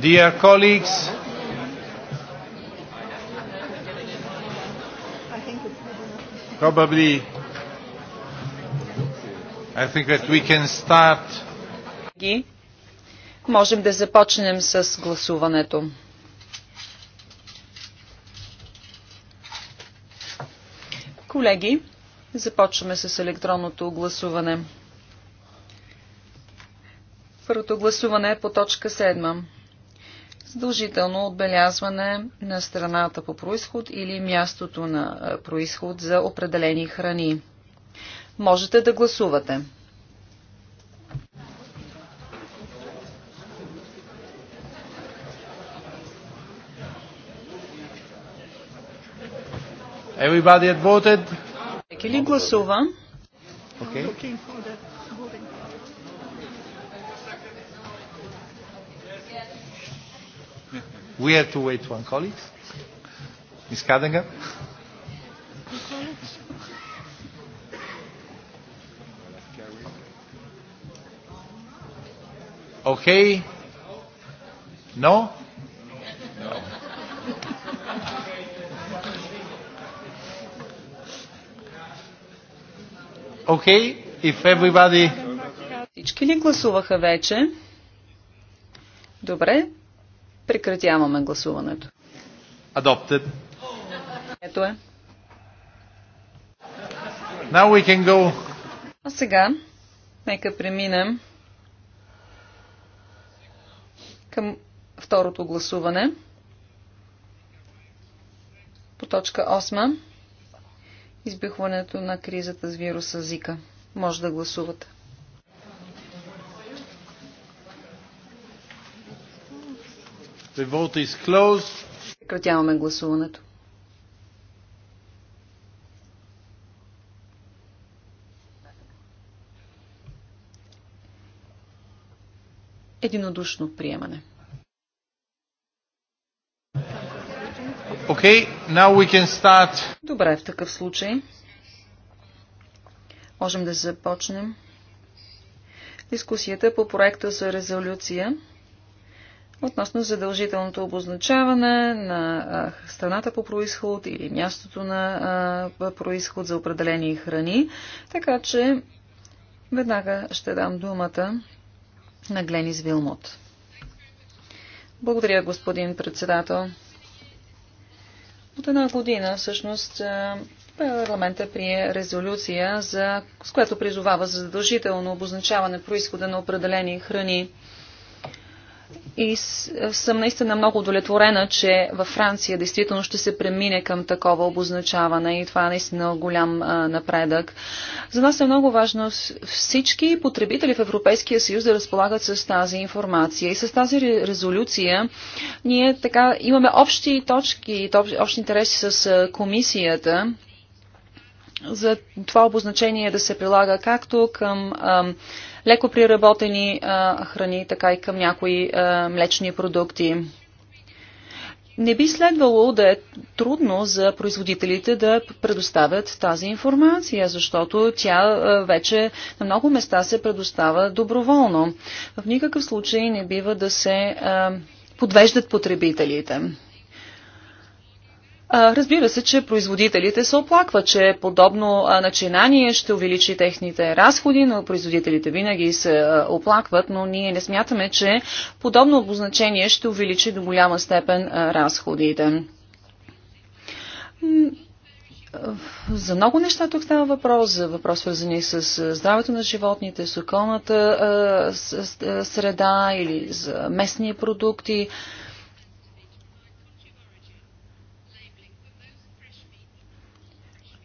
Dear colleagues, probably I think that we can start. Можем да започнем с гласуването. Колеги, започваме с електронното гласуване. Първото гласуване е по точка 7 задължително отбелязване на страната по происход или мястото на происход за определени храни. Можете да гласувате. Everybody had voted. Всеки ли гласува? Okay. We have to wait one colleague. Ms. Kadinger. Okay. No? No. Okay, if everybody... Всички ли гласуваха вече? Добре, Прекратяваме гласуването. Adopted. Ето е. Now we can go. А сега, нека преминем към второто гласуване. По точка 8. Избихването на кризата с вируса Зика. Може да гласувате. The vote is closed. Прекратяваме гласуването. единодушно приемане. Okay, now we can start. Добре, в такъв случай можем да започнем дискусията по проекта за резолюция относно задължителното обозначаване на страната по происход или мястото на происход за определени храни. Така че веднага ще дам думата на Гленис Вилмот. Благодаря, господин председател. От една година, всъщност, парламента прие резолюция, за, с която призовава за задължително обозначаване происхода на определени храни и съм наистина много удовлетворена, че във Франция действително ще се премине към такова обозначаване и това е наистина голям а, напредък. За нас е много важно всички потребители в Европейския съюз да разполагат с тази информация и с тази резолюция. Ние така имаме общи точки, и общи интереси с комисията за това обозначение да се прилага както към леко приработени а, храни, така и към някои а, млечни продукти. Не би следвало да е трудно за производителите да предоставят тази информация, защото тя вече на много места се предостава доброволно. В никакъв случай не бива да се подвеждат потребителите. Разбира се, че производителите се оплакват, че подобно начинание ще увеличи техните разходи, но производителите винаги се оплакват, но ние не смятаме, че подобно обозначение ще увеличи до голяма степен разходите. За много неща тук става въпрос, за въпрос свързани с здравето на животните, с околната среда или за местни продукти.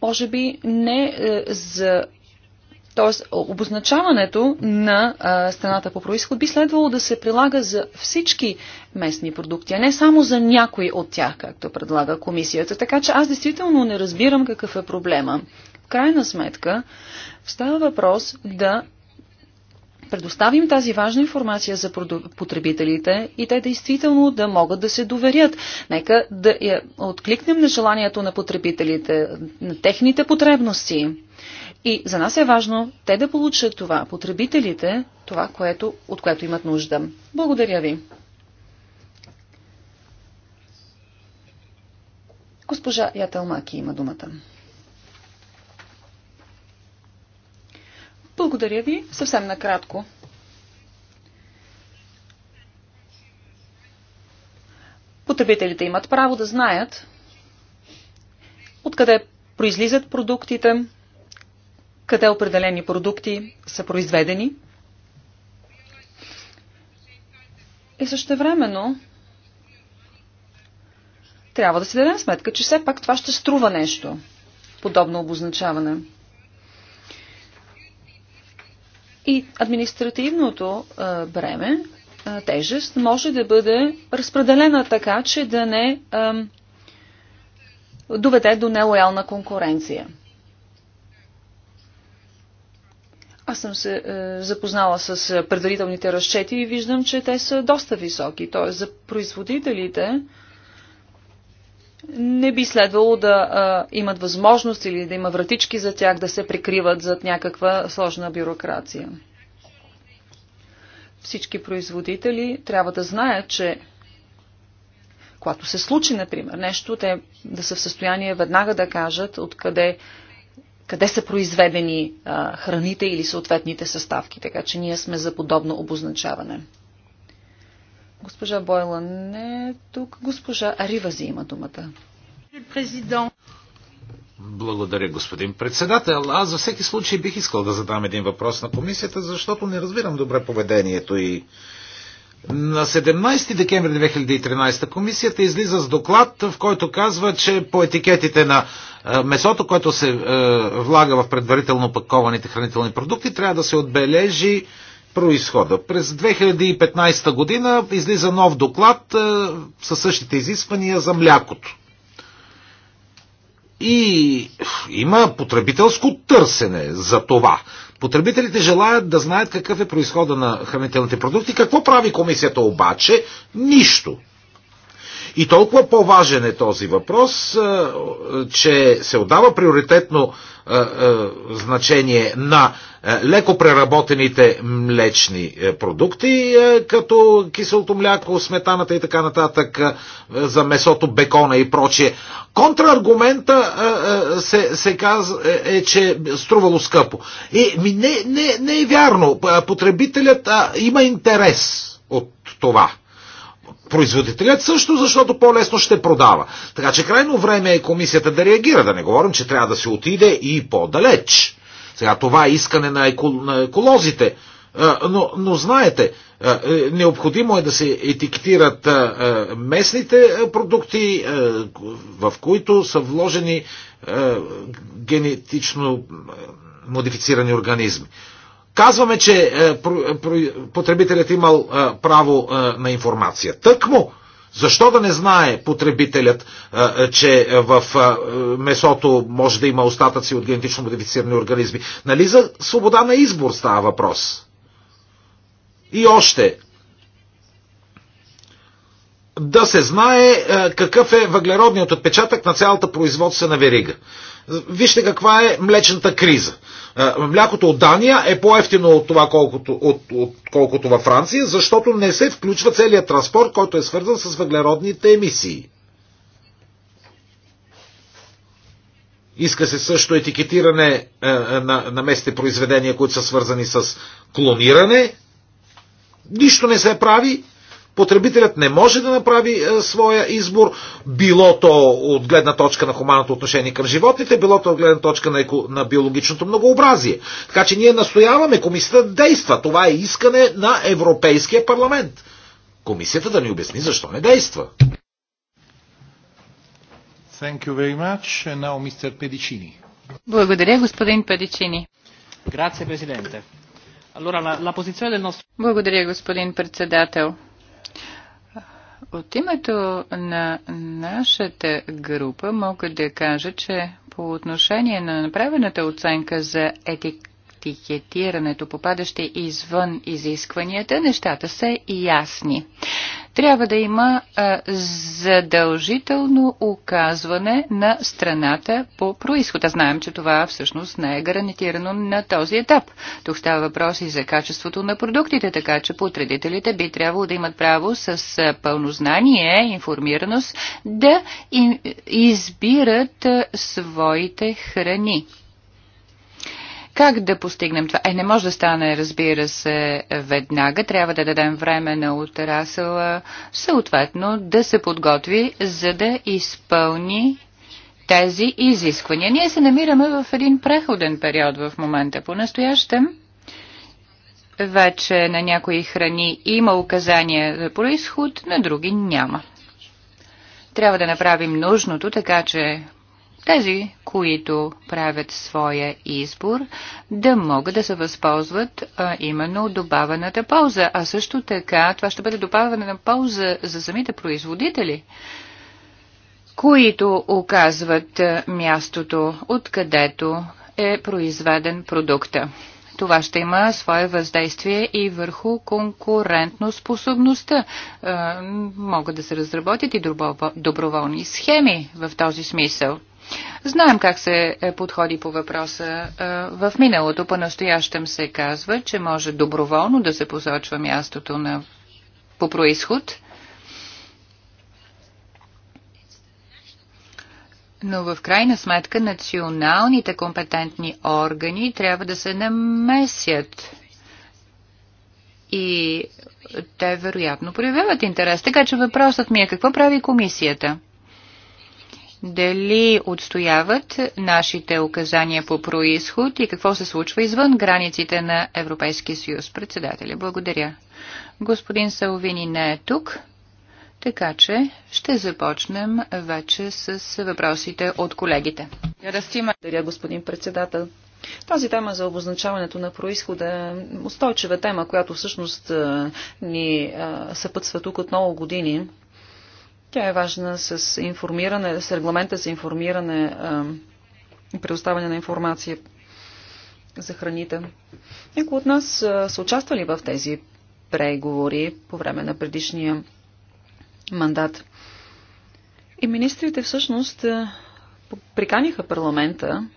може би не е, за т.е. обозначаването на а, е, страната по происход би следвало да се прилага за всички местни продукти, а не само за някои от тях, както предлага комисията. Така че аз действително не разбирам какъв е проблема. В крайна сметка става въпрос да предоставим тази важна информация за потребителите и те действително да могат да се доверят. Нека да откликнем на желанието на потребителите, на техните потребности. И за нас е важно те да получат това, потребителите, това, което, от което имат нужда. Благодаря ви. Госпожа Ятелмаки има думата. Благодаря ви. Съвсем накратко. Потребителите имат право да знаят откъде произлизат продуктите, къде определени продукти са произведени. И също времено трябва да си дадем сметка, че все пак това ще струва нещо, подобно обозначаване. И административното а, бреме, а, тежест, може да бъде разпределена така, че да не а, доведе до нелоялна конкуренция. Аз съм се е, запознала с е, предварителните разчети и виждам, че те са доста високи. Т.е. за производителите не би следвало да а, имат възможност или да има вратички за тях да се прикриват зад някаква сложна бюрокрация. Всички производители трябва да знаят, че когато се случи, например, нещо, те да са в състояние веднага да кажат откъде къде са произведени а, храните или съответните съставки, така че ние сме за подобно обозначаване. Госпожа Бойла, не е тук. Госпожа Аривази има думата. Президент. Благодаря, господин председател. Аз за всеки случай бих искал да задам един въпрос на комисията, защото не разбирам добре поведението и на 17 декември 2013 комисията излиза с доклад, в който казва, че по етикетите на е, месото, което се е, влага в предварително пакованите хранителни продукти, трябва да се отбележи происхода. През 2015 година излиза нов доклад е, със същите изисквания за млякото. И има потребителско търсене за това. Потребителите желаят да знаят какъв е происхода на хранителните продукти. Какво прави комисията обаче? Нищо. И толкова по-важен е този въпрос, че се отдава приоритетно значение на леко преработените млечни продукти, като киселото мляко, сметаната и така нататък, за месото, бекона и прочие. Контраргумента се, се казва, е, е, че струвало скъпо. И ми не, не, не е вярно. Потребителят има интерес от това. Производителят също, защото по-лесно ще продава. Така че крайно време е комисията да реагира, да не говорим, че трябва да се отиде и по-далеч. Сега това е искане на, еко, на еколозите. Но, но знаете, е, необходимо е да се етикетират местните продукти, в които са вложени генетично модифицирани организми. Казваме, че е, потребителят имал е, право е, на информация. Тъкмо, защо да не знае потребителят, че в месото може да има остатъци от генетично модифицирани организми? Нали за свобода на избор става въпрос? И още, да се знае какъв е въглеродният отпечатък на цялата производствена верига. Вижте каква е млечната криза. Млякото от Дания е по-ефтино от това, колкото, от, от, колкото във Франция, защото не се включва целият транспорт, който е свързан с въглеродните емисии. Иска се също етикетиране на, на местните произведения, които са свързани с клониране. Нищо не се прави. Потребителят не може да направи е, своя избор, било то от гледна точка на хуманното отношение към животните, било то от гледна точка на, еко, на биологичното многообразие. Така че ние настояваме комисията да действа. Това е искане на Европейския парламент. Комисията да ни обясни защо не действа. Thank you very much. now Mr. Pedicini. Благодаря, господин Педичини. Grazie, Presidente. Allora, la, la posizione del nostro... Благодаря, господин председател. От името на нашата група мога да кажа, че по отношение на направената оценка за етикетирането, попадащи извън изискванията, нещата са ясни трябва да има а, задължително оказване на страната по происхода. Знаем, че това всъщност не е гарантирано на този етап. Тук става въпрос и за качеството на продуктите, така че потребителите би трябвало да имат право с пълнознание, информираност да избират своите храни. Как да постигнем това? Е, не може да стане, разбира се, веднага. Трябва да дадем време на отрасъла, съответно, да се подготви, за да изпълни тези изисквания. Ние се намираме в един преходен период в момента. По-настоящем вече на някои храни има указания за происход, на други няма. Трябва да направим нужното, така че тези, които правят своя избор, да могат да се възползват а, именно от добавената полза. А също така това ще бъде добавена на полза за самите производители, които оказват мястото, откъдето е произведен продукта. Това ще има свое въздействие и върху конкурентно способността. Могат да се разработят и доброволни схеми в този смисъл. Знаем как се е, подходи по въпроса. Е, в миналото по-настоящем се казва, че може доброволно да се посочва мястото на, по происход. Но в крайна сметка националните компетентни органи трябва да се намесят и те вероятно проявяват интерес. Така че въпросът ми е какво прави комисията? дали отстояват нашите указания по происход и какво се случва извън границите на Европейския съюз. Председателя, благодаря. Господин Салвини не е тук, така че ще започнем вече с въпросите от колегите. Благодаря, господин председател. Тази тема за обозначаването на происхода е устойчива тема, която всъщност е, ни е, съпътства тук от много години. Тя е важна с информиране, с регламента за информиране и предоставяне на информация за храните. Някои от нас са участвали в тези преговори по време на предишния мандат. И министрите всъщност приканиха парламента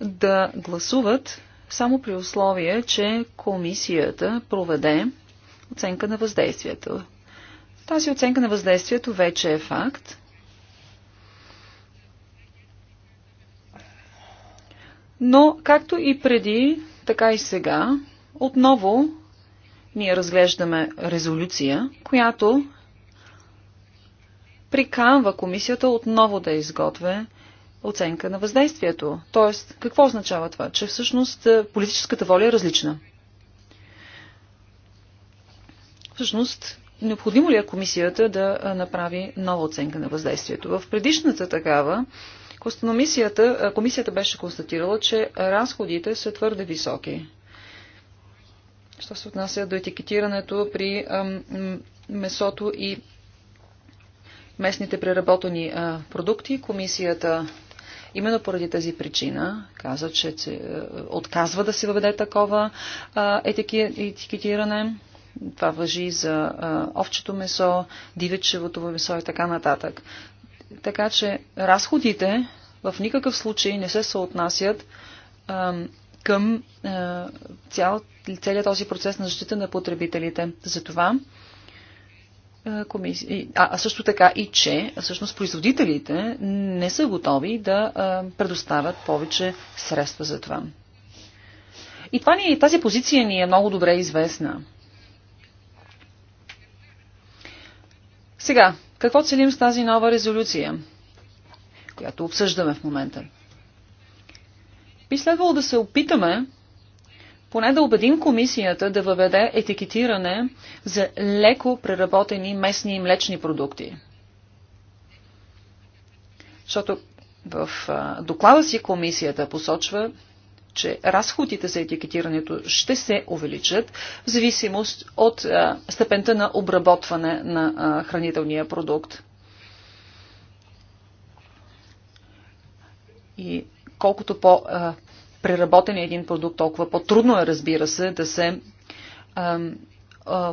да гласуват само при условие, че комисията проведе оценка на въздействието. Тази оценка на въздействието вече е факт. Но, както и преди, така и сега, отново ние разглеждаме резолюция, която приканва комисията отново да изготвя оценка на въздействието. Тоест, какво означава това? Че всъщност е, политическата воля е различна. Всъщност, необходимо ли е комисията да направи нова оценка на въздействието? В предишната такава комисията, беше констатирала, че разходите са твърде високи. Що се отнася до етикетирането при месото и местните преработени продукти, комисията Именно поради тази причина каза, че отказва да се въведе такова етикетиране. Това въжи за овчето месо, дивечевото месо и така нататък. Така че разходите в никакъв случай не се съотнасят а, към а, цял, целият този процес на защита на потребителите. Затова а, а, също така и че всъщност производителите не са готови да а, предоставят повече средства за това. И това ни, тази позиция ни е много добре известна. Сега, какво целим с тази нова резолюция, която обсъждаме в момента? Би следвало да се опитаме поне да убедим комисията да въведе етикетиране за леко преработени местни и млечни продукти. Защото в доклада си комисията посочва, че разходите за етикетирането ще се увеличат в зависимост от степента на обработване на хранителния продукт. И колкото по преработен е един продукт, толкова по-трудно е, разбира се, да се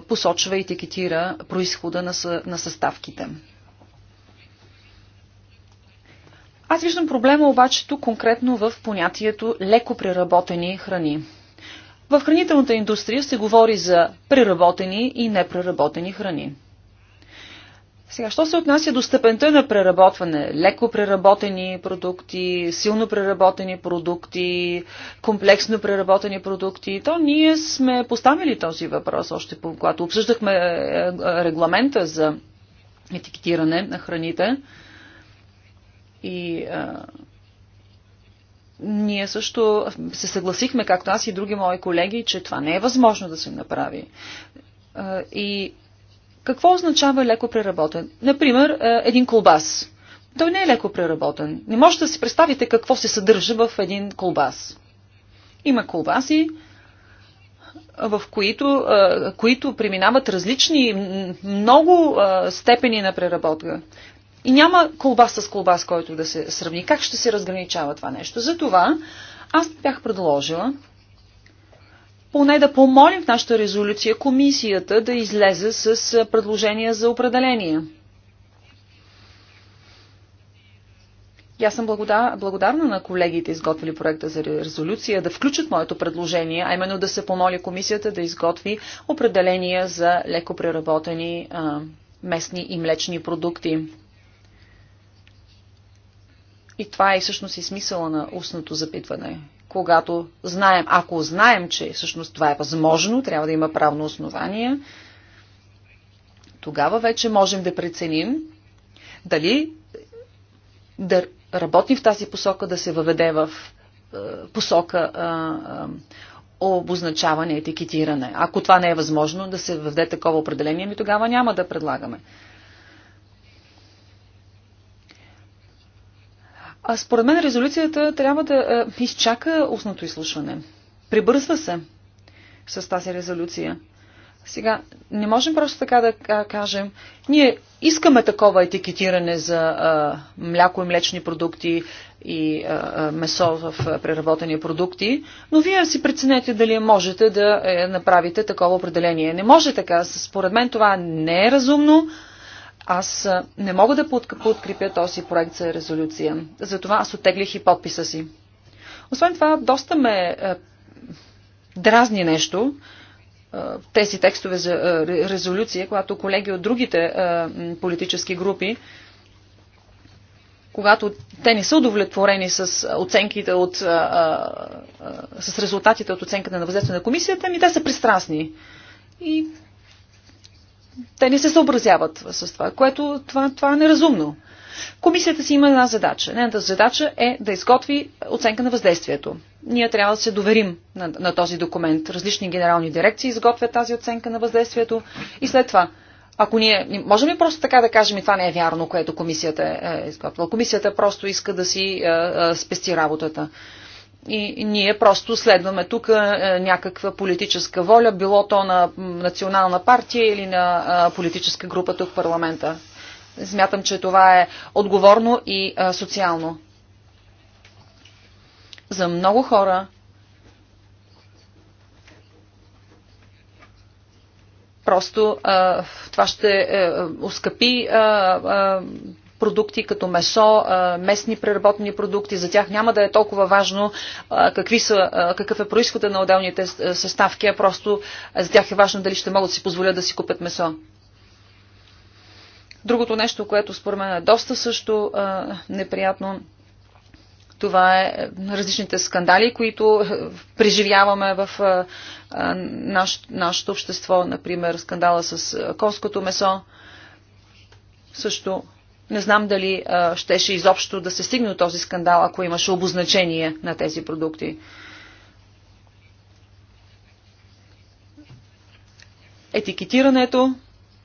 посочва и етикетира происхода на съставките. Аз виждам проблема обаче тук конкретно в понятието леко преработени храни. В хранителната индустрия се говори за преработени и непреработени храни. Сега, що се отнася до степента на преработване? Леко преработени продукти, силно преработени продукти, комплексно преработени продукти. То ние сме поставили този въпрос още когато обсъждахме е, е, регламента за етикетиране на храните. И а, ние също се съгласихме, както аз и други мои колеги, че това не е възможно да се направи. А, и какво означава леко преработен? Например, един колбас. Той не е леко преработен. Не можете да си представите какво се съдържа в един колбас. Има колбаси, в които, които преминават различни много степени на преработка. И няма колбаса с колбас, който да се сравни. Как ще се разграничава това нещо? Затова аз бях предложила поне да помолим в нашата резолюция комисията да излезе с предложения за определение. аз съм благодарна на колегите, изготвили проекта за резолюция, да включат моето предложение, а именно да се помоли комисията да изготви определения за леко преработени а, местни и млечни продукти. И това е всъщност и смисъла на устното запитване. Когато знаем, ако знаем, че всъщност това е възможно, трябва да има правно основание, тогава вече можем да преценим дали да работим в тази посока, да се въведе в е, посока е, е, обозначаване, етикетиране. Ако това не е възможно да се въведе такова определение, ми тогава няма да предлагаме. А според мен резолюцията трябва да а, е, изчака устното изслушване. Прибързва се с тази резолюция. Сега, не можем просто така да кажем, ние искаме такова етикетиране за а, мляко и млечни продукти и а, месо в а, преработени продукти, но вие си преценете дали можете да е, направите такова определение. Не може така. Според мен това не е разумно. Аз не мога да подкрепя този проект за резолюция. Затова аз отеглих и подписа си. Освен това, доста ме дразни нещо, тези текстове за резолюция, когато колеги от другите политически групи, когато те не са удовлетворени с оценките от, с резултатите от оценката на въздействие на комисията, ми те са пристрастни. И те не се съобразяват с това, което това, това е неразумно. Комисията си има една задача. Нейната задача е да изготви оценка на въздействието. Ние трябва да се доверим на, на този документ. Различни генерални дирекции изготвят тази оценка на въздействието и след това. Ако ние, можем ли просто така да кажем, и това не е вярно, което комисията е, е изготвила? Комисията просто иска да си е, е, спести работата и ние просто следваме тук е, някаква политическа воля, било то на национална партия или на е, политическа група тук в парламента. Смятам, че това е отговорно и е, социално. За много хора просто това ще ускъпи продукти, като месо, местни преработени продукти. За тях няма да е толкова важно какви са, какъв е происхода на отделните съставки, а просто за тях е важно дали ще могат да си позволят да си купят месо. Другото нещо, което според мен е доста също неприятно, това е, е различните скандали, които е, преживяваме в е, наш, нашето общество. Например, скандала с конското месо. Също не знам дали а, щеше изобщо да се стигне до този скандал, ако имаше обозначение на тези продукти. Етикетирането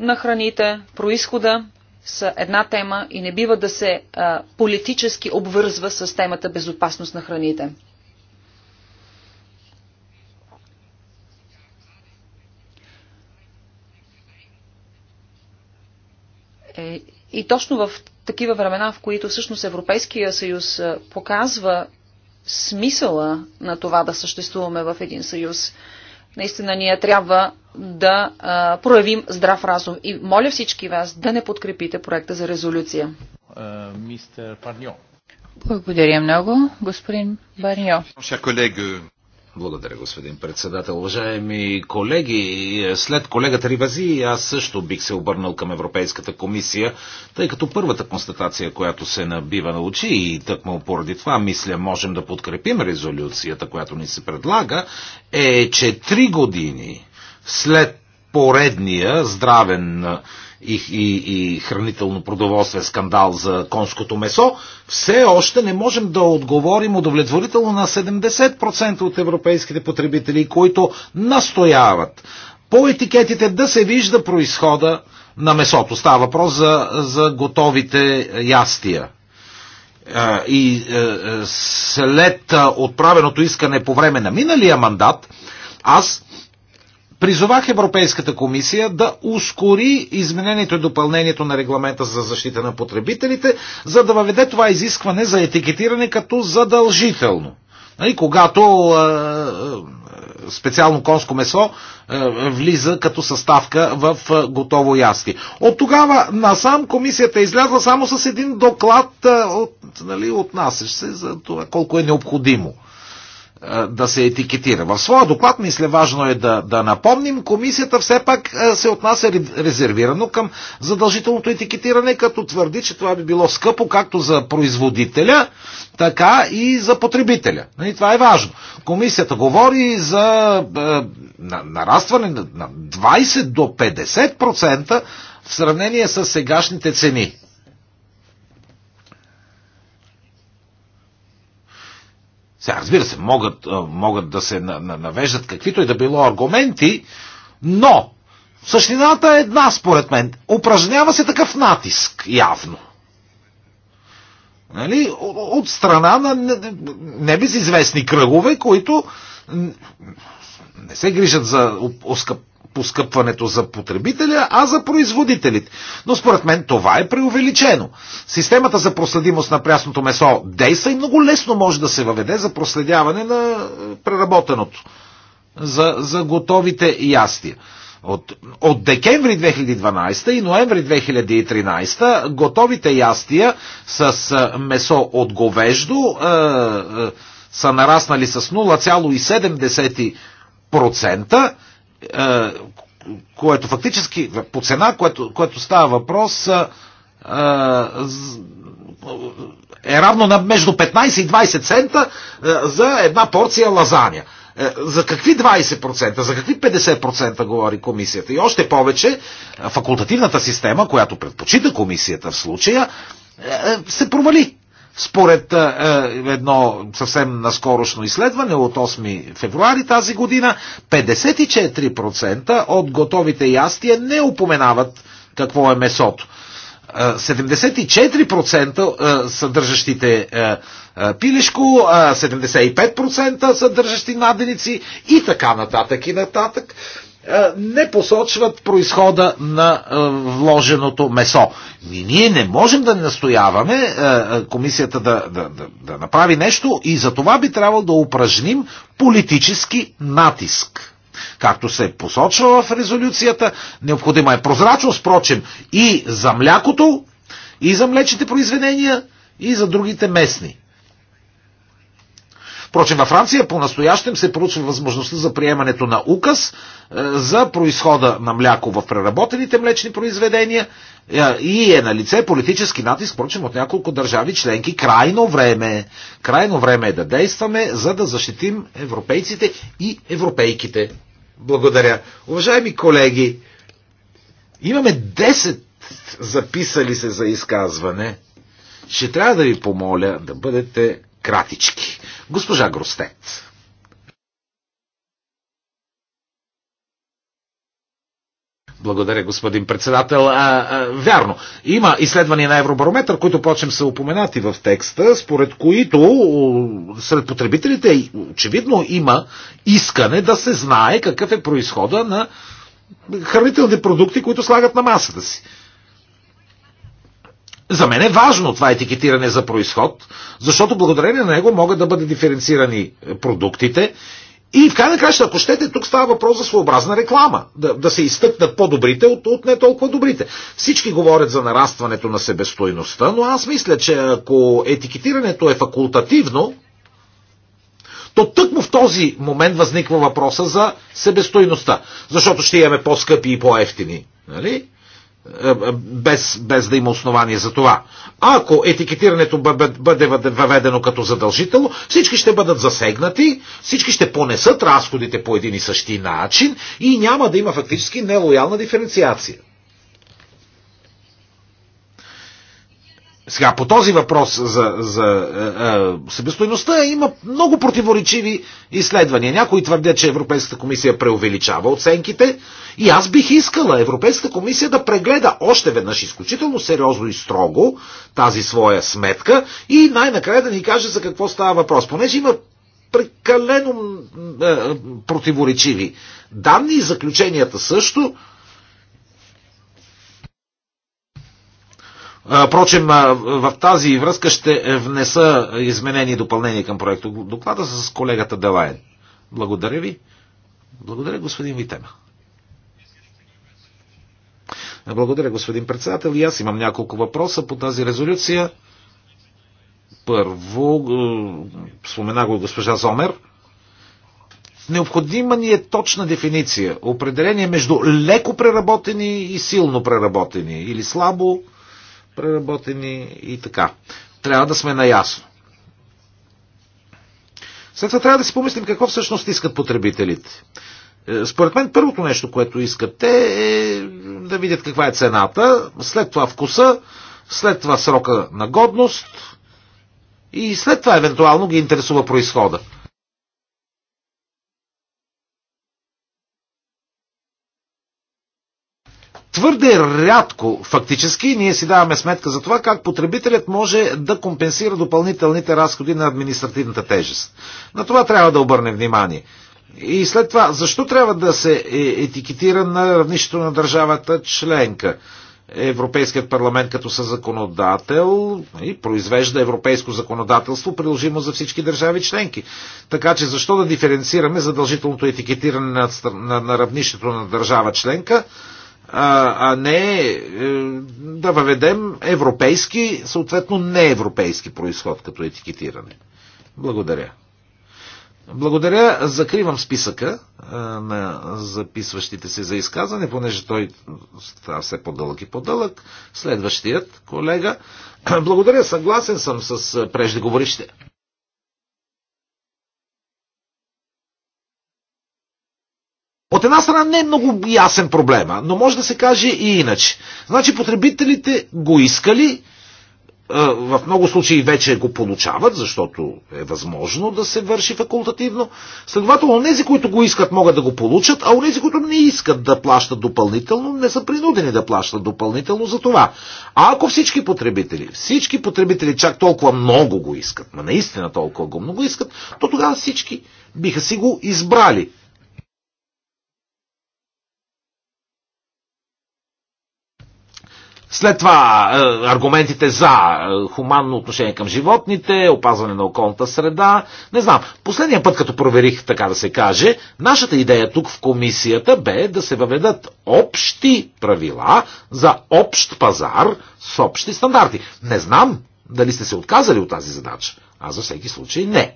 на храните, происхода са една тема и не бива да се а, политически обвързва с темата безопасност на храните. Е, и точно в такива времена, в които всъщност Европейския съюз е, показва смисъла на това да съществуваме в един съюз, наистина ние трябва да а, е, проявим здрав разум. И моля всички вас да не подкрепите проекта за резолюция. Е, мистер Парньо. Благодаря много, господин Барньо. Благодаря, господин председател. Уважаеми колеги, след колегата Ривази, аз също бих се обърнал към Европейската комисия, тъй като първата констатация, която се набива на очи и тъкмо поради това, мисля, можем да подкрепим резолюцията, която ни се предлага, е, че три години след поредния здравен и, и, и хранително-продоволствен скандал за конското месо, все още не можем да отговорим удовлетворително на 70% от европейските потребители, които настояват по етикетите да се вижда происхода на месото. Става въпрос за, за готовите ястия. И е, е, след отправеното искане по време на миналия мандат, аз Призовах Европейската комисия да ускори изменението и допълнението на регламента за защита на потребителите, за да въведе това изискване за етикетиране като задължително. И нали, когато е, е, специално конско месо е, влиза като съставка в готово ясти. От тогава насам комисията е излязла само с един доклад от, нали, отнасящ се за това колко е необходимо да се етикетира. В своя доклад, мисля, важно е да, да напомним, комисията все пак се отнася резервирано към задължителното етикетиране, като твърди, че това би било скъпо както за производителя, така и за потребителя. И нали, това е важно. Комисията говори за е, нарастване на 20 до 50% в сравнение с сегашните цени. Сега, разбира се, могат, могат да се навеждат каквито и да било аргументи, но същината е една, според мен. Упражнява се такъв натиск, явно. Нали? От страна на небезизвестни кръгове, които не се грижат за оскъп, поскъпването за потребителя, а за производителите. Но според мен това е преувеличено. Системата за проследимост на прясното месо действа и много лесно може да се въведе за проследяване на е, преработеното, за, за готовите ястия. От, от декември 2012 и ноември 2013 готовите ястия с е, месо от говеждо е, е, са нараснали с 0,7% е, което фактически по цена, което, което става въпрос е, е равно на между 15 и 20 цента е, за една порция лазаня. За какви 20%, за какви 50% говори комисията? И още повече, факултативната система, която предпочита комисията в случая, се провали. Според е, е, едно съвсем наскорошно изследване от 8 февруари тази година, 54% от готовите ястия не упоменават какво е месото. 74% е, е, съдържащите пилешко, 75% съдържащи наденици и така нататък и нататък. Е, не посочват происхода на е, вложеното месо. И ние не можем да настояваме е, комисията да, да, да, да направи нещо и за това би трябвало да упражним политически натиск. Както се посочва в резолюцията, необходима е прозрачност, впрочем, и за млякото, и за млечните произведения, и за другите местни Впрочем, във Франция по-настоящем се проучва възможността за приемането на указ е, за происхода на мляко в преработените млечни произведения е, и е на лице политически натиск, впрочем, от няколко държави членки. Крайно време, крайно време е да действаме, за да защитим европейците и европейките. Благодаря. Уважаеми колеги, имаме 10 записали се за изказване. Ще трябва да ви помоля да бъдете кратички. Госпожа Гростет. Благодаря, господин председател. А, а, вярно, има изследвания на Евробарометър, които почем са упоменати в текста, според които сред потребителите е, очевидно има искане да се знае какъв е происхода на хранителните продукти, които слагат на масата си. За мен е важно това етикетиране за происход, защото благодарение на него могат да бъдат диференцирани е, продуктите и в крайна краща, ако щете, тук става въпрос за своеобразна реклама. Да, да се изтъкнат по-добрите от, от не толкова добрите. Всички говорят за нарастването на себестойността, но аз мисля, че ако етикетирането е факултативно, то тъкмо в този момент възниква въпроса за себестойността. Защото ще имаме по-скъпи и по-ефтини. Нали? Е, е, без, без да има основание за това. Ако етикетирането бъде въведено като задължително, всички ще бъдат засегнати, всички ще понесат разходите по един и същи начин и няма да има фактически нелоялна диференциация. Сега, по този въпрос за, за е, е, себестойността има много противоречиви изследвания. Някои твърдят, че Европейската комисия преувеличава оценките и аз бих искала Европейската комисия да прегледа още веднъж изключително сериозно и строго тази своя сметка и най-накрая да ни каже за какво става въпрос. Понеже има прекалено е, противоречиви данни и заключенията също Впрочем, в тази връзка ще внеса изменени допълнения към проекта. Доклада с колегата Делайн. Благодаря ви. Благодаря, господин Витема. Благодаря, господин председател. И аз имам няколко въпроса по тази резолюция. Първо, спомена го госпожа Зомер. Необходима ни е точна дефиниция, определение между леко преработени и силно преработени или слабо преработени и така. Трябва да сме наясно. След това трябва да си помислим какво всъщност искат потребителите. Е, според мен първото нещо, което искат те е да видят каква е цената, след това вкуса, след това срока на годност и след това евентуално ги интересува происхода. твърде рядко фактически ние си даваме сметка за това как потребителят може да компенсира допълнителните разходи на административната тежест. На това трябва да обърнем внимание. И след това, защо трябва да се е, етикетира на равнището на държавата членка? Европейският парламент като съзаконодател и нали, произвежда европейско законодателство, приложимо за всички държави членки. Така че защо да диференцираме задължителното етикетиране на, на, на равнището на държава членка? а не е, да въведем европейски, съответно неевропейски происход като етикетиране. Благодаря. Благодаря. Закривам списъка на записващите се за изказване, понеже той става все по-дълъг и по-дълъг. Следващият колега. Благодаря. Съгласен съм с преждеговорище. От една страна не е много ясен проблема, но може да се каже и иначе. Значи потребителите го искали, е, в много случаи вече го получават, защото е възможно да се върши факултативно. Следователно, онези, които го искат, могат да го получат, а онези, които не искат да плащат допълнително, не са принудени да плащат допълнително за това. А ако всички потребители, всички потребители чак толкова много го искат, ма наистина толкова го много искат, то тогава всички биха си го избрали. След това е, аргументите за е, хуманно отношение към животните, опазване на околната среда. Не знам. Последния път, като проверих, така да се каже, нашата идея тук в комисията бе да се въведат общи правила за общ пазар с общи стандарти. Не знам дали сте се отказали от тази задача. А за всеки случай не.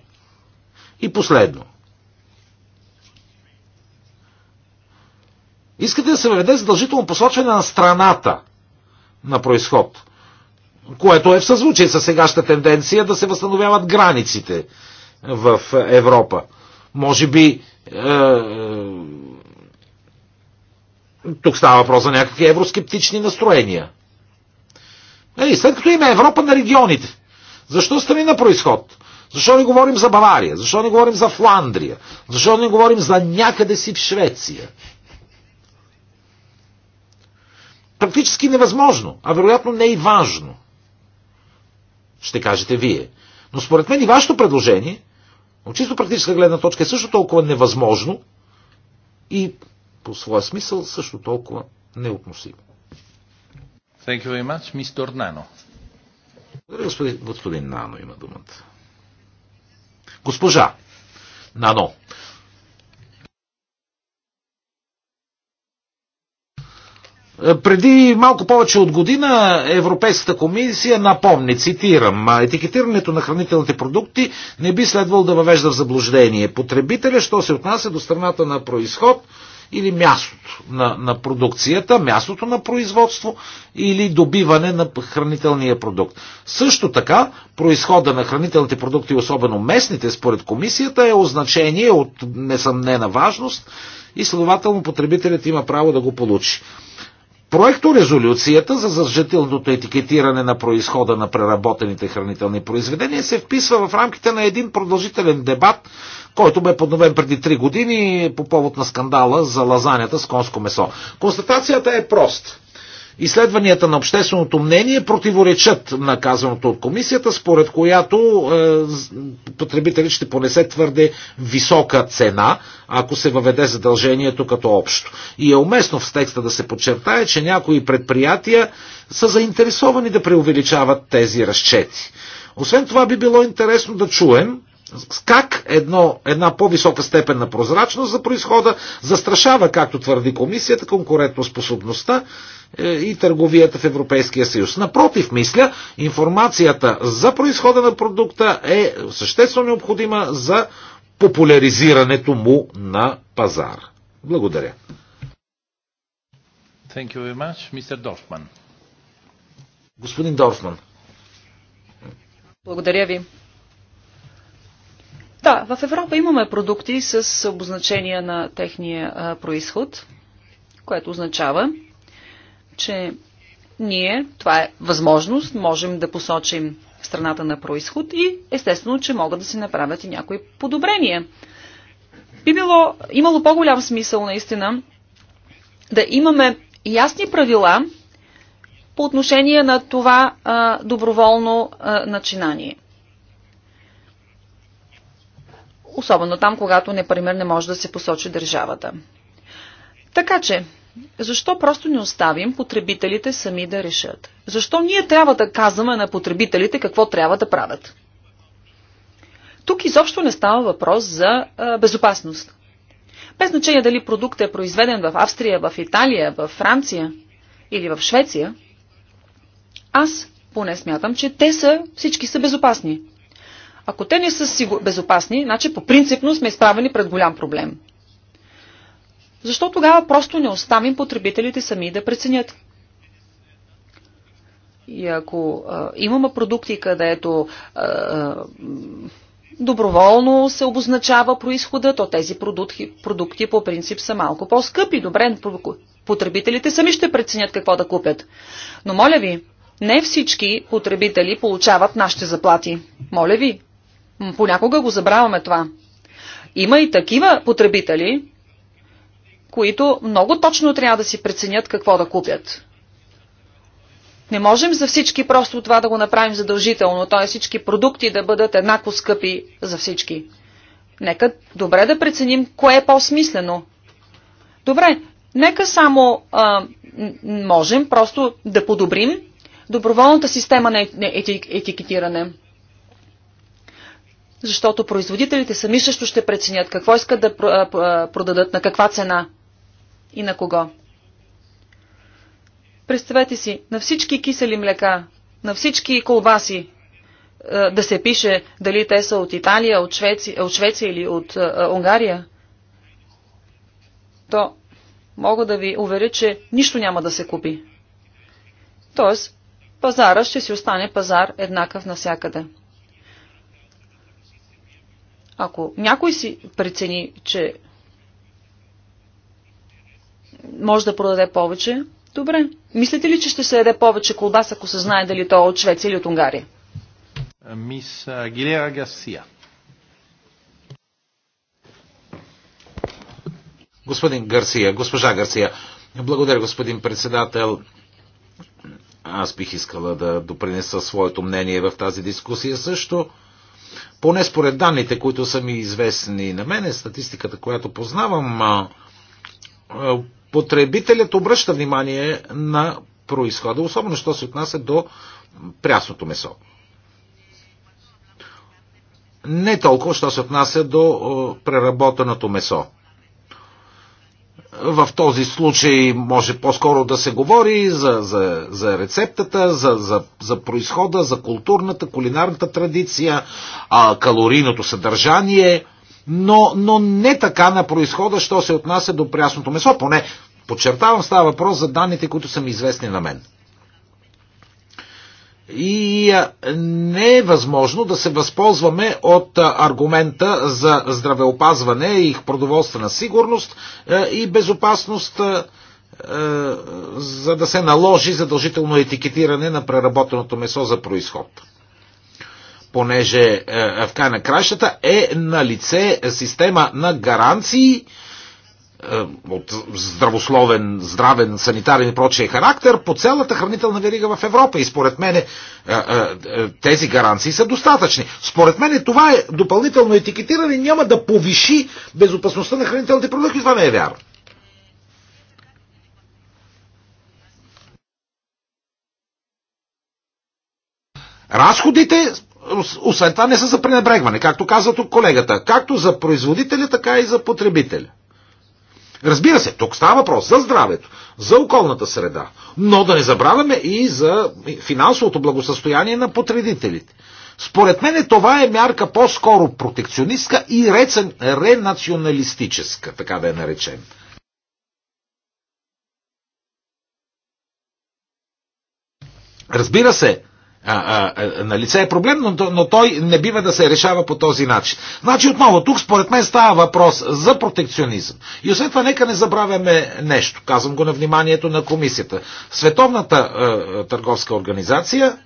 И последно. Искате да се въведе задължително посочване на страната – на происход. Което е в съзвучие с сегашната тенденция да се възстановяват границите в Европа. Може би е, е тук става въпрос за някакви евроскептични настроения. Е, след като има Европа на регионите, защо страни на происход? Защо не говорим за Бавария? Защо не говорим за Фландрия? Защо не говорим за някъде си в Швеция? практически невъзможно, а вероятно не и важно. Ще кажете вие. Но според мен и вашето предложение, от чисто практическа гледна точка, е също толкова невъзможно и по своя смисъл също толкова неотносимо. Thank you very much, Mr. Nano. Благодаря, господин, господин Нано има думата. Госпожа Нано. Е, преди малко повече от година Европейската комисия напомни, цитирам, етикетирането на хранителните продукти не би следвало да въвежда в заблуждение потребителя, що се отнася до страната на происход или мястото на, на продукцията, мястото на производство или добиване на хранителния продукт. Също така, произхода на хранителните продукти, особено местните, според комисията, е означение от несъмнена важност и следователно потребителят има право да го получи. Проекто резолюцията за задължителното етикетиране на происхода на преработените хранителни произведения се вписва в рамките на един продължителен дебат, който бе подновен преди три години по повод на скандала за лазанята с конско месо. Констатацията е прост. Изследванията на общественото мнение противоречат на казаното от комисията, според която е, потребителят ще понесе твърде висока цена, ако се въведе задължението като общо. И е уместно в текста да се подчертае, че някои предприятия са заинтересовани да преувеличават тези разчети. Освен това би било интересно да чуем как едно, една по-висока степен на прозрачност за происхода застрашава, както твърди комисията, конкурентоспособността е, и търговията в Европейския съюз. Напротив, мисля, информацията за происхода на продукта е съществено необходима за популяризирането му на пазар. Благодаря. Thank you very much, Mr. Dorfman. Господин Дорфман. Благодаря ви. Да, в Европа имаме продукти с обозначение на техния а, происход, което означава, че ние, това е възможност, можем да посочим страната на происход и естествено, че могат да се направят и някои подобрения. Би било, имало по-голям смисъл наистина да имаме ясни правила по отношение на това а, доброволно а, начинание. Особено там, когато, например, не може да се посочи държавата. Така че, защо просто не оставим потребителите сами да решат? Защо ние трябва да казваме на потребителите какво трябва да правят? Тук изобщо не става въпрос за а, безопасност. Без значение дали продукт е произведен в Австрия, в Италия, в Франция или в Швеция, аз поне смятам, че те са, всички са безопасни. Ако те не са сигур... безопасни, значи по принципно сме изправени пред голям проблем. Защо тогава просто не оставим потребителите сами да преценят? И ако а, имаме продукти, където а, доброволно се обозначава происхода, то тези продукти, продукти по принцип са малко по-скъпи. Добре, потребителите сами ще преценят какво да купят. Но моля ви, не всички потребители получават нашите заплати. Моля ви, Понякога го забравяме това. Има и такива потребители, които много точно трябва да си преценят какво да купят. Не можем за всички просто това да го направим задължително, т.е. всички продукти да бъдат еднакво скъпи за всички. Нека добре да преценим кое е по-смислено. Добре, нека само а, можем просто да подобрим доброволната система на етикетиране защото производителите сами също ще преценят какво искат да продадат, на каква цена и на кого. Представете си, на всички кисели млека, на всички колбаси да се пише дали те са от Италия, от Швеция, от Швеция или от Унгария, то мога да ви уверя, че нищо няма да се купи. Тоест, пазара ще си остане пазар еднакъв навсякъде. Ако някой си прецени, че може да продаде повече, добре. Мислите ли, че ще се яде повече колбас, ако се знае дали то е от Швеция или от Унгария? Мис Гилера Гасия. Господин Гарсия, госпожа Гарсия, благодаря, господин председател. Аз бих искала да допринеса своето мнение в тази дискусия също. Поне според данните, които са ми известни на мене, статистиката, която познавам, потребителят обръща внимание на происхода, особено що се отнася до прясното месо. Не толкова, що се отнася до преработеното месо. В този случай може по-скоро да се говори за, за, за рецептата, за, за, за происхода, за културната, кулинарната традиция, а, калорийното съдържание, но, но не така на происхода, що се отнася до прясното месо. Поне, подчертавам, става въпрос за данните, които са ми известни на мен и не е възможно да се възползваме от аргумента за здравеопазване и продоволствена сигурност и безопасност, за да се наложи задължително етикетиране на преработеното месо за происход. Понеже в край на кращата е на лице система на гаранции, е, от здравословен, здравен, санитарен и прочие характер по цялата хранителна верига в Европа. И според мен, е, е, тези гаранции са достатъчни. Според мен това е допълнително етикетиране няма да повиши безопасността на хранителните продукти. Това не е вярно. Разходите, освен това, не са за пренебрегване, както каза тук колегата, както за производителя, така и за потребителя. Разбира се, тук става въпрос за здравето, за околната среда, но да не забравяме и за финансовото благосъстояние на потребителите. Според мен това е мярка по-скоро протекционистка и рецен, ренационалистическа, така да е наречен. Разбира се, а, а, на лице е проблем, но, но той не бива да се решава по този начин. Значи отново, тук според мен става въпрос за протекционизъм. И освен това, нека не забравяме нещо. Казвам го на вниманието на комисията. Световната а, е, търговска организация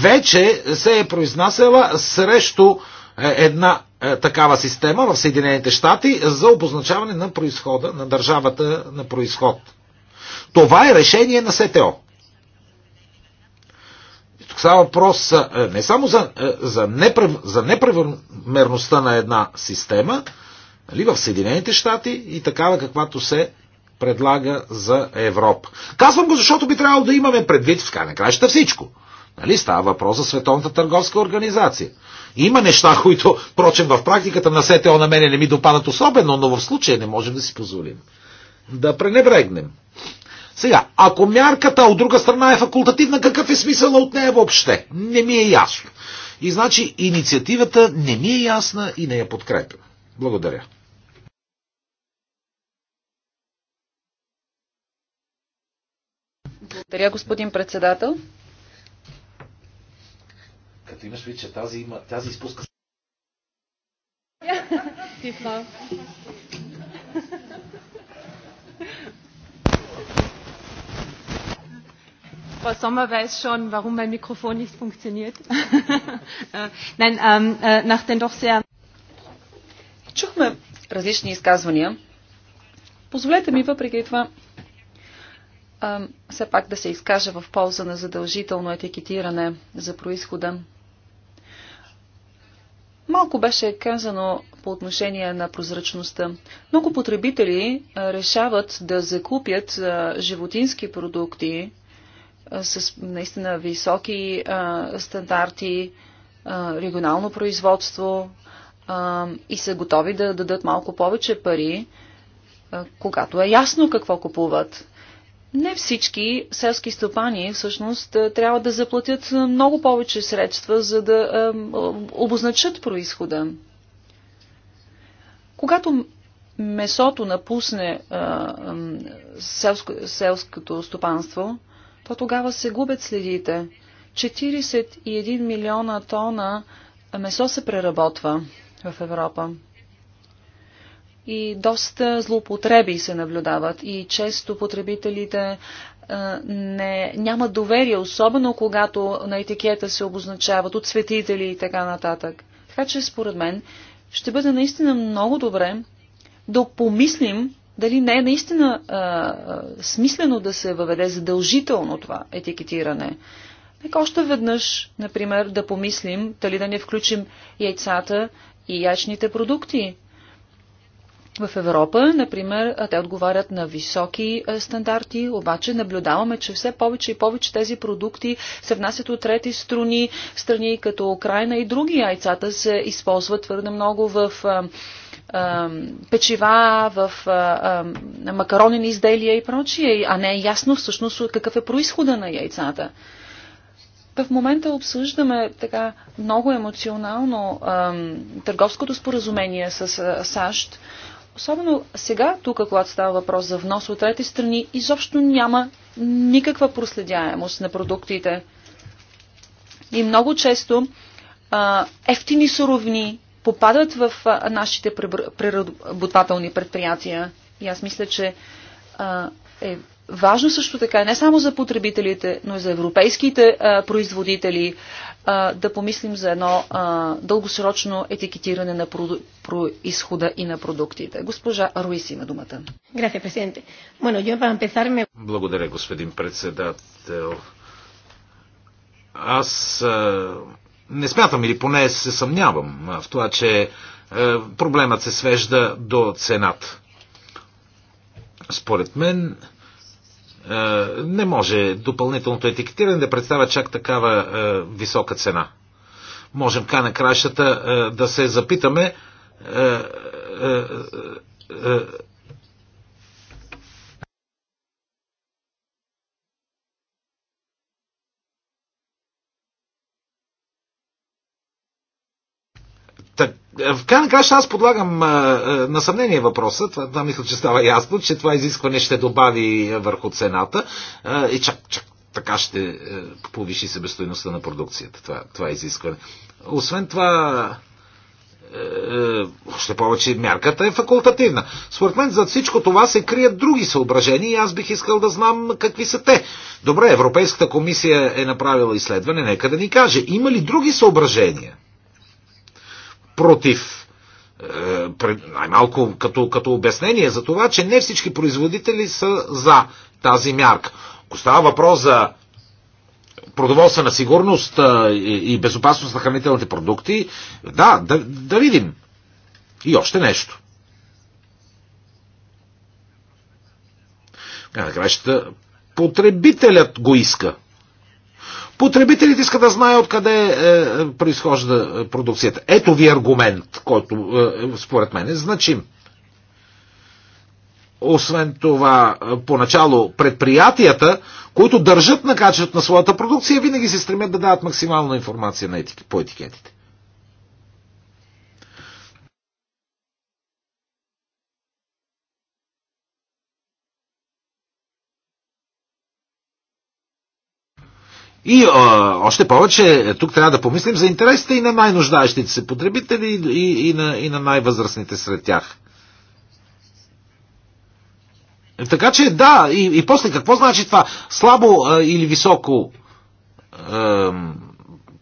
вече се е произнасяла срещу е, една е, такава система в Съединените щати за обозначаване на происхода, на държавата на происход. Това е решение на СТО. Тук става въпрос е, не само за, е, за, неправ, за неправомерността на една система, нали, в Съединените щати и такава каквато се предлага за Европа. Казвам го, защото би трябвало да имаме предвид в край на краща всичко. Нали, става въпрос за Световната търговска организация. Има неща, които, прочем, в практиката на СТО на мене не ми допадат особено, но в случая не можем да си позволим. Да пренебрегнем. Сега, ако мярката от друга страна е факултативна, какъв е смисъл от нея въобще? Не ми е ясно. И значи инициативата не ми е ясна и не я подкрепя. Благодаря. Благодаря, господин председател. Като имаш вид, че тази, има, тази изпуска... Yeah. Frau Sommer weiß schon, warum mein Mikrofon nicht funktioniert. Äh, nein, ähm, äh, nach den doch sehr... Чухме различни изказвания. Позволете ми въпреки това ам, все пак да се изкажа в полза на задължително етикетиране за происхода. Малко беше казано по отношение на прозрачността. Много потребители решават да закупят животински продукти с наистина високи а, стандарти, а, регионално производство а, и са готови да дадат малко повече пари, а, когато е ясно какво купуват. Не всички селски стопани всъщност трябва да заплатят много повече средства, за да а, обозначат происхода. Когато месото напусне а, селско, селското стопанство, то тогава се губят следите. 41 милиона тона месо се преработва в Европа. И доста злоупотреби се наблюдават и често потребителите е, не, нямат доверие, особено когато на етикета се обозначават от светители и така нататък. Така че, според мен, ще бъде наистина много добре да помислим дали не е наистина а, а, смислено да се въведе задължително това етикетиране. Нека още веднъж, например, да помислим дали да не включим яйцата и ячните продукти в Европа, например, те отговарят на високи стандарти, обаче наблюдаваме, че все повече и повече тези продукти се внасят от трети страни, страни като Украина и други. Яйцата се използват твърде много в печива, в макаронени изделия и прочие, а не е ясно всъщност какъв е происхода на яйцата. В момента обсъждаме така много емоционално търговското споразумение с САЩ, Особено сега, тук, когато става въпрос за внос от трети страни, изобщо няма никаква проследяемост на продуктите. И много често а, ефтини суровини попадат в а, нашите преработвателни предприятия. И аз мисля, че а, е важно също така не само за потребителите, но и за европейските а, производители, а, да помислим за едно а, дългосрочно етикетиране на происхода и на продуктите. Госпожа Руис има думата. Благодаря, господин председател. Аз а, не смятам или поне се съмнявам в това, че а, проблемът се свежда до цената. Според мен, е, не може допълнителното етикетиране да представя чак такава е, висока цена. Можем край на кращата е, да се запитаме Так, е, в крайна краща аз подлагам а, е, а, е, на съмнение въпроса, това, това мисля, че става ясно, че това изискване ще добави върху цената а, и чак, чак така ще а, повиши себестоиността на продукцията, това, това изискване. Освен това, още повече мярката е факултативна. Според мен за всичко това се крият други съображения и аз бих искал да знам какви са те. Добре, Европейската комисия е направила изследване, нека да ни каже, има ли други съображения? против е, най-малко като, като обяснение за това, че не всички производители са за тази мярка. Ако става въпрос за на сигурност е, и безопасност на хранителните продукти, да, да, да видим. И още нещо. Накрая потребителят го иска. Потребителите искат да знаят откъде е, е, произхожда продукцията. Ето ви аргумент, който е, според мен е значим. Освен това, е, поначало предприятията, които държат на качеството на своята продукция, винаги се стремят да дават максимална информация на етики, по етикетите. И а, още повече, е, тук трябва да помислим за интересите и на най-нуждаещите се потребители и, и на, и на най-възрастните сред тях. Така че да, и, и после какво значи това? Слабо а, или високо а,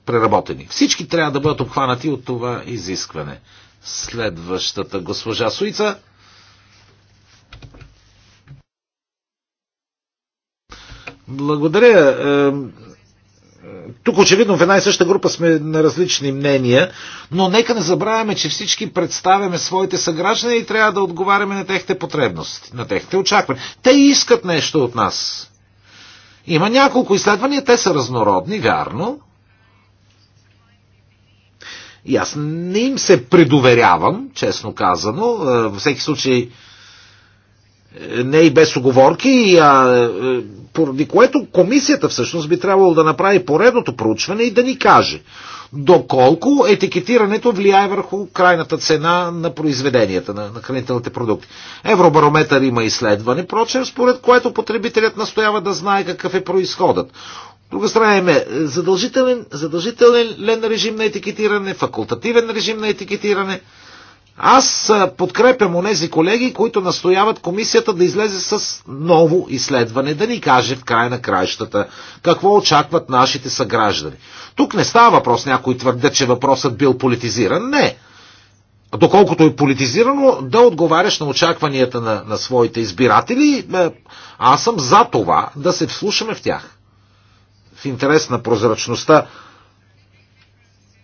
преработени. Всички трябва да бъдат обхванати от това изискване. Следващата госпожа Суица. Благодаря. Тук очевидно в една и съща група сме на различни мнения, но нека не забравяме, че всички представяме своите съграждани и трябва да отговаряме на техните потребности, на техните очаквания. Те искат нещо от нас. Има няколко изследвания, те са разнородни, вярно. И аз не им се предоверявам, честно казано. Във всеки случай е, не и без оговорки, а е, поради което комисията всъщност би трябвало да направи поредното проучване и да ни каже доколко етикетирането влияе върху крайната цена на произведенията, на, на хранителните продукти. Евробарометър има изследване, прочем, според което потребителят настоява да знае какъв е происходът. От друга страна имаме задължителен, задължителен режим на етикетиране, факултативен режим на етикетиране – аз подкрепям онези колеги, които настояват комисията да излезе с ново изследване, да ни каже в край на краищата какво очакват нашите съграждани. Тук не става въпрос, някой твърде, че въпросът бил политизиран. Не. Доколкото е политизирано, да отговаряш на очакванията на, на своите избиратели, е, аз съм за това да се вслушаме в тях. В интерес на прозрачността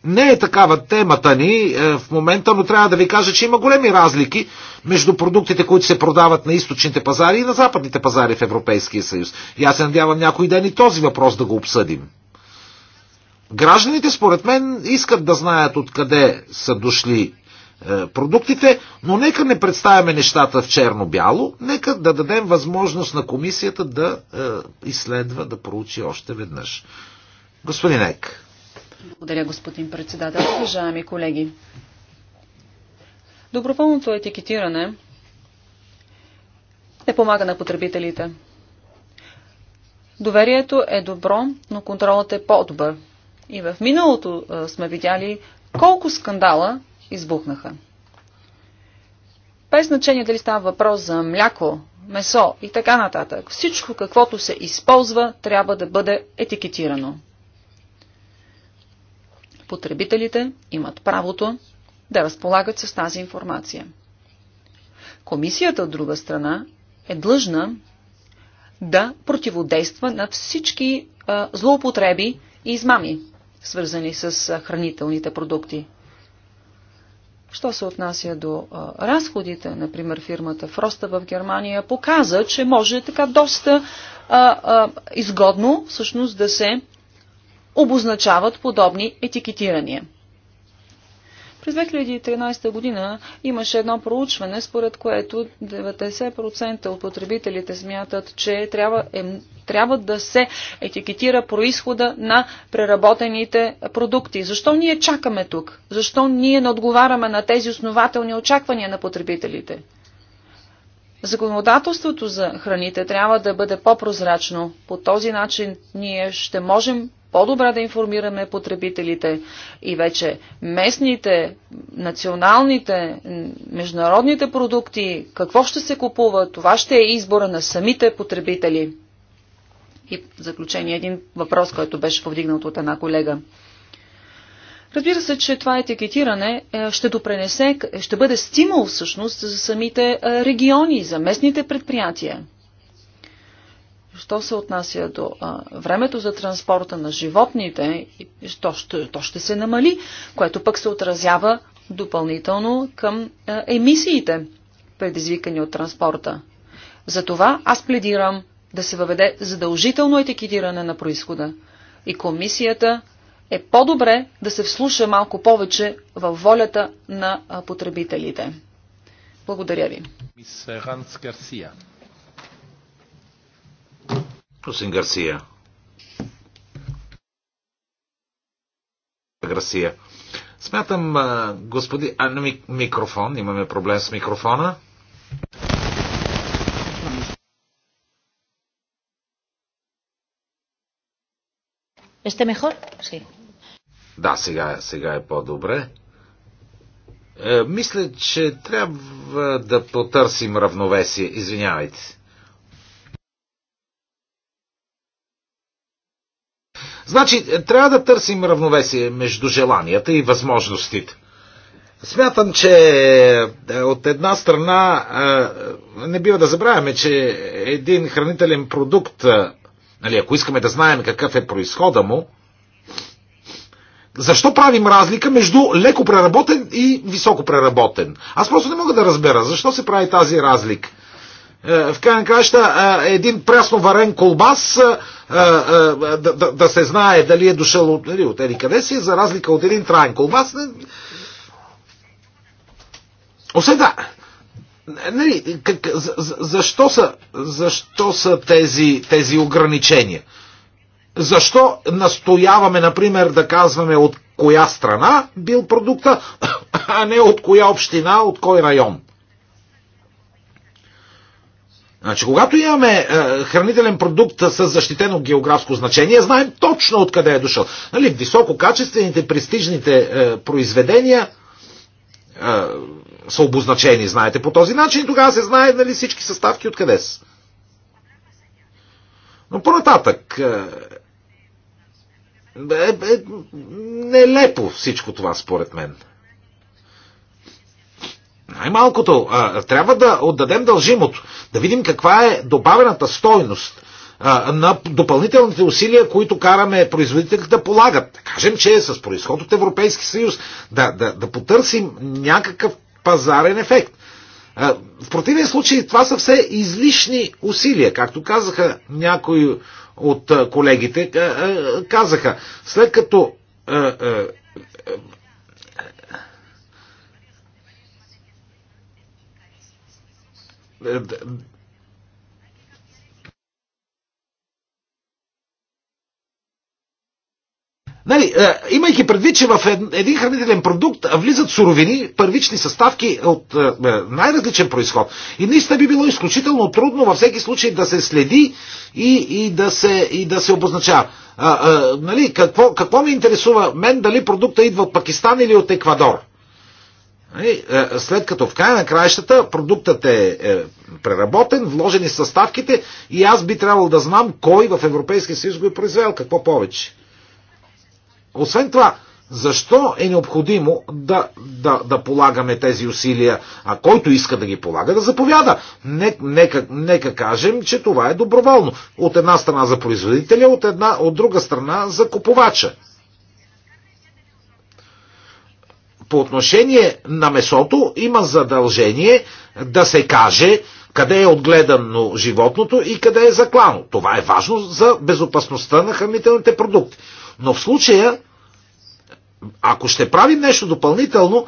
не е такава темата ни е, в момента, но трябва да ви кажа, че има големи разлики между продуктите, които се продават на източните пазари и на западните пазари в Европейския съюз. И аз се надявам някой ден и този въпрос да го обсъдим. Гражданите, според мен, искат да знаят откъде са дошли е, продуктите, но нека не представяме нещата в черно-бяло, нека да дадем възможност на комисията да е, изследва, да проучи още веднъж. Господин Ек. Благодаря, господин председател. Уважаеми колеги, доброволното етикетиране не помага на потребителите. Доверието е добро, но контролът е по-добър. И в миналото сме видяли колко скандала избухнаха. Без значение дали става въпрос за мляко, месо и така нататък. Всичко, каквото се използва, трябва да бъде етикетирано. Потребителите имат правото да разполагат с тази информация. Комисията, от друга страна, е длъжна да противодейства на всички а, злоупотреби и измами, свързани с а, хранителните продукти. Що се отнася до а, разходите, например фирмата Фроста в Германия показа, че може така доста а, а, изгодно всъщност да се обозначават подобни етикетирания. През 2013 година имаше едно проучване, според което 90% от потребителите смятат, че трябва, е, трябва да се етикетира происхода на преработените продукти. Защо ние чакаме тук? Защо ние не отговаряме на тези основателни очаквания на потребителите? Законодателството за храните трябва да бъде по-прозрачно. По този начин ние ще можем по-добре да информираме потребителите и вече местните, националните, международните продукти, какво ще се купува, това ще е избора на самите потребители. И в заключение един въпрос, който беше повдигнат от една колега. Разбира се, че това етикетиране е, ще допренесе, ще бъде стимул всъщност за самите е, региони, за местните предприятия. Що се отнася до а, времето за транспорта на животните, то ще, то ще се намали, което пък се отразява допълнително към а, емисиите, предизвикани от транспорта. Затова аз пледирам да се въведе задължително етикетиране на происхода. И комисията е по-добре да се вслуша малко повече в волята на потребителите. Благодаря ви. Мис Ранс Гарсия. Господин Гарсия. Гарсия. Смятам, господин... А, на микрофон. Имаме проблем с микрофона. Este mejor? Sí. Да, сега, е, сега е по-добре. Е, мисля, че трябва да потърсим равновесие. Извинявайте. Значи, трябва да търсим равновесие между желанията и възможностите. Смятам, че е, от една страна е, не бива да забравяме, че един хранителен продукт, е, нали, ако искаме да знаем какъв е происхода му, защо правим разлика между леко преработен и високо преработен? Аз просто не мога да разбера защо се прави тази разлика. Е, в крайна краща е, един прясно варен колбас е, да, да, да се знае дали е дошъл от, нали, от еди къде си, за разлика от един траен колбас. Не... Освен да, нали, как, за, защо, са, защо са тези, тези ограничения? Защо настояваме, например, да казваме от коя страна бил продукта, а не от коя община, от кой район? Значи, когато имаме е, хранителен продукт с защитено географско значение, знаем точно откъде е дошъл. Нали, висококачествените, престижните е, произведения е, са обозначени, знаете, по този начин. Тогава се знае нали, всички съставки откъде са. Но по-нататък е, е, е, е нелепо всичко това, според мен най-малкото трябва да отдадем дължимото, да видим каква е добавената стойност на допълнителните усилия, които караме производителите да полагат. Да кажем, че е с происход от Европейски съюз да, да, да потърсим някакъв пазарен ефект. В противен случай това са все излишни усилия, както казаха някои от колегите, казаха, след като Нали, е, имайки предвид, че в един хранителен продукт влизат суровини, първични съставки от е, е най-различен происход. И наистина би било изключително трудно във всеки случай да се следи и, и, да, се, и да се обозначава. А, а, нали, какво, какво ме интересува мен дали продукта идва от Пакистан или от Еквадор? Е, след като в края на краищата продуктът е, е преработен, вложени съставките и аз би трябвало да знам кой в Европейския съюз го е произвел, какво повече. Освен това, защо е необходимо да, да, да полагаме тези усилия, а който иска да ги полага, да заповяда? Нека, нека, нека кажем, че това е доброволно. От една страна за производителя, от, една, от друга страна за купувача. по отношение на месото има задължение да се каже къде е отгледано животното и къде е заклано. Това е важно за безопасността на хранителните продукти. Но в случая, ако ще правим нещо допълнително,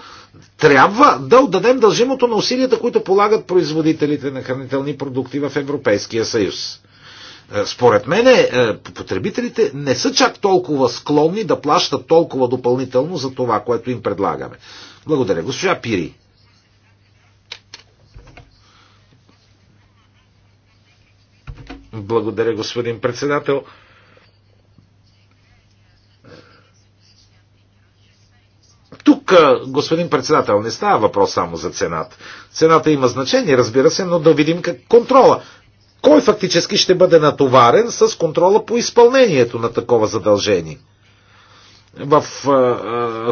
трябва да отдадем дължимото на усилията, които полагат производителите на хранителни продукти в Европейския съюз. Според мен е, е, потребителите не са чак толкова склонни да плащат толкова допълнително за това, което им предлагаме. Благодаря. Госпожа Пири. Благодаря, господин председател. Тук, е, господин председател, не става въпрос само за цената. Цената има значение, разбира се, но да видим как контрола кой фактически ще бъде натоварен с контрола по изпълнението на такова задължение. В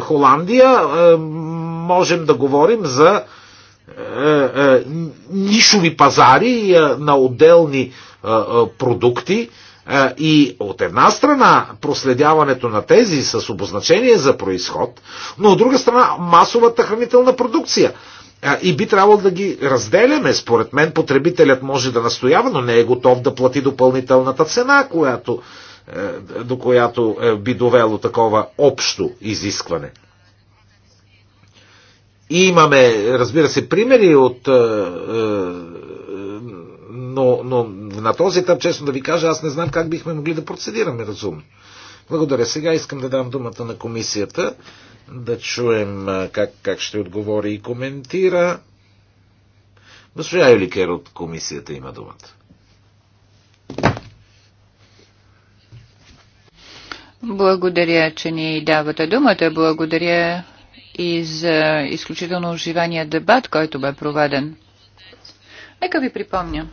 Холандия можем да говорим за нишови пазари на отделни продукти и от една страна проследяването на тези с обозначение за происход, но от друга страна масовата хранителна продукция. И би трябвало да ги разделяме. Според мен потребителят може да настоява, но не е готов да плати допълнителната цена, която, е, до която е, би довело такова общо изискване. И имаме, разбира се, примери от. Е, но, но на този етап, честно да ви кажа, аз не знам как бихме могли да процедираме разумно. Благодаря. Сега искам да дам думата на комисията да чуем как, как ще отговори и коментира. Госпожа Еликер от комисията има думата. Благодаря, че ни давате думата. Благодаря и за изключително оживания дебат, който бе проведен. Нека ви припомня,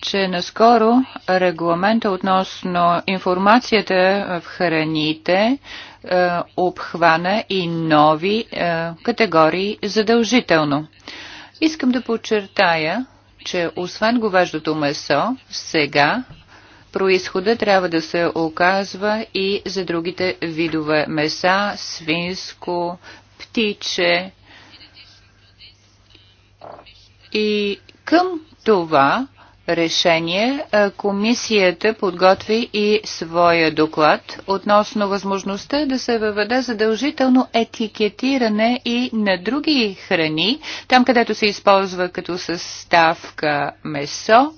че наскоро регламента относно информацията в храните е, обхвана и нови е, категории задължително. Искам да подчертая, че освен говеждото месо, сега происхода трябва да се оказва и за другите видове меса, свинско, птиче. И към това решение, е, комисията подготви и своя доклад относно възможността да се въведе задължително етикетиране и на други храни, там където се използва като съставка месо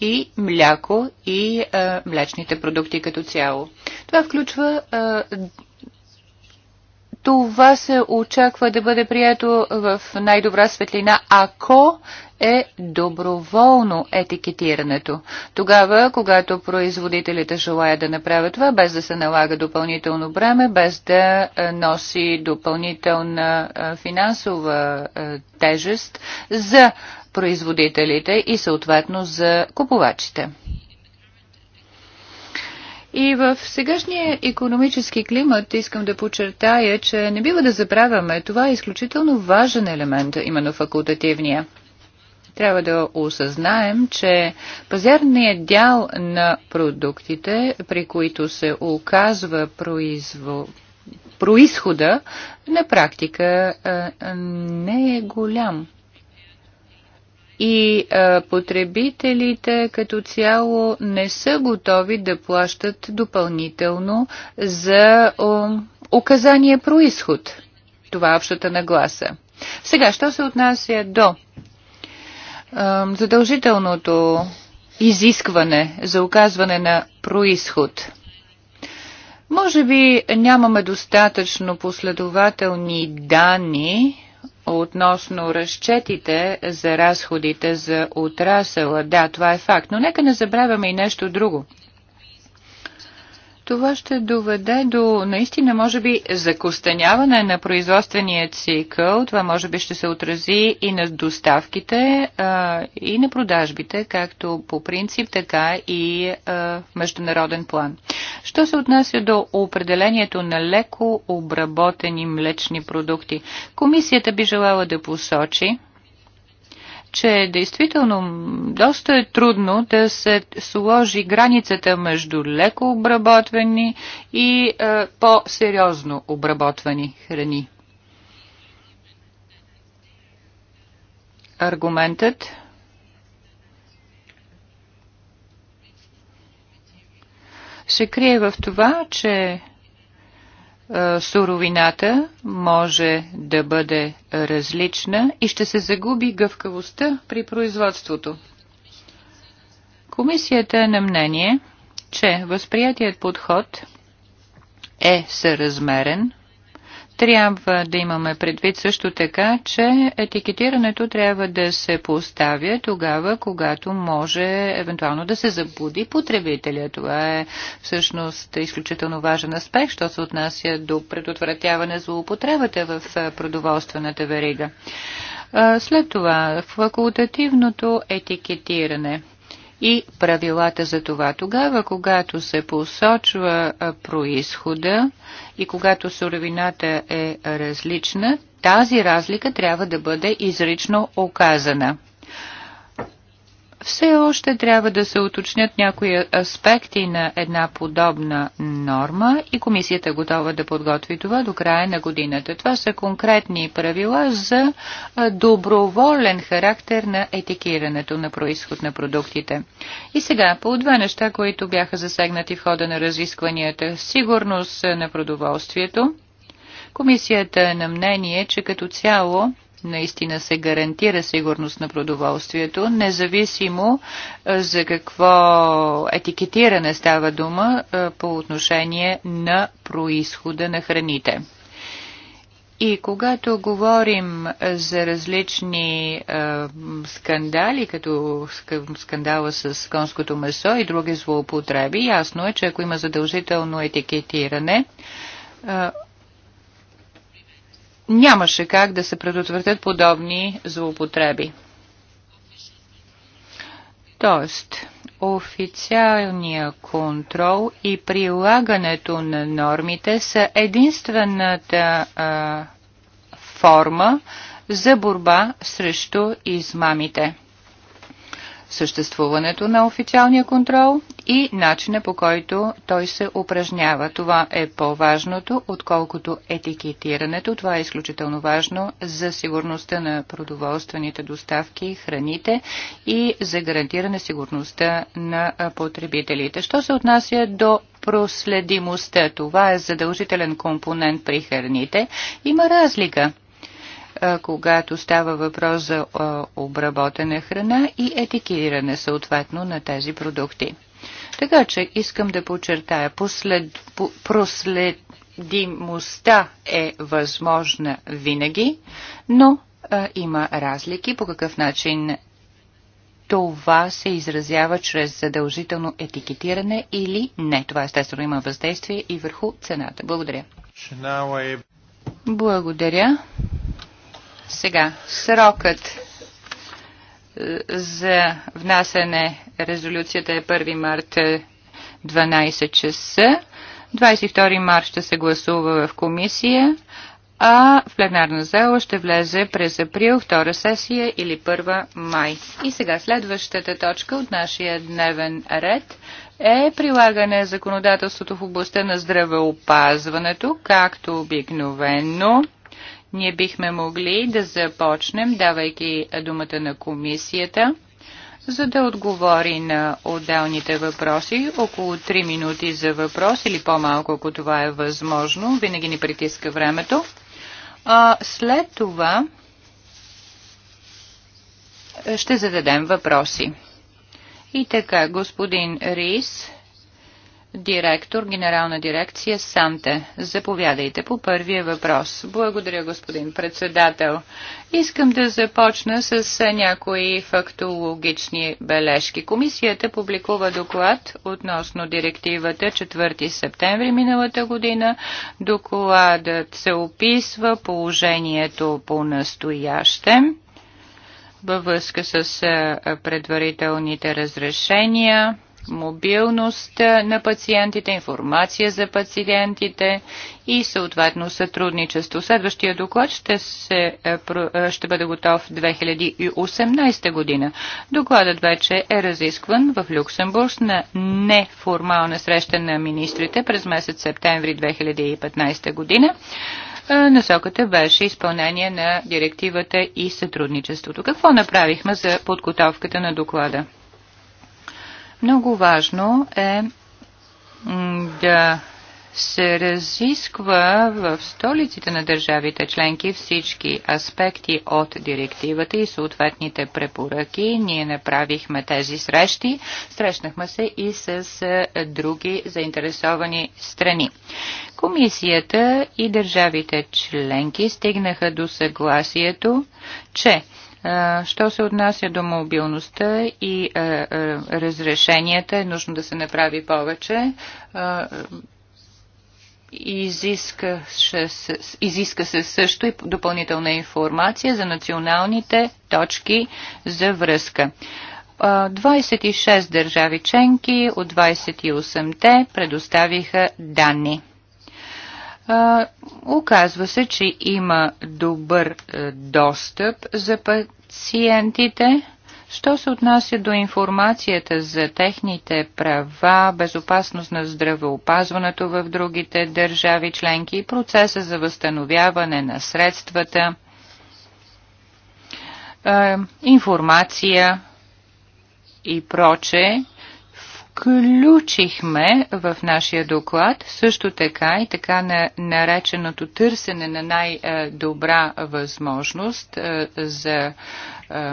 и мляко и а, е, млечните продукти като цяло. Това включва а, е, това се очаква да бъде прието в най-добра светлина, ако е доброволно етикетирането. Тогава, когато производителите желаят да направят това, без да се налага допълнително бреме, без да е, носи допълнителна е, финансова е, тежест за производителите и съответно за купувачите. И в сегашния економически климат искам да подчертая, че не бива да забравяме, това е изключително важен елемент, именно факултативния. Трябва да осъзнаем, че пазарният дял на продуктите, при които се оказва производ происхода на практика е, е, не е голям и а, потребителите като цяло не са готови да плащат допълнително за о, указание происход. Това е общата нагласа. Сега, що се отнася до а, задължителното изискване за оказване на происход? Може би нямаме достатъчно последователни данни, относно разчетите за разходите за отрасъла. Да, това е факт. Но нека не забравяме и нещо друго това ще доведе до наистина, може би, закостеняване на производствения цикъл. Това може би ще се отрази и на доставките, а, и на продажбите, както по принцип, така и а, в международен план. Що се отнася до определението на леко обработени млечни продукти? Комисията би желала да посочи, че действително доста е трудно да се сложи границата между леко обработвани и е, по-сериозно обработвани храни. Аргументът се крие в това, че е, суровината може да бъде различна и ще се загуби гъвкавостта при производството. Комисията е на мнение, че възприятият подход е съразмерен трябва да имаме предвид също така, че етикетирането трябва да се поставя тогава, когато може евентуално да се забуди потребителя. Това е всъщност изключително важен аспект, що се отнася до предотвратяване злоупотребата в продоволствената верига. След това факултативното етикетиране и правилата за това. Тогава, когато се посочва происхода и когато суровината е различна, тази разлика трябва да бъде изрично оказана. Все още трябва да се уточнят някои аспекти на една подобна норма и комисията е готова да подготви това до края на годината. Това са конкретни правила за доброволен характер на етикирането на происход на продуктите. И сега по два неща, които бяха засегнати в хода на разискванията. Сигурност на продоволствието. Комисията е на мнение, че като цяло наистина се гарантира сигурност на продоволствието, независимо за какво етикетиране става дума по отношение на происхода на храните. И когато говорим за различни е, скандали, като скандала с конското месо и други злоупотреби, ясно е, че ако има задължително етикетиране, е, нямаше как да се предотвратят подобни злоупотреби. Тоест, официалния контрол и прилагането на нормите са единствената а, форма за борба срещу измамите съществуването на официалния контрол и начина по който той се упражнява. Това е по-важното, отколкото етикетирането. Това е изключително важно за сигурността на продоволствените доставки, храните и за гарантиране сигурността на потребителите. Що се отнася до проследимостта, това е задължителен компонент при храните. Има разлика когато става въпрос за обработена храна и етикиране съответно на тези продукти. Така че искам да подчертая, послед, проследимостта е възможна винаги, но а, има разлики по какъв начин това се изразява чрез задължително етикетиране или не. Това естествено има въздействие и върху цената. Благодаря. Е- Благодаря. Сега, срокът е, за внасяне резолюцията е 1 март 12 е, часа. 22 март ще се гласува в комисия, а в пленарна зала ще влезе през април, втора сесия или 1 май. И сега следващата точка от нашия дневен ред е прилагане законодателството в областта на здравеопазването, както обикновено. Ние бихме могли да започнем, давайки думата на комисията, за да отговори на отделните въпроси. Около 3 минути за въпрос или по-малко, ако това е възможно. Винаги ни притиска времето. А след това ще зададем въпроси. И така, господин Рис, директор, генерална дирекция Санте. Заповядайте по първия въпрос. Благодаря, господин председател. Искам да започна с някои фактологични бележки. Комисията публикува доклад относно директивата 4 септември миналата година. Докладът се описва положението по настоящем във връзка с предварителните разрешения мобилност на пациентите, информация за пациентите и съответно сътрудничество. Следващия доклад ще, се, е, е, ще бъде готов 2018 година. Докладът вече е разискван в Люксембург на неформална среща на министрите през месец септември 2015 година. Е, насоката беше изпълнение на директивата и сътрудничеството. Какво направихме за подготовката на доклада? Много важно е да се разисква в столиците на държавите членки всички аспекти от директивата и съответните препоръки. Ние направихме тези срещи. Срещнахме се и с е, други заинтересовани страни. Комисията и държавите членки стигнаха до съгласието, че Що се отнася до мобилността и разрешенията, е нужно да се направи повече. Изиска, се също и допълнителна информация за националните точки за връзка. 26 държави членки от 28-те предоставиха данни. А, оказва се, че има добър е, достъп за пациентите. Що се отнася до информацията за техните права, безопасност на здравеопазването в другите държави членки и процеса за възстановяване на средствата, е, информация и проче, включихме в нашия доклад също така и така на нареченото търсене на най-добра възможност е, за е, е,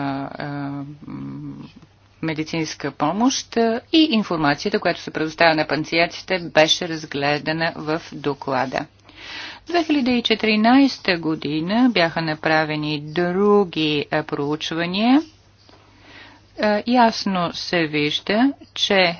медицинска помощ и информацията, която се предоставя на пациентите, беше разгледана в доклада. 2014 година бяха направени други проучвания – е, ясно се вижда, че е,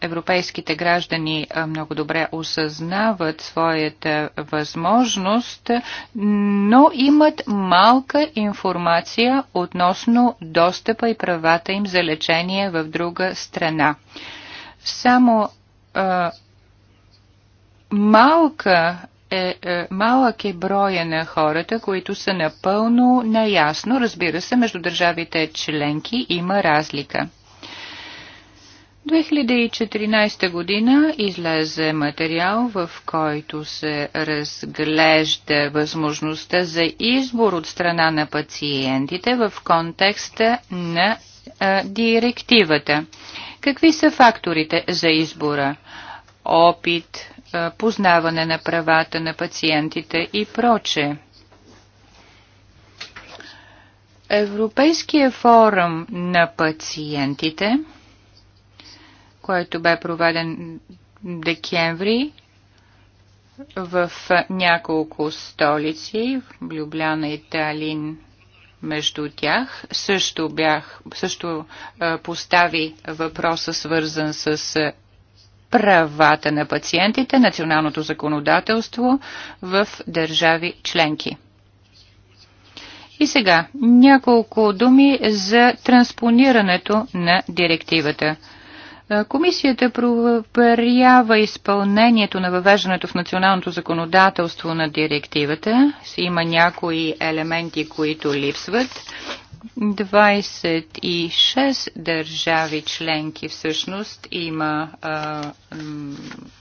европейските граждани е, много добре осъзнават своята възможност, но имат малка информация относно достъпа и правата им за лечение в друга страна. Само малка е, е малък е броя на хората, които са напълно наясно. Разбира се, между държавите членки има разлика. 2014 година излезе материал, в който се разглежда възможността за избор от страна на пациентите в контекста на а, директивата. Какви са факторите за избора? Опит, познаване на правата на пациентите и прочее. Европейския форум на пациентите, който бе проведен декември в няколко столици, в Любляна и Талин между тях, също, бях, също постави въпроса свързан с правата на пациентите, националното законодателство в държави членки. И сега няколко думи за транспонирането на директивата. Комисията проверява изпълнението на въвеждането в националното законодателство на директивата. Има някои елементи, които липсват 26 държави членки всъщност има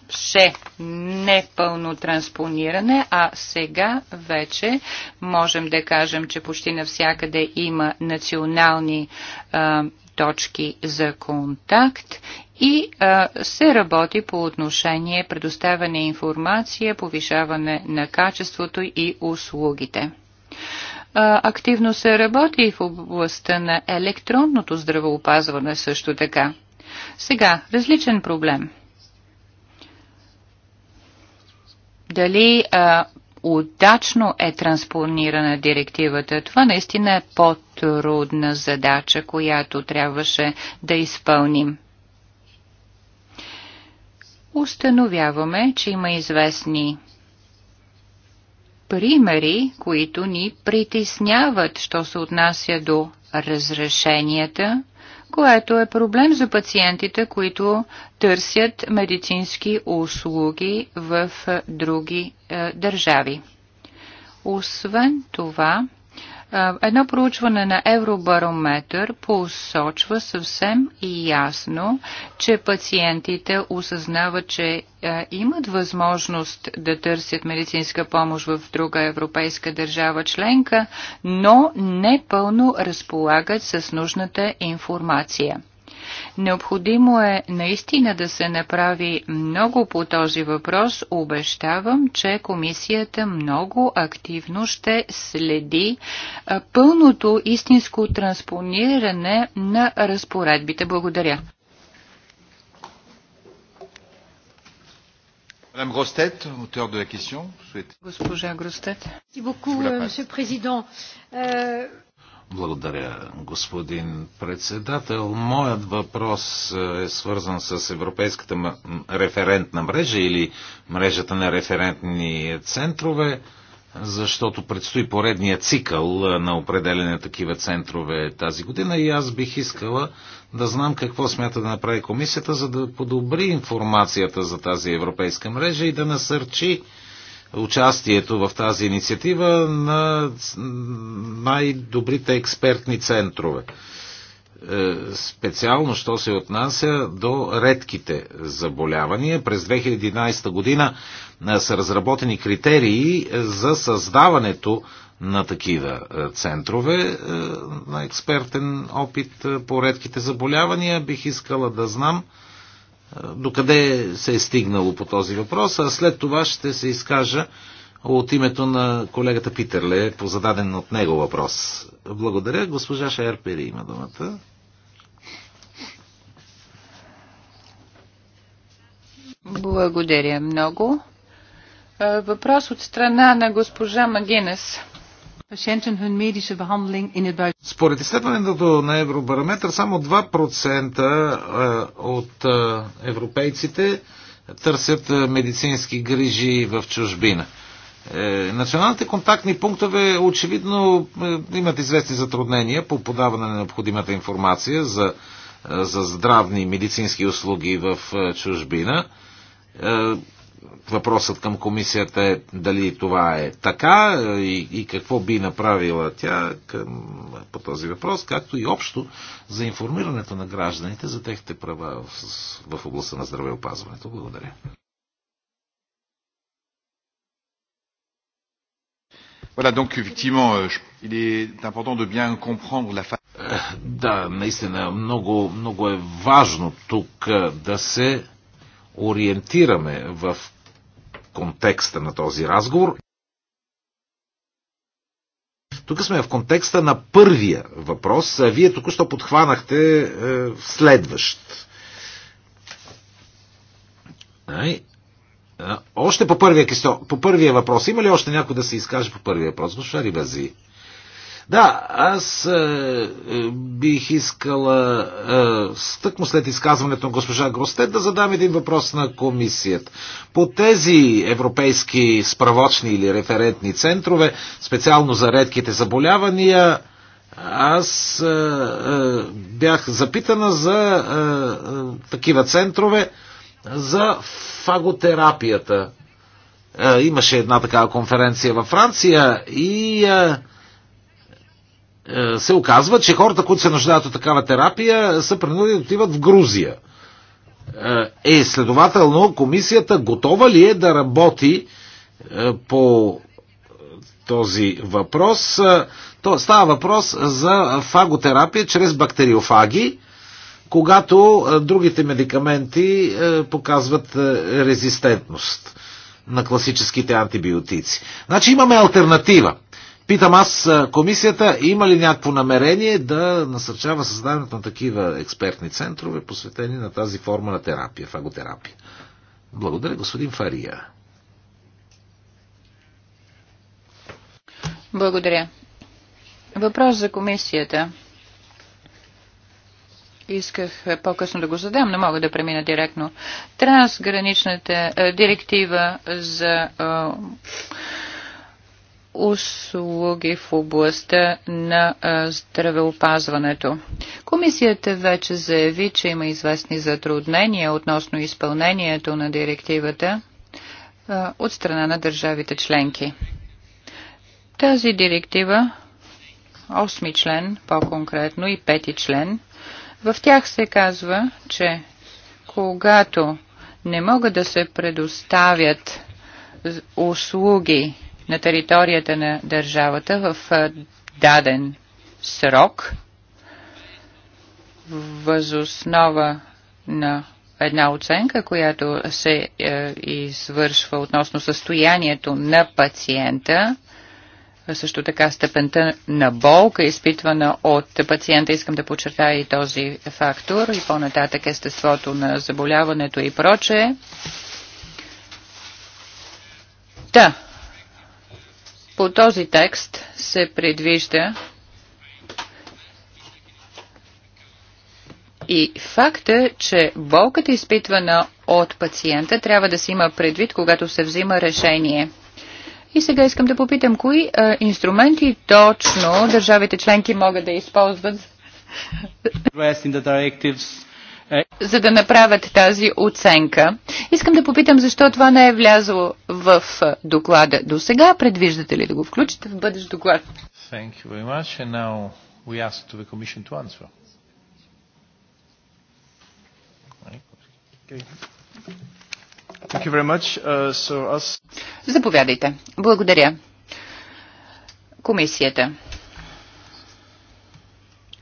ще непълно транспониране, а сега вече можем да кажем, че почти навсякъде има национални а, точки за контакт и а, се работи по отношение предоставяне информация, повишаване на качеството и услугите. Активно се работи и в областта на електронното здравеопазване също така. Сега, различен проблем. Дали а, удачно е транспонирана директивата. Това наистина е по-трудна задача, която трябваше да изпълним. Установяваме, че има известни примери, които ни притесняват, що се отнася до разрешенията, което е проблем за пациентите, които търсят медицински услуги в други е, държави. Освен това, Едно проучване на Евробарометър посочва съвсем ясно, че пациентите осъзнават, че имат възможност да търсят медицинска помощ в друга европейска държава членка, но не пълно разполагат с нужната информация. Необходимо е наистина да се направи много по този въпрос. Обещавам, че комисията много активно ще следи пълното истинско транспониране на разпоредбите. Благодаря. Madame Grostet, auteur de la question, souhaite. Госпожа Гростет. Merci beaucoup, euh, Monsieur le Président. Euh, благодаря, господин председател. Моят въпрос е, е свързан с Европейската референтна мрежа или мрежата на референтни центрове, защото предстои поредния цикъл е, на определене такива центрове тази година и аз бих искала да знам какво смята да направи комисията, за да подобри информацията за тази европейска мрежа и да насърчи участието в тази инициатива на най-добрите експертни центрове. Е, специално, що се отнася до редките заболявания. През 2011 година е, са разработени критерии е, за създаването на такива центрове на експертен опит по редките заболявания. Бих искала да знам докъде се е стигнало по този въпрос, а след това ще се изкажа от името на колегата Питерле по зададен от него въпрос. Благодаря. Госпожа Шерпери има думата. Благодаря много. Въпрос от страна на госпожа Магинес. Според изследването на Евробарометър, само 2% е, от е, европейците търсят е, медицински грижи в чужбина. Националните контактни пунктове очевидно имат известни затруднения по подаване на необходимата информация за, за здравни медицински услуги в чужбина Въпросът към комисията е дали това е така е, и, и какво би направила тя към, по този въпрос, както и общо за информирането на гражданите за техните права в, в областта на здравеопазването. Благодаря. Voilà, donc effectivement, euh, il est important de bien comprendre la е, Да, наистина много, много е важно тук е, да се ориентираме в контекста на този разговор. Тук сме в контекста на първия въпрос. Вие току-що подхванахте е, следващ. Ай, още по първия, по първия въпрос. Има ли още някой да се изкаже по първия въпрос? Госпожа Рибази. Да, аз е, е, бих искала е, стъкмо след изказването на госпожа Гростет да задам един въпрос на комисията. По тези европейски справочни или референтни центрове, специално за редките заболявания, аз е, е, бях запитана за е, е, такива центрове за фаготерапията. Е, имаше една такава конференция във Франция и е, е, се оказва, че хората, които се нуждаят от такава терапия, са принудени да отиват в Грузия. Е, е следователно, комисията готова ли е да работи е, по този въпрос? То става въпрос за фаготерапия чрез бактериофаги, когато другите медикаменти показват резистентност на класическите антибиотици. Значи имаме альтернатива. Питам аз комисията, има ли някакво намерение да насърчава създаването на такива експертни центрове, посветени на тази форма на терапия, фаготерапия? Благодаря, господин Фария. Благодаря. Въпрос за комисията. Исках по-късно да го задам, но мога да премина директно. Трансграничната директива за услуги в областта на здравеопазването. Комисията вече заяви, че има известни затруднения относно изпълнението на директивата от страна на държавите членки. Тази директива, 8 член по-конкретно и 5 член, в тях се казва, че когато не могат да се предоставят услуги на територията на държавата в даден срок възоснова на една оценка, която се е, извършва относно състоянието на пациента, също така степента на болка, изпитвана от пациента. Искам да подчертая и този фактор и по-нататък естеството на заболяването и прочее. Та, да, по този текст се предвижда И факта, че болката изпитвана от пациента трябва да се има предвид, когато се взима решение. И сега искам да попитам, кои а, инструменти точно държавите членки могат да използват за да направят тази оценка. Искам да попитам защо това не е влязло в доклада до сега. Предвиждате ли да го включите в бъдещ доклад? Thank you very much. And now we ask to the Commission to answer. Okay. Thank you very much. Uh, so us... Заповядайте. Благодаря. Комисията.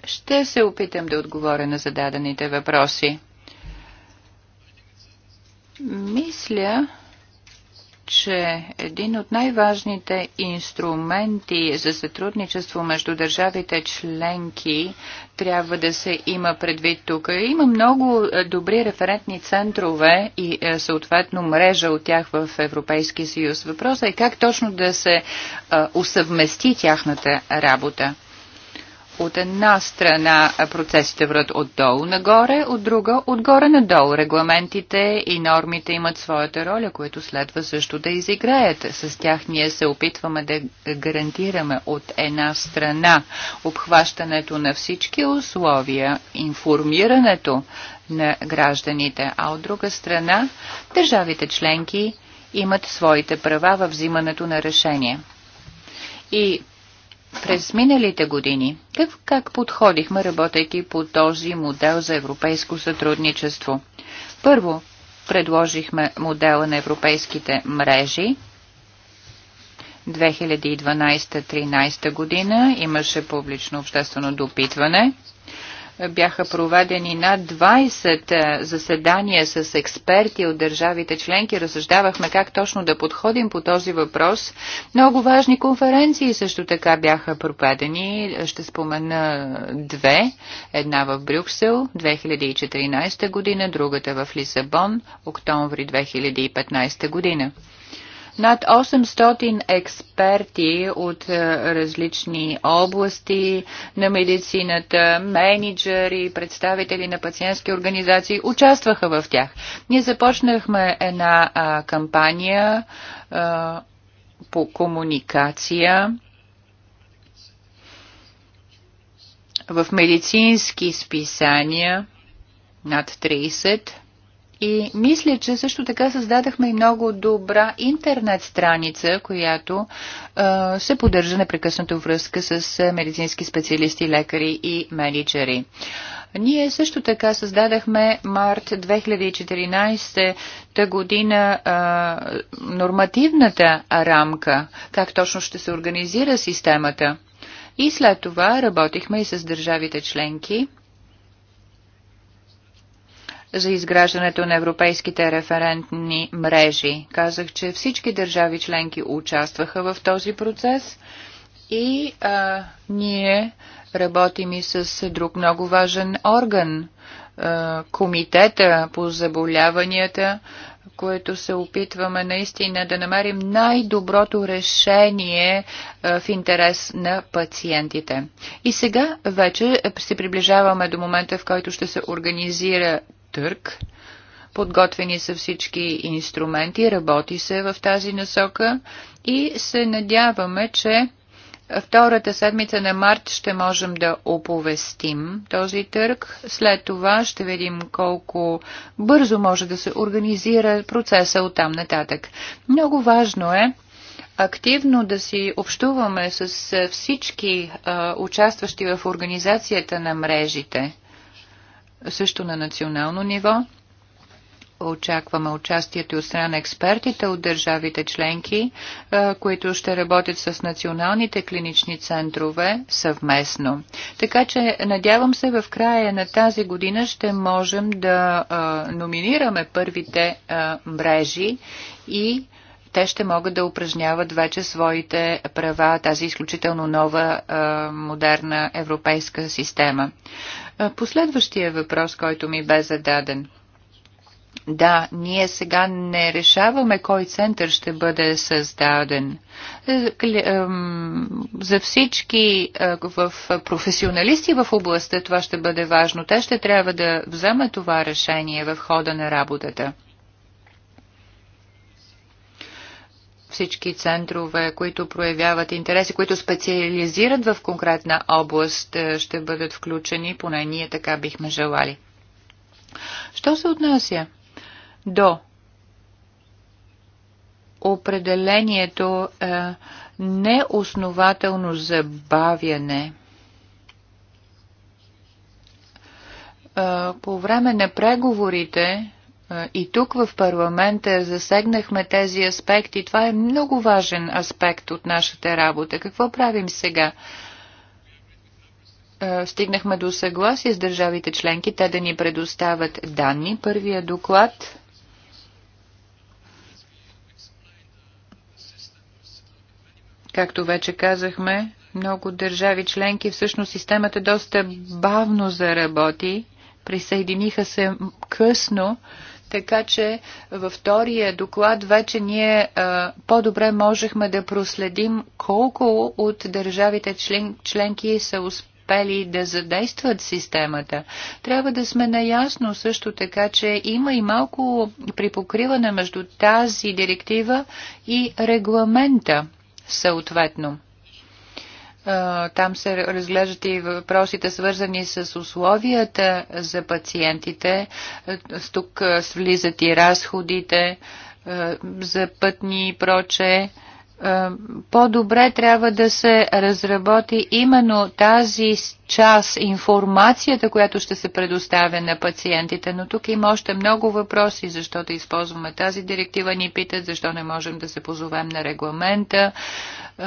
Ще се опитам да отговоря на зададените въпроси. Мисля, че един от най-важните инструменти за сътрудничество между държавите членки трябва да се има предвид тук. Има много е, добри референтни центрове и е, съответно мрежа от тях в Европейския съюз. Въпросът е как точно да се е, усъвмести тяхната работа от една страна процесите врат отдолу нагоре, от друга отгоре надолу. Регламентите и нормите имат своята роля, които следва също да изиграят. С тях ние се опитваме да гарантираме от една страна обхващането на всички условия, информирането на гражданите, а от друга страна държавите членки имат своите права във взимането на решения. И през миналите години как, как подходихме, работейки по този модел за европейско сътрудничество? Първо, предложихме модела на европейските мрежи. 2012-2013 година имаше публично обществено допитване бяха проведени над 20 е, заседания с експерти от държавите членки. Разсъждавахме как точно да подходим по този въпрос. Много важни конференции също така бяха проведени. Ще спомена две. Една в Брюксел 2014 година, другата в Лисабон октомври 2015 година. Над 800 експерти от е, различни области на медицината, менеджери, представители на пациентски организации участваха в тях. Ние започнахме една а, кампания а, по комуникация в медицински списания над 30 и мисля, че също така създадахме и много добра интернет страница, която а, се поддържа непрекъснато връзка с медицински специалисти, лекари и менеджери. Ние също така създадахме март 2014 година а, нормативната рамка, как точно ще се организира системата. И след това работихме и с държавите членки за изграждането на европейските референтни мрежи. Казах, че всички държави членки участваха в този процес и а, ние работим и с друг много важен орган комитета по заболяванията, което се опитваме наистина да намерим най-доброто решение в интерес на пациентите. И сега вече се приближаваме до момента, в който ще се организира търг. Подготвени са всички инструменти, работи се в тази насока и се надяваме, че втората седмица на март ще можем да оповестим този търг. След това ще видим колко бързо може да се организира процеса от там нататък. Много важно е активно да си общуваме с всички а, участващи в организацията на мрежите също на национално ниво. Очакваме участието от страна експертите от държавите членки, които ще работят с националните клинични центрове съвместно. Така че надявам се в края на тази година ще можем да номинираме първите мрежи и те ще могат да упражняват вече своите права, тази изключително нова, модерна европейска система. Последващия въпрос, който ми бе зададен. Да, ние сега не решаваме кой център ще бъде създаден. Е, за всички в професионалисти в областта това ще бъде важно. Те ще трябва да вземат това решение в хода на работата. всички центрове, които проявяват интереси, които специализират в конкретна област, е, ще бъдат включени, поне ние така бихме желали. Що се отнася до определението е, неоснователно забавяне. Е, по време на преговорите и тук в парламента засегнахме тези аспекти. Това е много важен аспект от нашата работа. Какво правим сега? Стигнахме до съгласие с държавите членки, те да ни предоставят данни. Първия доклад Както вече казахме, много държави членки, всъщност системата доста бавно заработи, присъединиха се късно така че във втория доклад вече ние по-добре можехме да проследим колко от държавите член, членки са успели да задействат системата. Трябва да сме наясно също така, че има и малко припокриване между тази директива и регламента съответно. Там се разглеждат и въпросите, свързани с условията за пациентите. Е, тук е, влизат и разходите е, за пътни и проче. по-добре трябва да се разработи именно тази Час, информацията, която ще се предоставя на пациентите. Но тук има още много въпроси, защо да използваме тази директива, ни питат, защо не можем да се позовем на регламента. Е,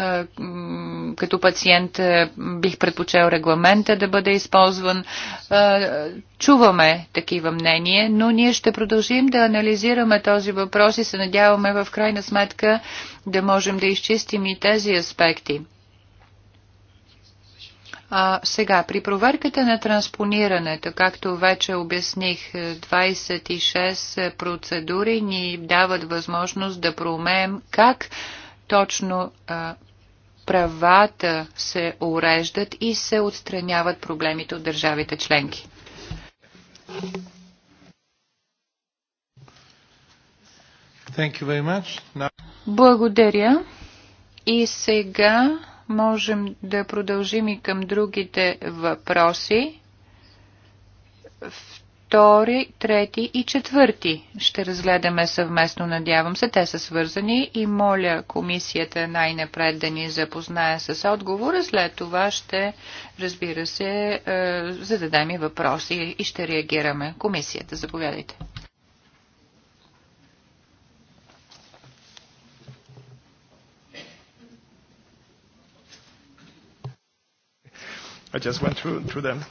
като пациент е, бих предпочел регламента да бъде използван. Е, чуваме такива мнения, но ние ще продължим да анализираме този въпрос и се надяваме в крайна сметка да можем да изчистим и тези аспекти. А, сега, при проверката на транспонирането, както вече обясних, 26 е, процедури ни дават възможност да проумеем как точно а, правата се уреждат и се отстраняват проблемите от държавите членки. Now... Благодаря. И сега можем да продължим и към другите въпроси. Втори, трети и четвърти ще разгледаме съвместно, надявам се. Те са свързани и моля комисията най-напред да ни запознае с отговора. След това ще, разбира се, е, зададем и въпроси и ще реагираме. Комисията, заповядайте. I just went through, through them.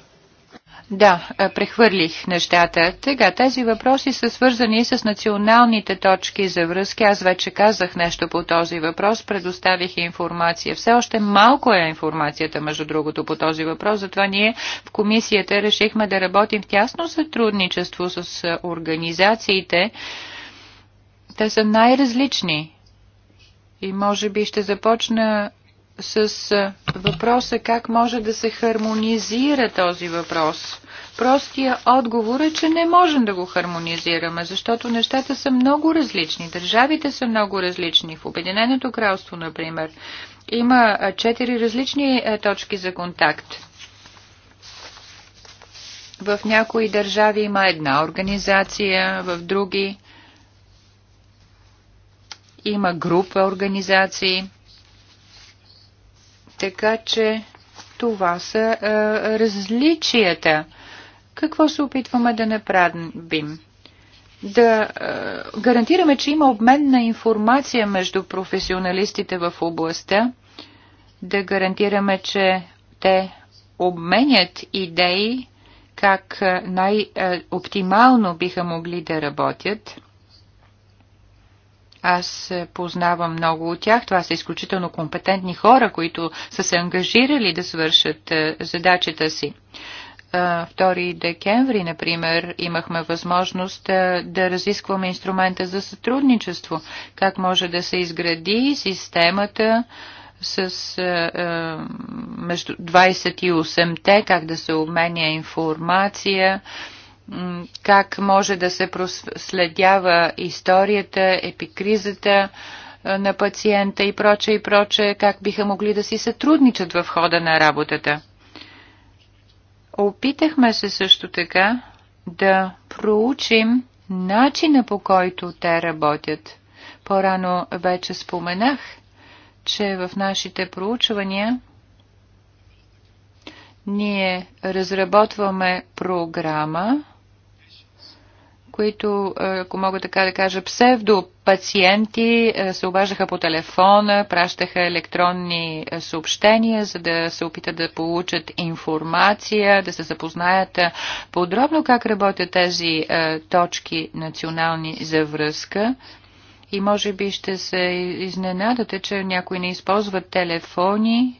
Да, прехвърлих нещата. Тега, тези въпроси са свързани с националните точки за връзки. Аз вече казах нещо по този въпрос, предоставих информация. Все още малко е информацията, между другото, по този въпрос. Затова ние в комисията решихме да работим в тясно сътрудничество с организациите. Те са най-различни. И може би ще започна с въпроса как може да се хармонизира този въпрос. Простия отговор е, че не можем да го хармонизираме, защото нещата са много различни. Държавите са много различни. В Обединеното кралство, например, има четири различни точки за контакт. В някои държави има една организация, в други има група организации. Така че това са е, различията. Какво се опитваме да направим? да е, гарантираме, че има обмен на информация между професионалистите в областта, да гарантираме, че те обменят идеи как е, най-оптимално е, биха могли да работят – аз познавам много от тях. Това са изключително компетентни хора, които са се ангажирали да свършат е, задачата си. 2 е, декември, например, имахме възможност е, да разискваме инструмента за сътрудничество, как може да се изгради системата с е, между 28-те, как да се обменя информация, как може да се проследява историята, епикризата на пациента и проче и проче, как биха могли да си сътрудничат в хода на работата. Опитахме се също така да проучим начина по който те работят. По-рано вече споменах, че в нашите проучвания ние разработваме програма, които, е, ако мога така да кажа, псевдопациенти е, се обаждаха по телефона, пращаха електронни е, съобщения, за да се опитат да получат информация, да се запознаят подробно как работят тези точки национални за връзка. И може би ще се изненадате, че някои не използват телефони.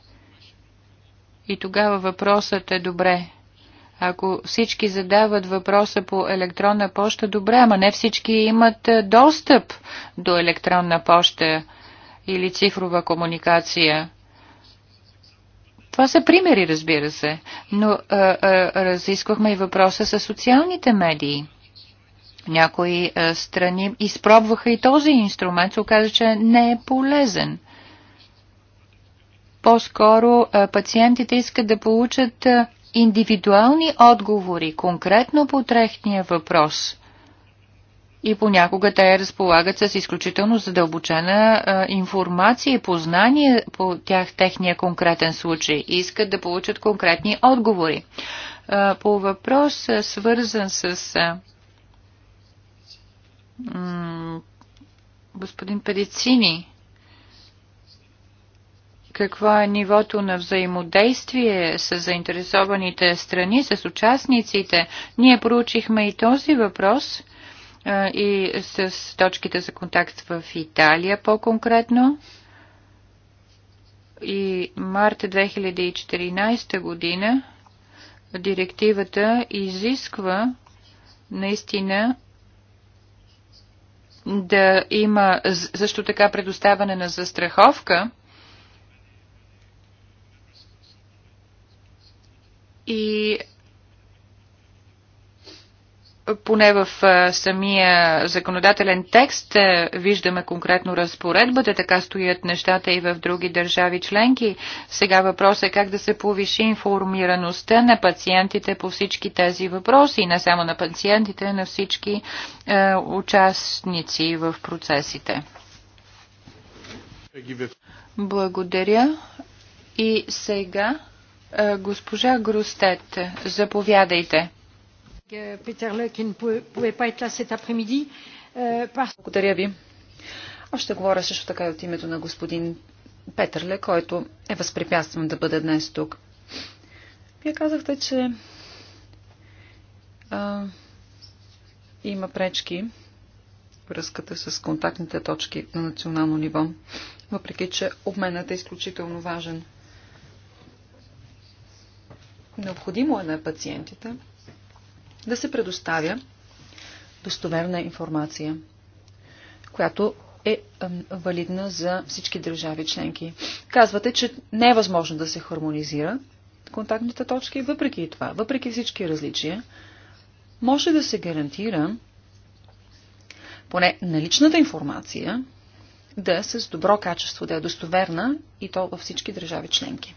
И тогава въпросът е добре ако всички задават въпроса по електронна поща, добре, ама не всички имат е, достъп до електронна поща или цифрова комуникация. Това са примери, разбира се, но а, е, а, е, разисквахме и въпроса с социалните медии. Някои а, страни изпробваха и този инструмент, се оказа, че не е полезен. По-скоро пациентите искат да получат а, индивидуални отговори конкретно по трехния въпрос. И понякога те разполагат с изключително задълбочена а, информация и познание по тях, техния конкретен случай. И искат да получат конкретни отговори. А, по въпрос, а, свързан с а, господин Педицини, какво е нивото на взаимодействие с заинтересованите страни, с участниците. Ние проучихме и този въпрос и с точките за контакт в Италия по-конкретно. И март 2014 година директивата изисква наистина да има също така предоставяне на застраховка И поне в самия законодателен текст виждаме конкретно разпоредбата, така стоят нещата и в други държави членки. Сега въпрос е как да се повиши информираността на пациентите по всички тези въпроси, не само на пациентите, на всички е, участници в процесите. Благодаря. И сега е, госпожа Грустет, заповядайте. Е, е, Благодаря ви. Аз ще говоря също така и от името на господин Петърле, който е възпрепятстван да бъде днес тук. Вие казахте, че а, има пречки връзката с контактните точки на национално ниво, въпреки че обменът е изключително важен. Необходимо е на пациентите да се предоставя достоверна информация, която е валидна за всички държави членки. Казвате, че не е възможно да се хармонизира контактните точки, въпреки това, въпреки всички различия, може да се гарантира поне наличната информация да е с добро качество, да е достоверна и то във всички държави членки.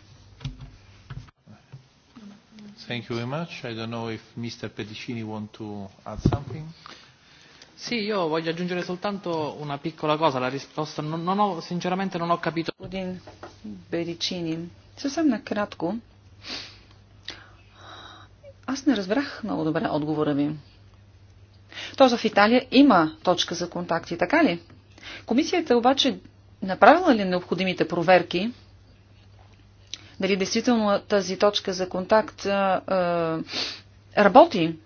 Thank you very much. I don't know if Mr. Pedicini want to add something. Sì, io voglio aggiungere soltanto una piccola cosa, la risposta non, non ho, sinceramente non ho capito. Pedicini. Господин Беричини, съвсем накратко, аз не разбрах много добре отговора ви. Тоест в Италия има точка за контакти, така ли? Комисията обаче направила ли необходимите проверки дали действително тази точка за контакт а, а, работи.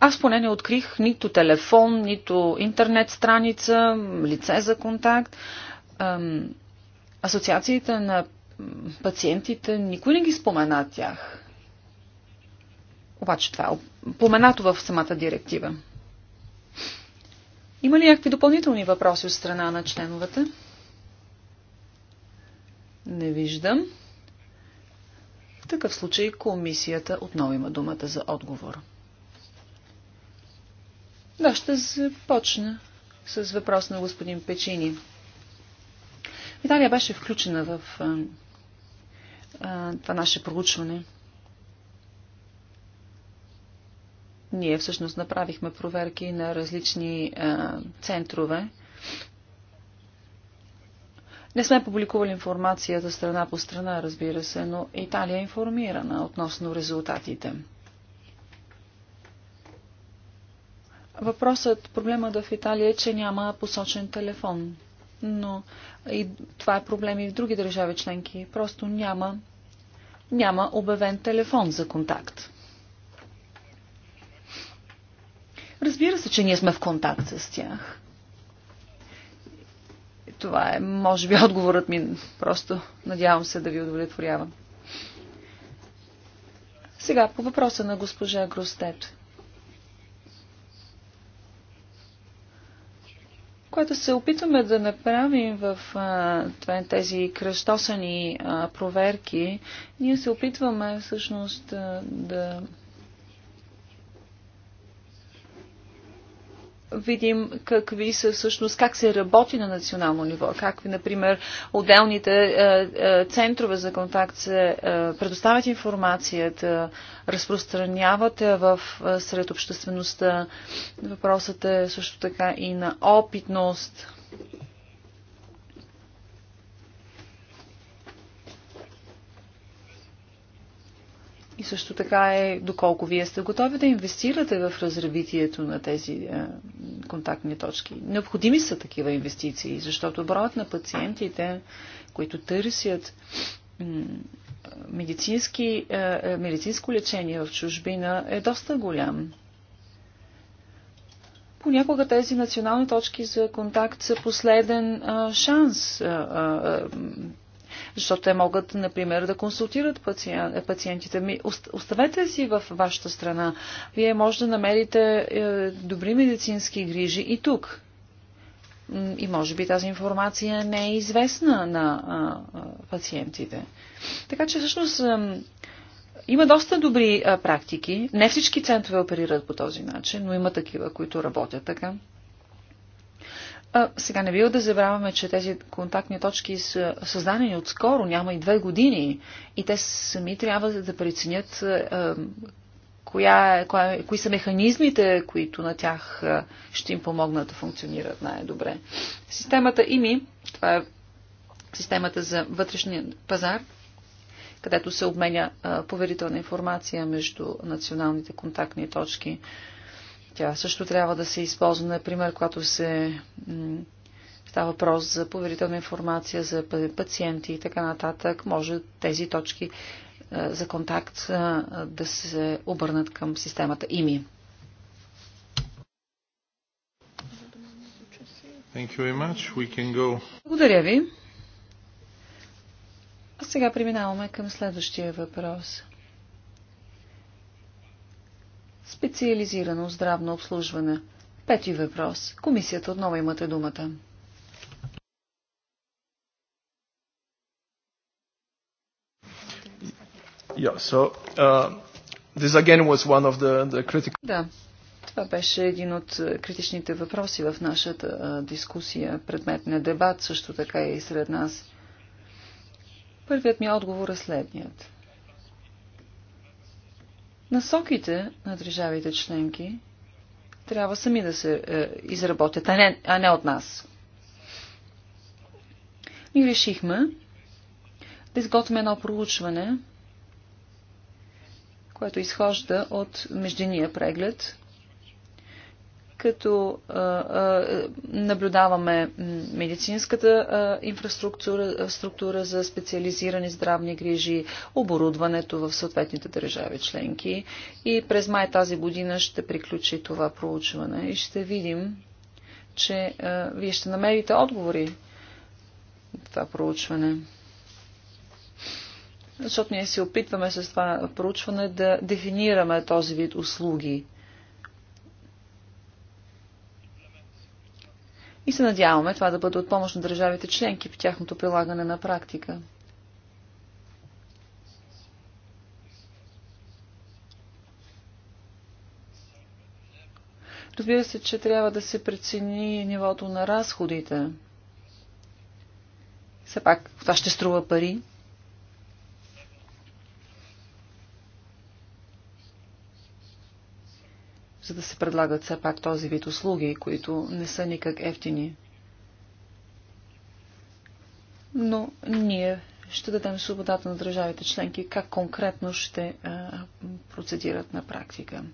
Аз поне не открих нито телефон, нито интернет страница, лице за контакт. А, асоциациите на пациентите, никой не ги спомена тях. Обаче това е поменато в самата директива. Има ли някакви допълнителни въпроси от страна на членовете? Не виждам. В такъв случай комисията отново има думата за отговор. Да, ще започна с въпрос на господин Печини. Италия беше включена в а, а, това наше проучване. Ние всъщност направихме проверки на различни а, центрове не сме публикували информацията страна по страна, разбира се, но Италия е информирана относно резултатите. Въпросът, проблемът в Италия е, че няма посочен телефон. Но и това е проблем и в други държави членки. Просто няма, няма обявен телефон за контакт. Разбира се, че ние сме в контакт с тях. Това е, може би, отговорът ми. Просто надявам се да ви удовлетворявам. Сега, по въпроса на госпожа Гростет. което се опитваме да направим в а, тези кръстосани а, проверки, ние се опитваме всъщност да видим какви са всъщност, как се работи на национално ниво, как, например, отделните е, е, центрове за контакт се е, предоставят информацията, разпространяват в сред обществеността. Въпросът е също така и на опитност И също така е доколко вие сте готови да инвестирате в развитието на тези е, контактни точки. Необходими са такива инвестиции, защото броят на пациентите, които търсят медицински, е, е, медицинско лечение в чужбина е доста голям. Понякога тези национални точки за контакт са последен а, шанс. а, защото те могат, например, да консултират пациент, пациентите. Ми, оставете си в вашата страна. Вие може да намерите е, добри медицински грижи и тук. И може би тази информация не е известна на а, а, пациентите. Така че всъщност а, има доста добри а, практики. Не всички центрове оперират по този начин, но има такива, които работят така. А, сега не бива да забравяме, че тези контактни точки са създадени отскоро, няма и две години. И те сами трябва да преценят а, коя, е, коя, е, кои са механизмите, които на тях ще им помогнат да функционират най-добре. Системата ИМИ, това е системата за вътрешния пазар, където се обменя а, поверителна информация между националните контактни точки. А, тя също трябва да се използва, например, когато се става въпрос за поверителна информация за пациенти и така нататък. Може тези точки е, за контакт е, да се обърнат към системата ИМИ. Благодаря ви. А сега преминаваме към следващия въпрос специализирано здравно обслужване. Пети въпрос. Комисията отново имате думата. Yeah, so, uh, this again was one of the, the critical... Да, това беше един от е, критичните въпроси в нашата е, дискусия, предмет на дебат, също така и сред нас. Първият ми отговор е следният. Насоките на държавите членки трябва сами да се е, изработят, а не, а не от нас. И решихме да изготвим едно проучване, което изхожда от междиния преглед като а, а, наблюдаваме медицинската а, инфраструктура структура за специализирани здравни грижи, оборудването в съответните държави членки. И през май тази година ще приключи това проучване и ще видим, че а, вие ще намерите отговори на това проучване. Защото ние се опитваме с това проучване да дефинираме този вид услуги – И се надяваме това да бъде от помощ на държавите членки в тяхното прилагане на практика. Разбира се, че трябва да се прецени нивото на разходите. Все пак, това ще струва пари. за да се предлагат все пак този вид услуги, които не са никак ефтини. Но ние ще дадем свободата на държавите членки как конкретно ще процедират на практика.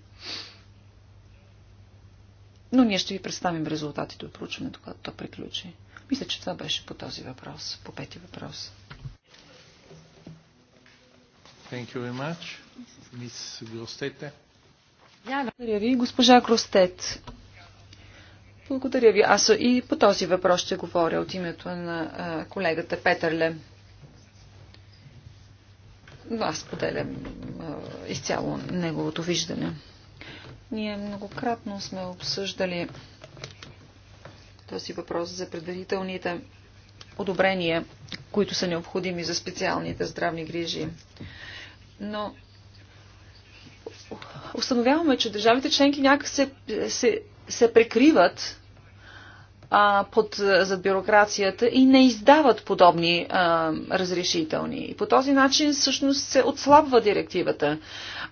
Но ние ще ви представим резултатите от проучването, когато то приключи. Мисля, че това беше по този въпрос, по пети въпрос. Thank you very much. Miss Grostete. Благодаря ви, госпожа Кростет. Благодаря ви. Аз и по този въпрос ще говоря от името на колегата Петърле. Но аз поделям изцяло неговото виждане. Ние многократно сме обсъждали този въпрос за предварителните одобрения, които са необходими за специалните здравни грижи. Но установяваме, че държавите членки някак се, се, се прикриват а, под, зад бюрокрацията и не издават подобни а, разрешителни. И по този начин всъщност се отслабва директивата.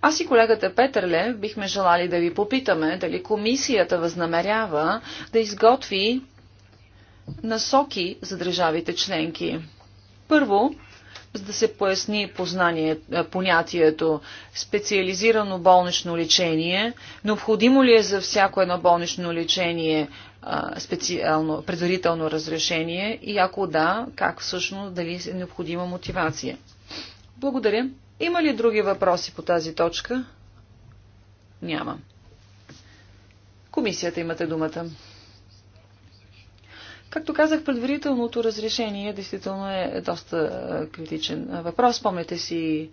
Аз и колегата Петърле бихме желали да ви попитаме дали комисията възнамерява да изготви насоки за държавите членки. Първо, за да се поясни познание, е, понятието специализирано болнично лечение. Необходимо ли е за всяко едно болнично лечение е, специално, предварително разрешение и ако да, как всъщност, дали е необходима мотивация. Благодаря. Има ли други въпроси по тази точка? Няма. Комисията имате думата. Както казах, предварителното разрешение действително е доста е, критичен е, въпрос. Спомняте си,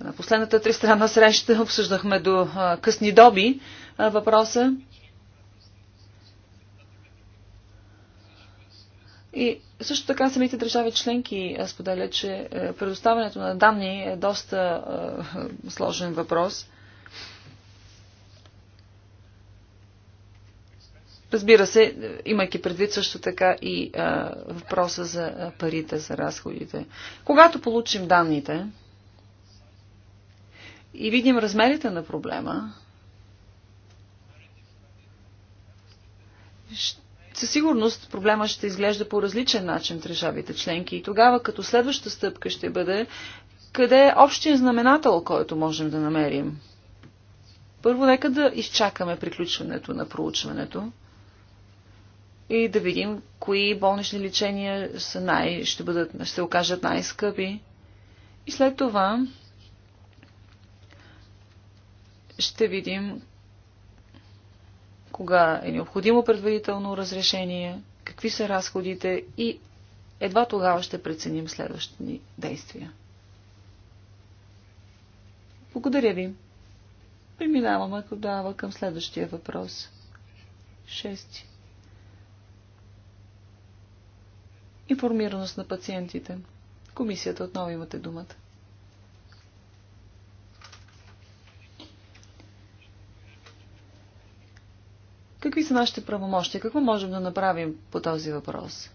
е, на последната тристранна среща обсъждахме до късни доби въпроса. И също така самите държави членки споделят, че предоставянето на данни е доста сложен въпрос – Разбира се, имайки предвид също така и а, въпроса за парите, за разходите. Когато получим данните и видим размерите на проблема, със сигурност проблема ще изглежда по различен начин в държавите членки и тогава като следваща стъпка ще бъде къде е общия знаменател, който можем да намерим. Първо нека да изчакаме приключването на проучването и да видим кои болнични лечения са най, ще, бъдат, ще се окажат най-скъпи. И след това ще видим кога е необходимо предварително разрешение, какви са разходите и едва тогава ще преценим следващите действия. Благодаря ви. Преминаваме тогава към следващия въпрос. Шести. информираност на пациентите. Комисията отново имате думата. Какви са нашите правомощия? Какво можем да направим по този въпрос?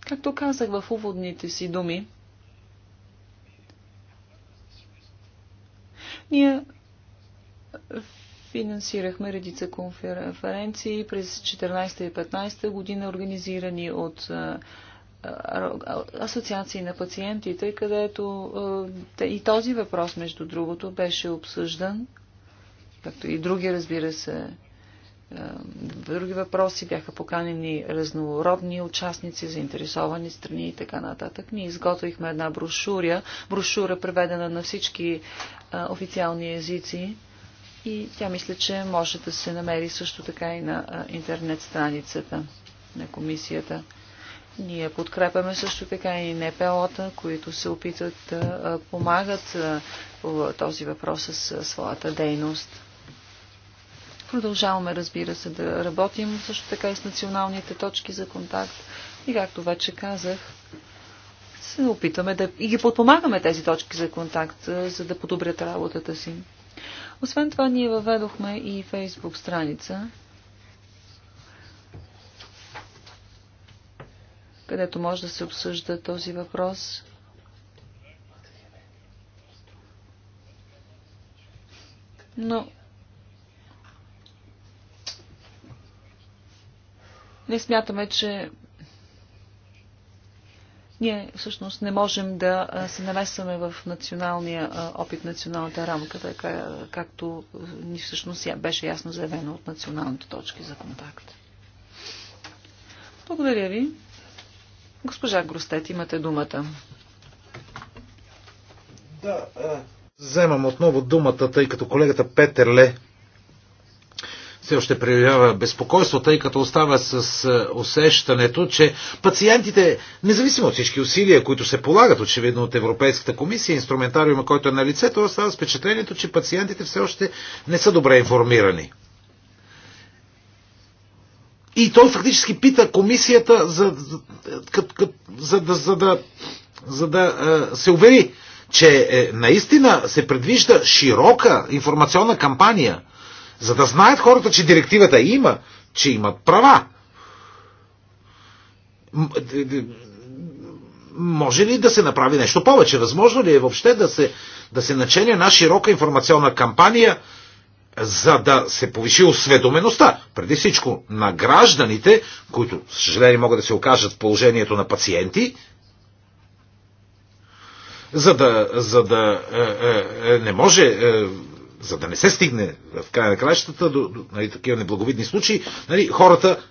Както казах в уводните си думи, ние Финансирахме редица конференции през 14 и 15 година, организирани от асоциации на пациентите, където и този въпрос, между другото, беше обсъждан, както и други, разбира се, други въпроси бяха поканени разнородни участници, заинтересовани страни и така нататък. Ние изготвихме една брошура, брошура преведена на всички официални езици и тя мисля, че може да се намери също така и на интернет страницата на комисията. Ние подкрепяме също така и НПО-та, които се опитат да помагат по този въпрос с своята дейност. Продължаваме, разбира се, да работим също така и с националните точки за контакт. И както вече казах, се опитаме да и ги подпомагаме тези точки за контакт, за да подобрят работата си. Освен това, ние въведохме и фейсбук страница, където може да се обсъжда този въпрос. Но не смятаме, че ние всъщност не можем да се намесваме в националния опит, националната рамка, така както ни всъщност беше ясно заявено от националните точки за контакт. Благодаря ви. Госпожа Гростет, имате думата. Да, вземам отново думата, тъй като колегата Петерле все още проявява безпокойство, тъй като остава с е, усещането, че пациентите, независимо от всички усилия, които се полагат очевидно от Европейската комисия, инструментариума, който е на лицето, остава с впечатлението, че пациентите все още не са добре информирани. И той фактически пита комисията, за, за, за, да, за да, за да е, се увери, че е, наистина се предвижда широка информационна кампания – за да знаят хората, че директивата има, че имат права. Може ли да се направи нещо повече? Възможно ли е въобще да се, да се начене една широка информационна кампания, за да се повиши осведомеността, преди всичко на гражданите, които, съжаление, могат да се окажат в положението на пациенти, за да, за да е, е, е не може е, за да не се стигне в края на кращата до, до нали, такива неблаговидни случаи, нали, хората,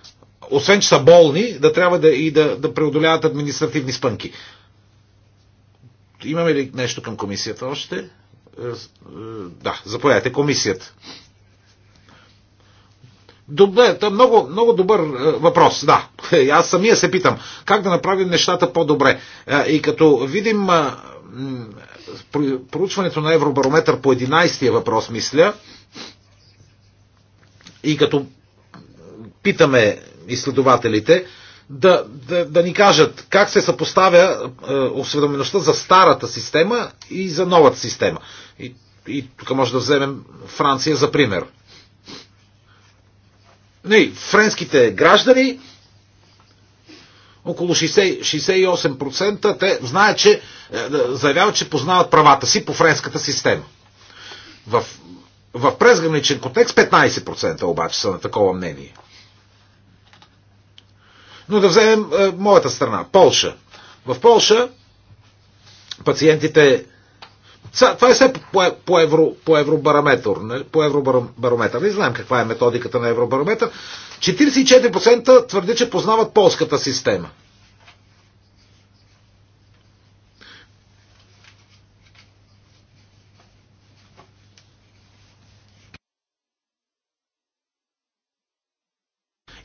освен че са болни, да трябва да, и да, да преодоляват административни спънки. Имаме ли нещо към комисията още? Е, е, да, заповядайте, комисията. Добре, е много, много добър е, въпрос, да. Е, аз самия се питам, как да направим нещата по-добре. Е, и като видим проучването на Евробарометър по 11-я въпрос, мисля, и като питаме изследователите да, да, да ни кажат как се съпоставя е, осведомеността за старата система и за новата система. И, и тук може да вземем Франция за пример. Не, нали, френските граждани около 60, 68%, те знаят, че е, заявяват, че познават правата си по френската система. В, в презграничен контекст 15% обаче са на такова мнение. Но да вземем е, моята страна, Полша. В Полша пациентите това е все по, по, евро, по евробарометър. Не? По евробарометър. Не знаем каква е методиката на евробарометър. 44% твърди, че познават полската система.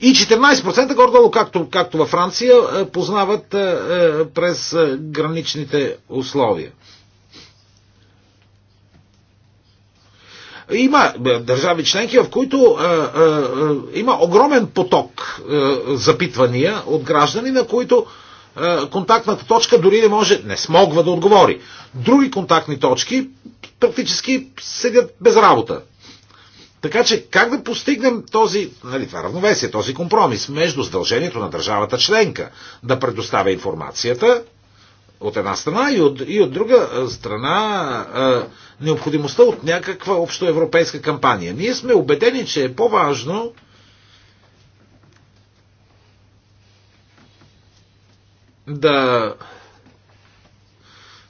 И 14% горе-долу, както, както във Франция, е, познават е, е, през граничните условия. Има е, държави членки, в които а, а, а, има огромен поток а, е, запитвания от граждани, на които а, е, контактната точка дори не може, не смогва да отговори. Други контактни точки практически седят без работа. Така че как да постигнем този, нали, това равновесие, този компромис между задължението на държавата членка да предоставя информацията от една страна и от, и от друга страна а, необходимостта от някаква общоевропейска кампания. Ние сме убедени, че е по-важно да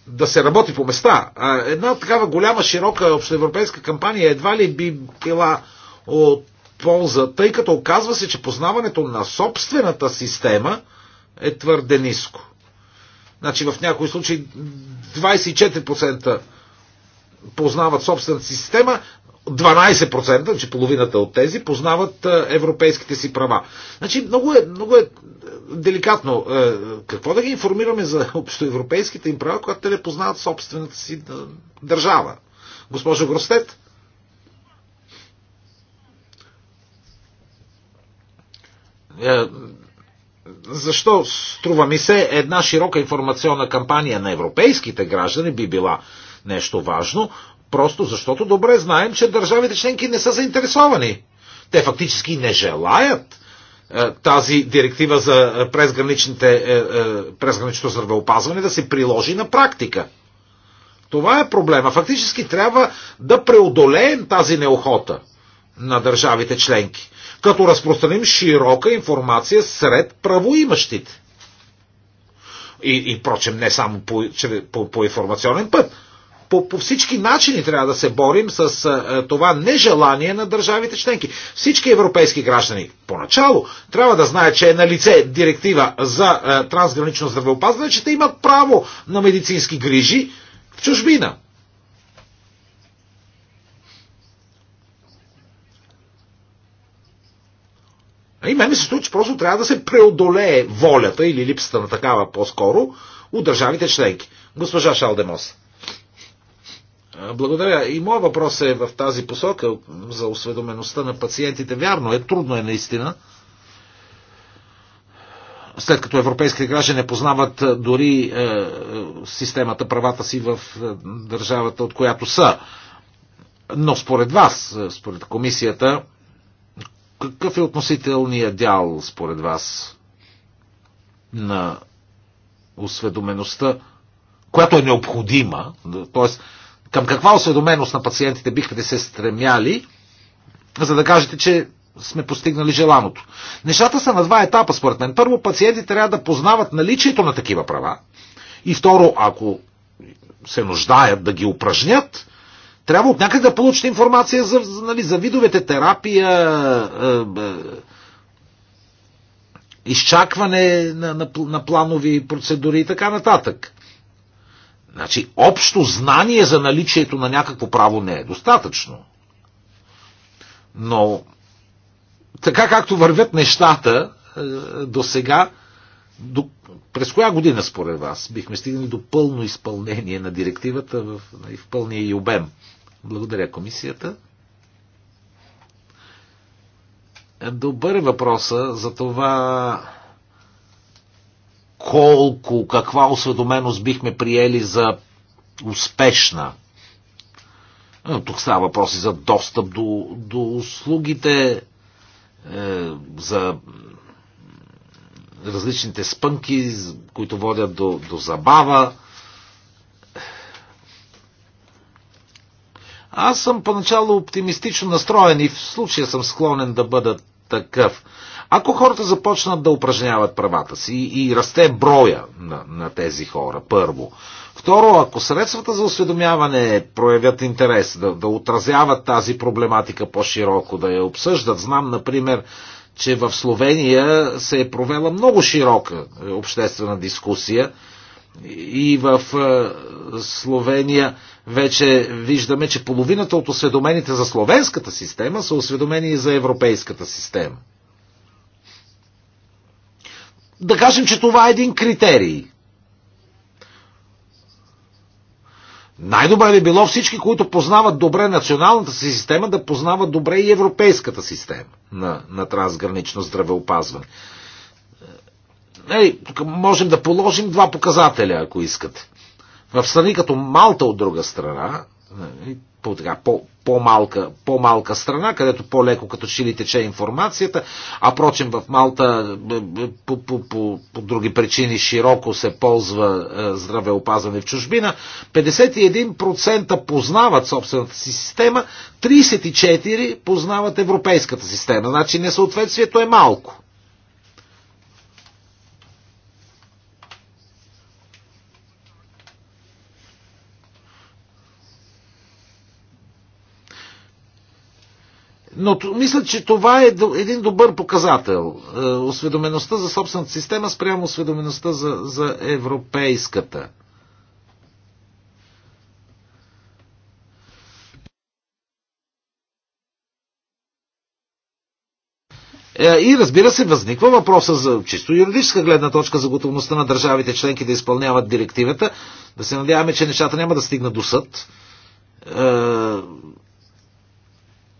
да се работи по места. А една такава голяма, широка общоевропейска кампания едва ли би била от полза, тъй като оказва се, че познаването на собствената система е твърде ниско. Значи в някои случаи 24% познават собствената си система, 12%, че значи половината от тези, познават е, европейските си права. Значи много е, много е, е деликатно. Е, какво да ги информираме за общоевропейските им права, когато те не познават собствената си държава? Госпожо Гростет? Защо, струва ми се, една широка информационна кампания на европейските граждани би била нещо важно, просто защото добре знаем, че държавите членки не са заинтересовани. Те фактически не желаят е, тази директива за е, е, презграничното здравеопазване да се приложи на практика. Това е проблема. Фактически трябва да преодолеем тази неохота на държавите членки като разпространим широка информация сред правоимащите. И, и прочем, не само по, по, по информационен път. По, по всички начини трябва да се борим с а, това нежелание на държавите членки. Всички европейски граждани поначало трябва да знаят, че е на лице директива за а, трансгранично здравеопазване, че те имат право на медицински грижи в чужбина. И ами, мен ми се случи, че просто трябва да се преодолее волята или липсата на такава по-скоро от държавите членки. Госпожа Шалдемос. Благодаря. И моят въпрос е в тази посока за осведомеността на пациентите. Вярно е, трудно е наистина. След като европейските граждани не познават дори е, е, системата, правата си в е, държавата, от която са. Но според вас, е, според комисията, какъв е относителният дял, според вас, на осведомеността, която е необходима, т.е. към каква осведоменост на пациентите бихте се стремяли, за да кажете, че сме постигнали желаното. Нещата са на два етапа, според мен. Първо, пациентите трябва да познават наличието на такива права. И второ, ако се нуждаят да ги упражнят, трябва от някъде да получите информация за, нали, за видовете терапия, е, е, изчакване на, на, на планови процедури и така нататък. Значи, общо знание за наличието на някакво право не е достатъчно. Но, така както вървят нещата е, до сега, до, през коя година, според вас, бихме стигнали до пълно изпълнение на директивата в, нали, в пълния и обем? Благодаря комисията. Добър е въпроса за това колко, каква осведоменост бихме приели за успешна. Тук става въпроси за достъп до, до услугите, е, за различните спънки, които водят до, до забава. Аз съм поначало оптимистично настроен и в случая съм склонен да бъда такъв. Ако хората започнат да упражняват правата си и, расте броя на, на тези хора, първо. Второ, ако средствата за осведомяване проявят интерес, да, да отразяват тази проблематика по-широко, да я обсъждат, знам, например, че в Словения се е провела много широка обществена дискусия и в е, Словения вече виждаме, че половината от осведомените за словенската система са осведомени и за европейската система. Да кажем, че това е един критерий. Най-добре би било всички, които познават добре националната си система, да познават добре и европейската система на, на трансгранично здравеопазване. Ей, тук можем да положим два показателя, ако искате. В страни като Малта от друга страна, нали, по, така, по, по-малка, по-малка страна, където по-леко като че ли тече информацията, а прочим в Малта е, е, по, по, по, по други причини широко се ползва е, здравеопазване в чужбина, 51% познават собствената си система, 34% познават европейската система. Значи несъответствието е малко. Но мисля, че това е един добър показател. Е, осведомеността за собствената система спрямо осведомеността за, за европейската. Е, и разбира се, възниква въпроса за чисто юридическа гледна точка за готовността на държавите членки да изпълняват директивата. Да се надяваме, че нещата няма да стигнат до съд. Е,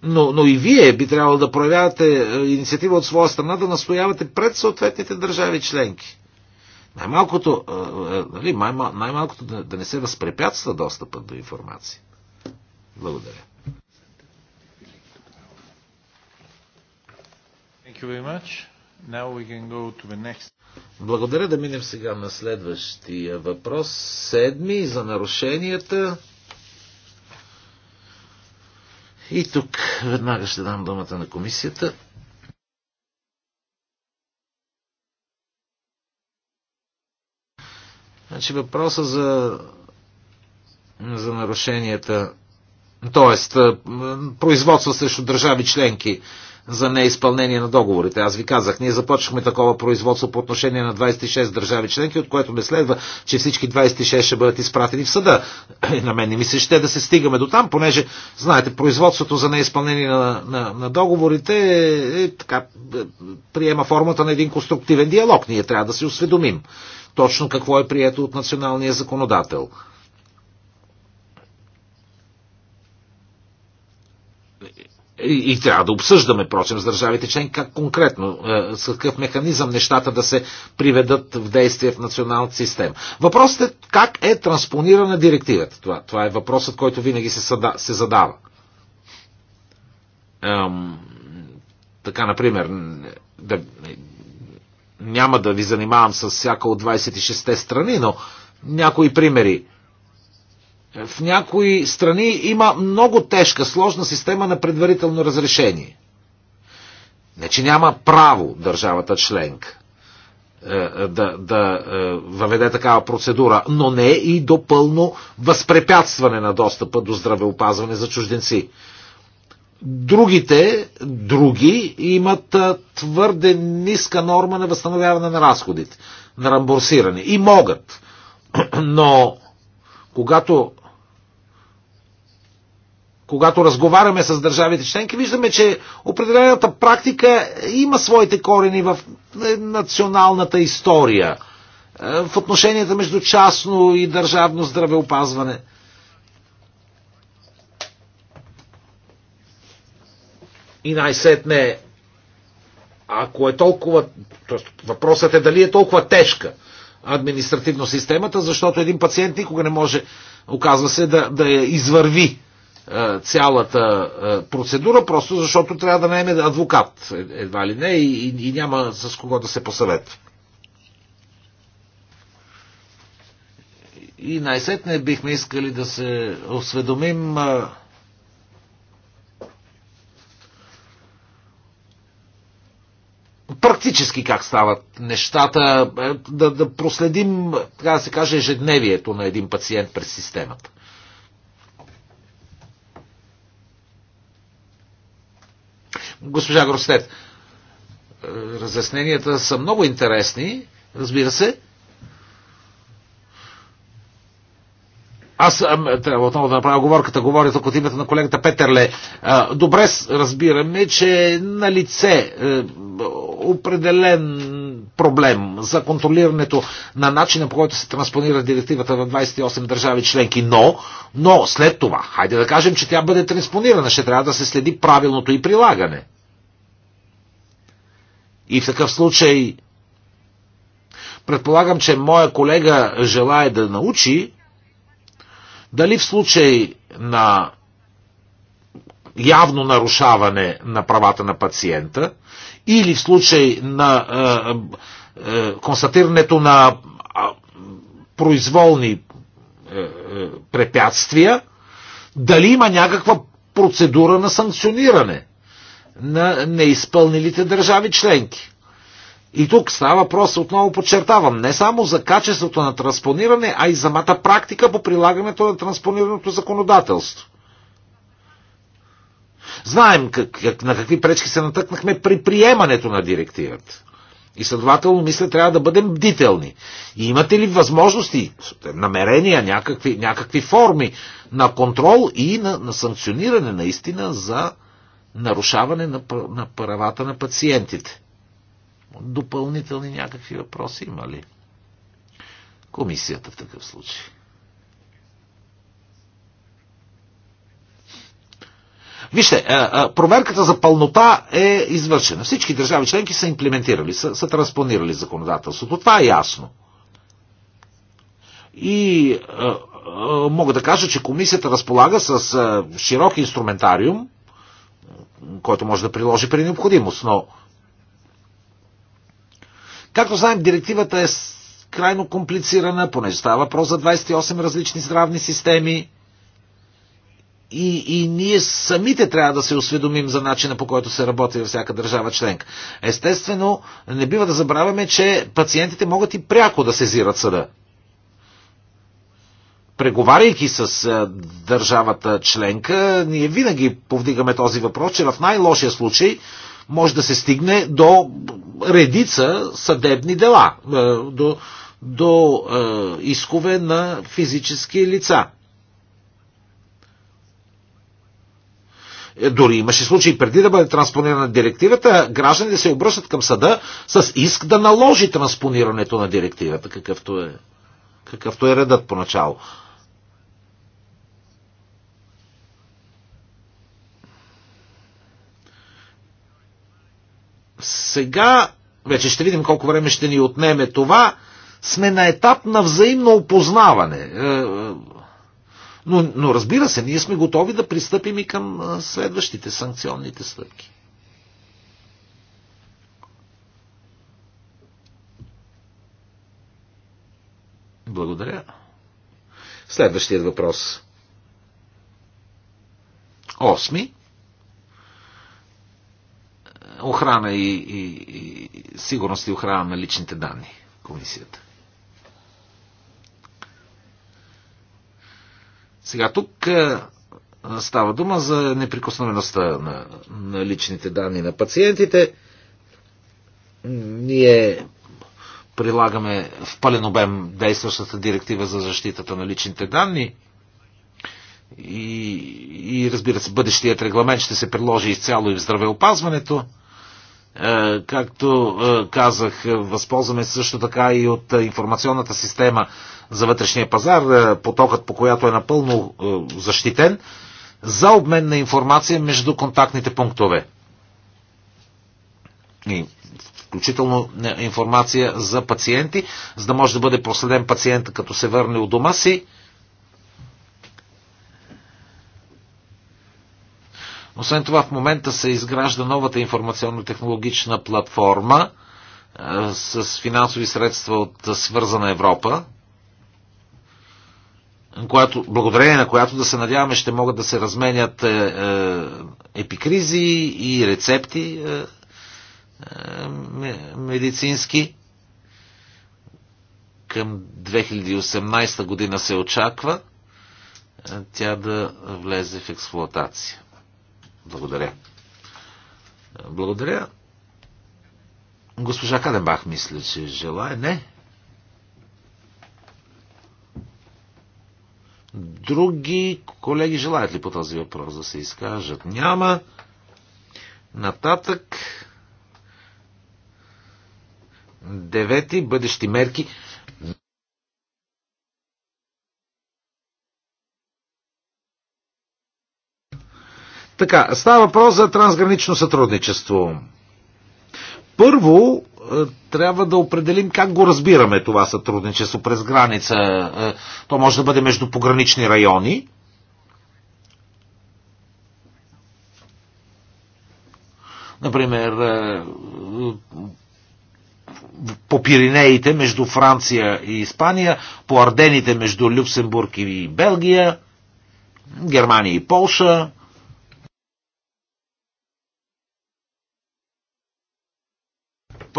но, но и вие би трябвало да проявявате е, инициатива от своя страна да настоявате пред съответните държави членки. Най-малкото, е, е, нали, най-малкото да, да не се възпрепятства достъпът до информация. Благодаря. Thank you very much. Now we can go to the next. Благодаря да минем сега на следващия въпрос. Седми за нарушенията и тук веднага ще дам думата на комисията. Значи въпроса за, за нарушенията, т.е. производство срещу държави членки за неизпълнение на договорите. Аз ви казах, ние започнахме такова производство по отношение на 26 държави членки, от което не следва, че всички 26 ще бъдат изпратени в съда. на мен не ми се ще да се стигаме до там, понеже, знаете, производството за неизпълнение на, на, на договорите е, е, така, е, приема формата на един конструктивен диалог. Ние трябва да се осведомим точно какво е прието от националния законодател. и, трябва да обсъждаме, прочим, с държавите член как конкретно, е, с какъв механизъм нещата да се приведат в действие в националната система. Въпросът е как е транспонирана директивата. Това, това е въпросът, който винаги се, съда, се задава. Ем, така, например, да, няма да ви занимавам с всяка от 26-те страни, но някои примери – в някои страни има много тежка, сложна система на предварително разрешение. Не, че няма право държавата членка е, е, да, да е, въведе такава процедура, но не и до пълно възпрепятстване на достъпа до здравеопазване за чужденци. Другите, други, имат твърде ниска норма на възстановяване на разходите, на рамбурсиране. И могат. Но когато когато разговаряме с държавите членки, виждаме, че определената практика има своите корени в е, националната история, е, в отношенията между частно и държавно здравеопазване. И най-сетне, ако е толкова, въпросът е дали е толкова тежка административно системата, защото един пациент никога не може, оказва се, да, да я извърви е, цялата е, процедура, просто защото трябва да наеме адвокат, едва ли не, и, и няма с кого да се посъветва. И най-сетне бихме искали да се осведомим е, практически как стават нещата, да, да проследим, така да се каже, ежедневието на един пациент през системата. Госпожа Гростет, е, разясненията са много интересни, разбира се. Аз е, трябва отново да направя оговорката, говоря тук от името на колегата Петърле. Е, добре разбираме, че на лице определен проблем за контролирането на начина по който се транспонира директивата в 28 държави членки, но, но след това, хайде да кажем, че тя бъде транспонирана, ще трябва да се следи правилното и прилагане. И в такъв случай, предполагам, че моя колега желая да научи дали в случай на явно нарушаване на правата на пациента, или в случай на констатирането на произволни препятствия, дали има някаква процедура на санкциониране на неизпълнилите държави членки. И тук става въпрос, отново подчертавам, не само за качеството на транспониране, а и за мата практика по прилагането на транспонираното законодателство. Знаем как, как, на какви пречки се натъкнахме при приемането на директивата. И следователно, мисля, трябва да бъдем бдителни. И имате ли възможности, намерения, някакви, някакви форми на контрол и на, на санкциониране наистина за нарушаване на, на правата на пациентите? Допълнителни някакви въпроси има ли? Комисията в такъв случай. Вижте, е, е, проверката за пълнота е извършена. Всички държави членки са имплементирали, са, са транспонирали законодателството. Това е ясно. И а, е, а, мога да кажа, че комисията разполага с а, широк инструментариум, който може да приложи при необходимост, но както знаем, директивата е крайно комплицирана, понеже става въпрос за 28 различни здравни системи и, и ние самите трябва да се осведомим за начина по който се работи във всяка държава членка. Естествено, не бива да забравяме, че пациентите могат и пряко да сезират съда. Преговаряйки с държавата членка, ние винаги повдигаме този въпрос, че в най-лошия случай може да се стигне до редица съдебни дела, до, до искове на физически лица. Е, дори имаше случаи преди да бъде транспонирана директивата, гражданите се обръщат към съда с иск да наложи транспонирането на директивата, какъвто е, какъвто е редът поначало. Сега, вече ще видим колко време ще ни отнеме това, сме на етап на взаимно опознаване е, е, но, но разбира се, ние сме готови да пристъпим и към следващите санкционните стъпки. Благодаря. Следващият въпрос. Осми. Охрана и, и, и сигурност и охрана на личните данни. Комисията. Сега тук е, е, става дума за неприкосновеността на, на личните данни на пациентите. Ние прилагаме в пълен обем действащата директива за защитата на личните данни и, и разбира се, бъдещият регламент ще се приложи изцяло и в здравеопазването. Е, както казах, възползваме също така и от информационната система за вътрешния пазар, е, потокът по която е напълно е, защитен, за обмен на информация между контактните пунктове. И включително е, информация за пациенти, за да може да бъде проследен пациента като се върне от дома си. Освен това, в момента се изгражда новата информационно-технологична платформа с финансови средства от Свързана Европа, която, благодарение на която да се надяваме ще могат да се разменят е, е, епикризи и рецепти е, е, медицински. Към 2018 година се очаква е, тя да влезе в експлуатация. Благодаря. Благодаря. Госпожа Каденбах мисля, че желая. Не. Други колеги желаят ли по този въпрос да се изкажат? Няма. Нататък. Девети бъдещи мерки. Така, става въпрос за трансгранично сътрудничество. Първо, е, трябва да определим как го разбираме това сътрудничество през граница. Е, то може да бъде между погранични райони. Например, е, по Пиринеите между Франция и Испания, по Ардените между Люксембург и Белгия, Германия и Полша,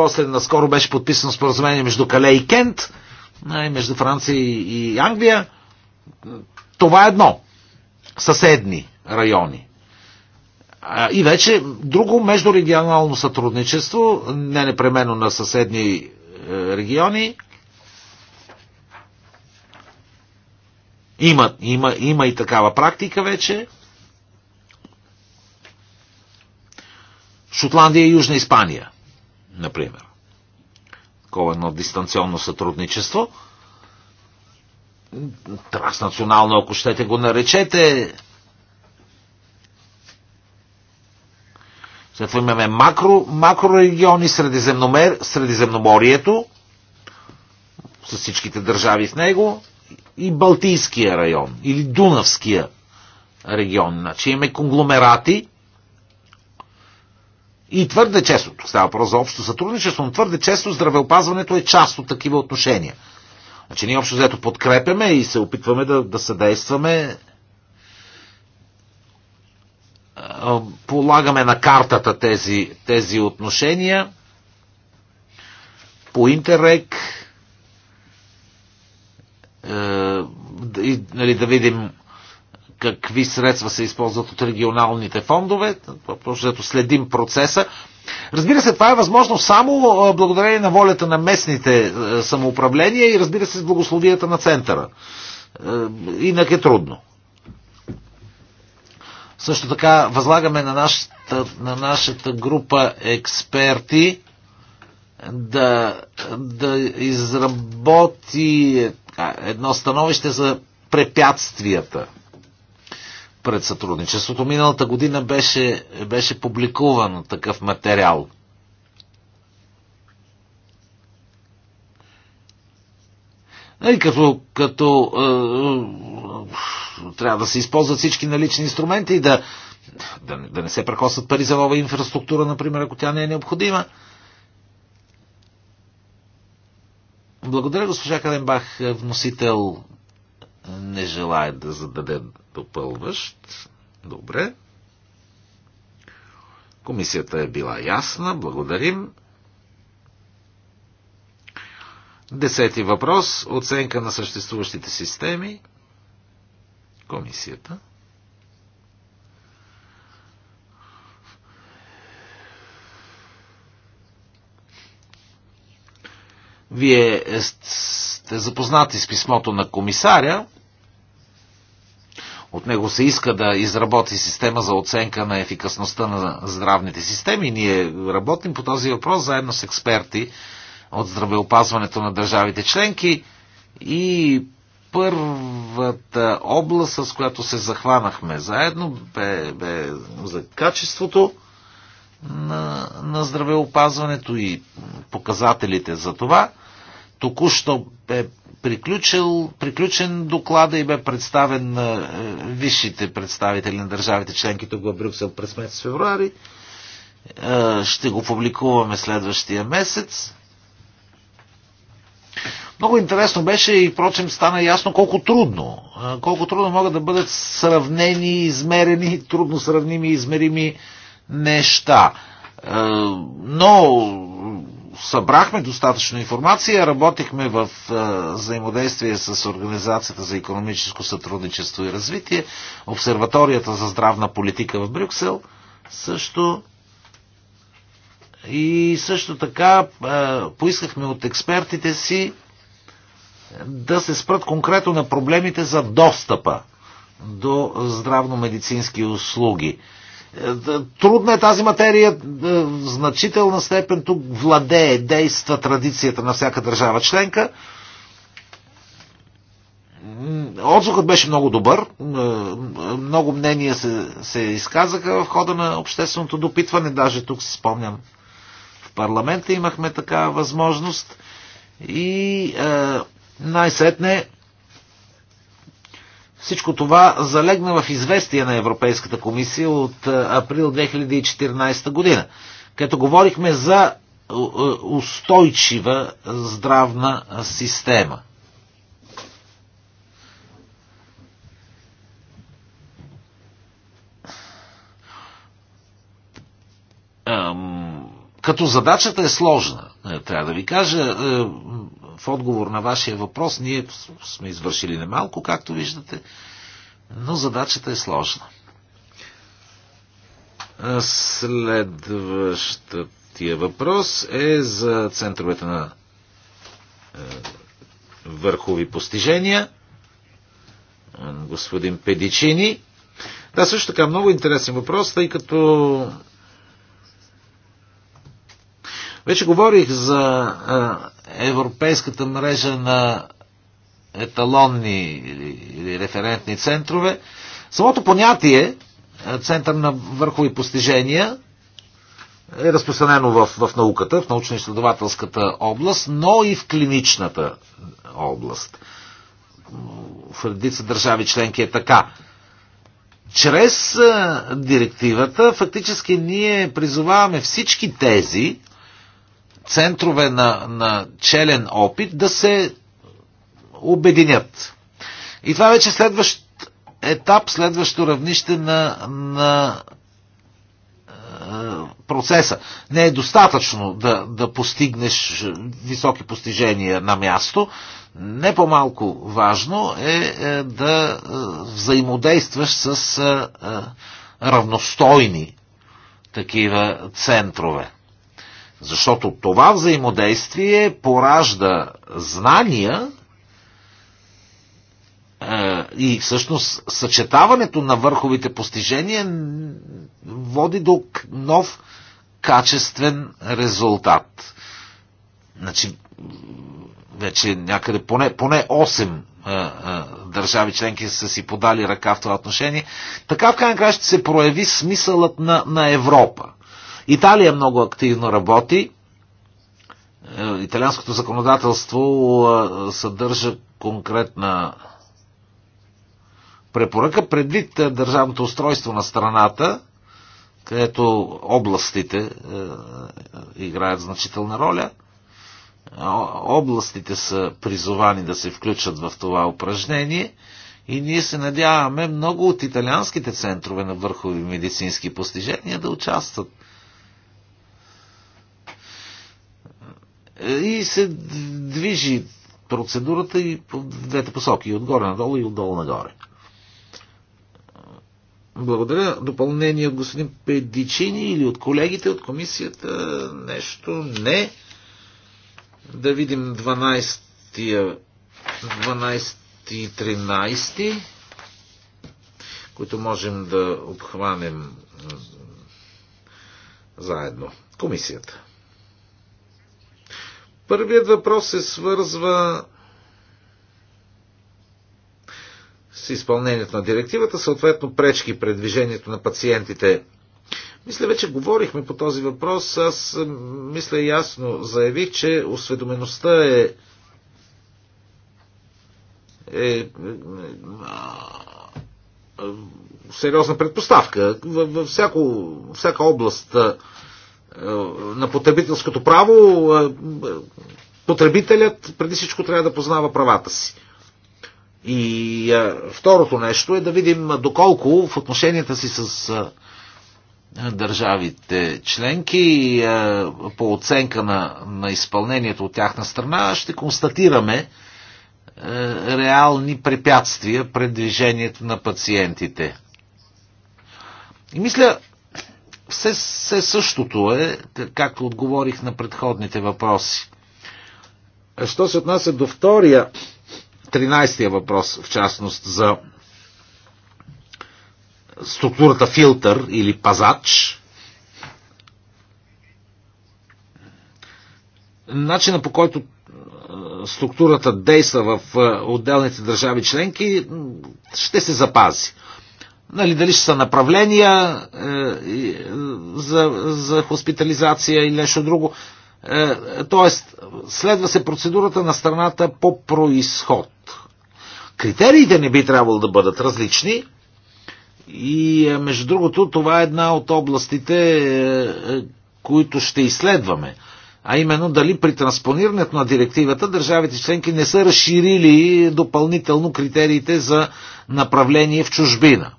После наскоро беше подписано споразумение между Кале и Кент, между Франция и Англия. Това е едно. Съседни райони. И вече друго междурегионално сътрудничество, не непременно на съседни е, региони. Има, има, има и такава практика вече. Шотландия и Южна Испания – например. Такова едно дистанционно сътрудничество. Транснационално, ако щете го наречете. След това имаме макро, макрорегиони, средиземномер, средиземноморието, с всичките държави в него, и Балтийския район, или Дунавския регион. Значи имаме конгломерати, и твърде често, тук става въпрос за общо сътрудничество, но твърде често здравеопазването е част от такива отношения. Значи ние общо взето подкрепяме и се опитваме да, да съдействаме. Полагаме на картата тези, тези отношения по Интеррек е, и нали, да видим какви средства се използват от регионалните фондове. Е, защото следим процеса. Разбира се, това е възможно само благодарение на волята на местните самоуправления и разбира се с благословията на центъра. Инак е трудно. Също така възлагаме на нашата, на нашата група експерти да, да изработи едно становище за препятствията пред сътрудничеството. Миналата година беше, беше публикуван такъв материал. И нали, като, като е, е, трябва да се използват всички налични инструменти и да, да, да не се прекосват пари за нова инфраструктура, например, ако тя не е необходима. Благодаря, госпожа Каденбах, вносител не желая да зададе допълващ. Добре. Комисията е била ясна. Благодарим. Десети въпрос. Оценка на съществуващите системи. Комисията. Вие е- сте запознати с писмото на комисаря, от него се иска да изработи система за оценка на ефикасността на здравните системи. Ние работим по този въпрос заедно с експерти от здравеопазването на държавите членки и първата област, с която се захванахме заедно, бе, бе за качеството на, на здравеопазването и показателите за това. Току-що бе приключил, приключен доклада и бе представен на е, висшите представители на държавите членки тук в Брюксел през месец февруари. Е, ще го публикуваме следващия месец. Много интересно беше и, впрочем, стана ясно колко трудно. Е, колко трудно могат да бъдат сравнени, измерени, трудно сравними, измерими неща. Но събрахме достатъчно информация, работихме в е, взаимодействие с Организацията за економическо сътрудничество и развитие, Обсерваторията за здравна политика в Брюксел, също и също така е, поискахме от експертите си да се спрат конкретно на проблемите за достъпа до здравно-медицински услуги. Трудна е тази материя, е, в значителна степен тук владее, действа традицията на всяка държава членка. Отзвукът беше много добър, е, много мнения се, се изказаха в хода на общественото допитване, даже тук си спомням в парламента имахме такава възможност и е, най-сетне всичко това залегна в известие на Европейската комисия от април 2014 година, като говорихме за устойчива здравна система. Като задачата е сложна, е, трябва да ви кажа, е, в отговор на вашия въпрос ние сме извършили немалко, както виждате, но задачата е сложна. Следващия въпрос е за центровете на е, върхови постижения. Господин Педичини. Да, също така много интересен въпрос, тъй като вече говорих за европейската мрежа на еталонни или референтни центрове. Самото понятие център на върхови постижения е разпространено в, в науката, в научно-изследователската област, но и в клиничната област. В редица държави членки е така. Чрез директивата фактически ние призоваваме всички тези, центрове на, на челен опит да се обединят. И това вече е следващ етап, следващо равнище на, на е, процеса. Не е достатъчно да, да постигнеш високи постижения на място. Не по-малко важно е, е да е, взаимодействаш с е, е, равностойни такива центрове. Защото това взаимодействие поражда знания е, и всъщност съчетаването на върховите постижения води до нов качествен резултат. Значи, вече някъде поне, поне 8 е, е, държави членки са си подали ръка в това отношение. Така в крайна края ще се прояви смисълът на, на Европа. Италия много активно работи. Е, италианското законодателство е, съдържа конкретна препоръка предвид е, държавното устройство на страната, където областите играят значителна роля. Областите са призовани да се включат в това упражнение и ние се надяваме много от италианските центрове на върхови медицински постижения да участват Е, и се движи процедурата и в двете посоки, и отгоре надолу, и отдолу нагоре. Благодаря. Допълнение от господин Педичини или от колегите от комисията? Нещо? Не. Да видим 12 12 и 13 които можем да обхванем заедно. Комисията. Първият въпрос се свързва с изпълнението на директивата, съответно пречки пред движението на пациентите. Мисля, вече говорихме по този въпрос. Аз мисля ясно заявих, че осведомеността е, е, е, е сериозна предпоставка. Във всяко, всяка област е, на потребителското право, е, е, потребителят преди всичко трябва да познава правата си. И второто нещо е да видим доколко в отношенията си с държавите членки по оценка на, на изпълнението от тяхна страна ще констатираме реални препятствия пред движението на пациентите. И мисля, все, все същото е, както отговорих на предходните въпроси. Що се отнася до втория, 13 въпрос, в частност за структурата филтър или пазач, начина по който е, структурата действа в е, отделните държави членки ще се запази нали, дали ще са направления е, е, за, за хоспитализация или нещо друго. Е, тоест, следва се процедурата на страната по происход. Критериите не би трябвало да бъдат различни. И, е, между другото, това е една от областите, е, които ще изследваме. А именно дали при транспонирането на директивата държавите членки не са разширили допълнително критериите за направление в чужбина.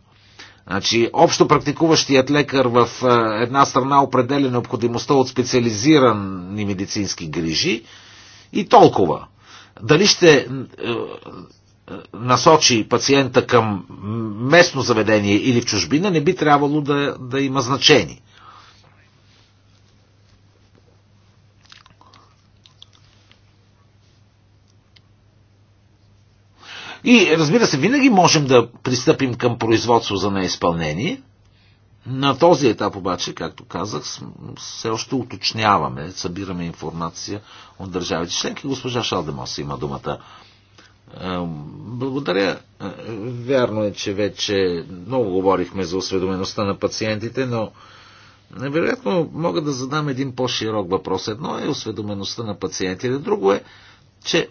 Значи, общо практикуващият лекар в е, една страна определя необходимостта от специализирани медицински грижи и толкова. Дали ще е, е, насочи пациента към местно заведение или в чужбина, не би трябвало да, да има значение. И разбира се, винаги можем да пристъпим към производство за неизпълнение. На този етап обаче, както казах, все още уточняваме, събираме информация от държавите членки. Госпожа Шалдемос има думата. Благодаря. Е, вярно е, че вече много говорихме за осведомеността на пациентите, но невероятно мога да задам един по-широк въпрос. Едно е осведомеността на пациентите, друго е, че,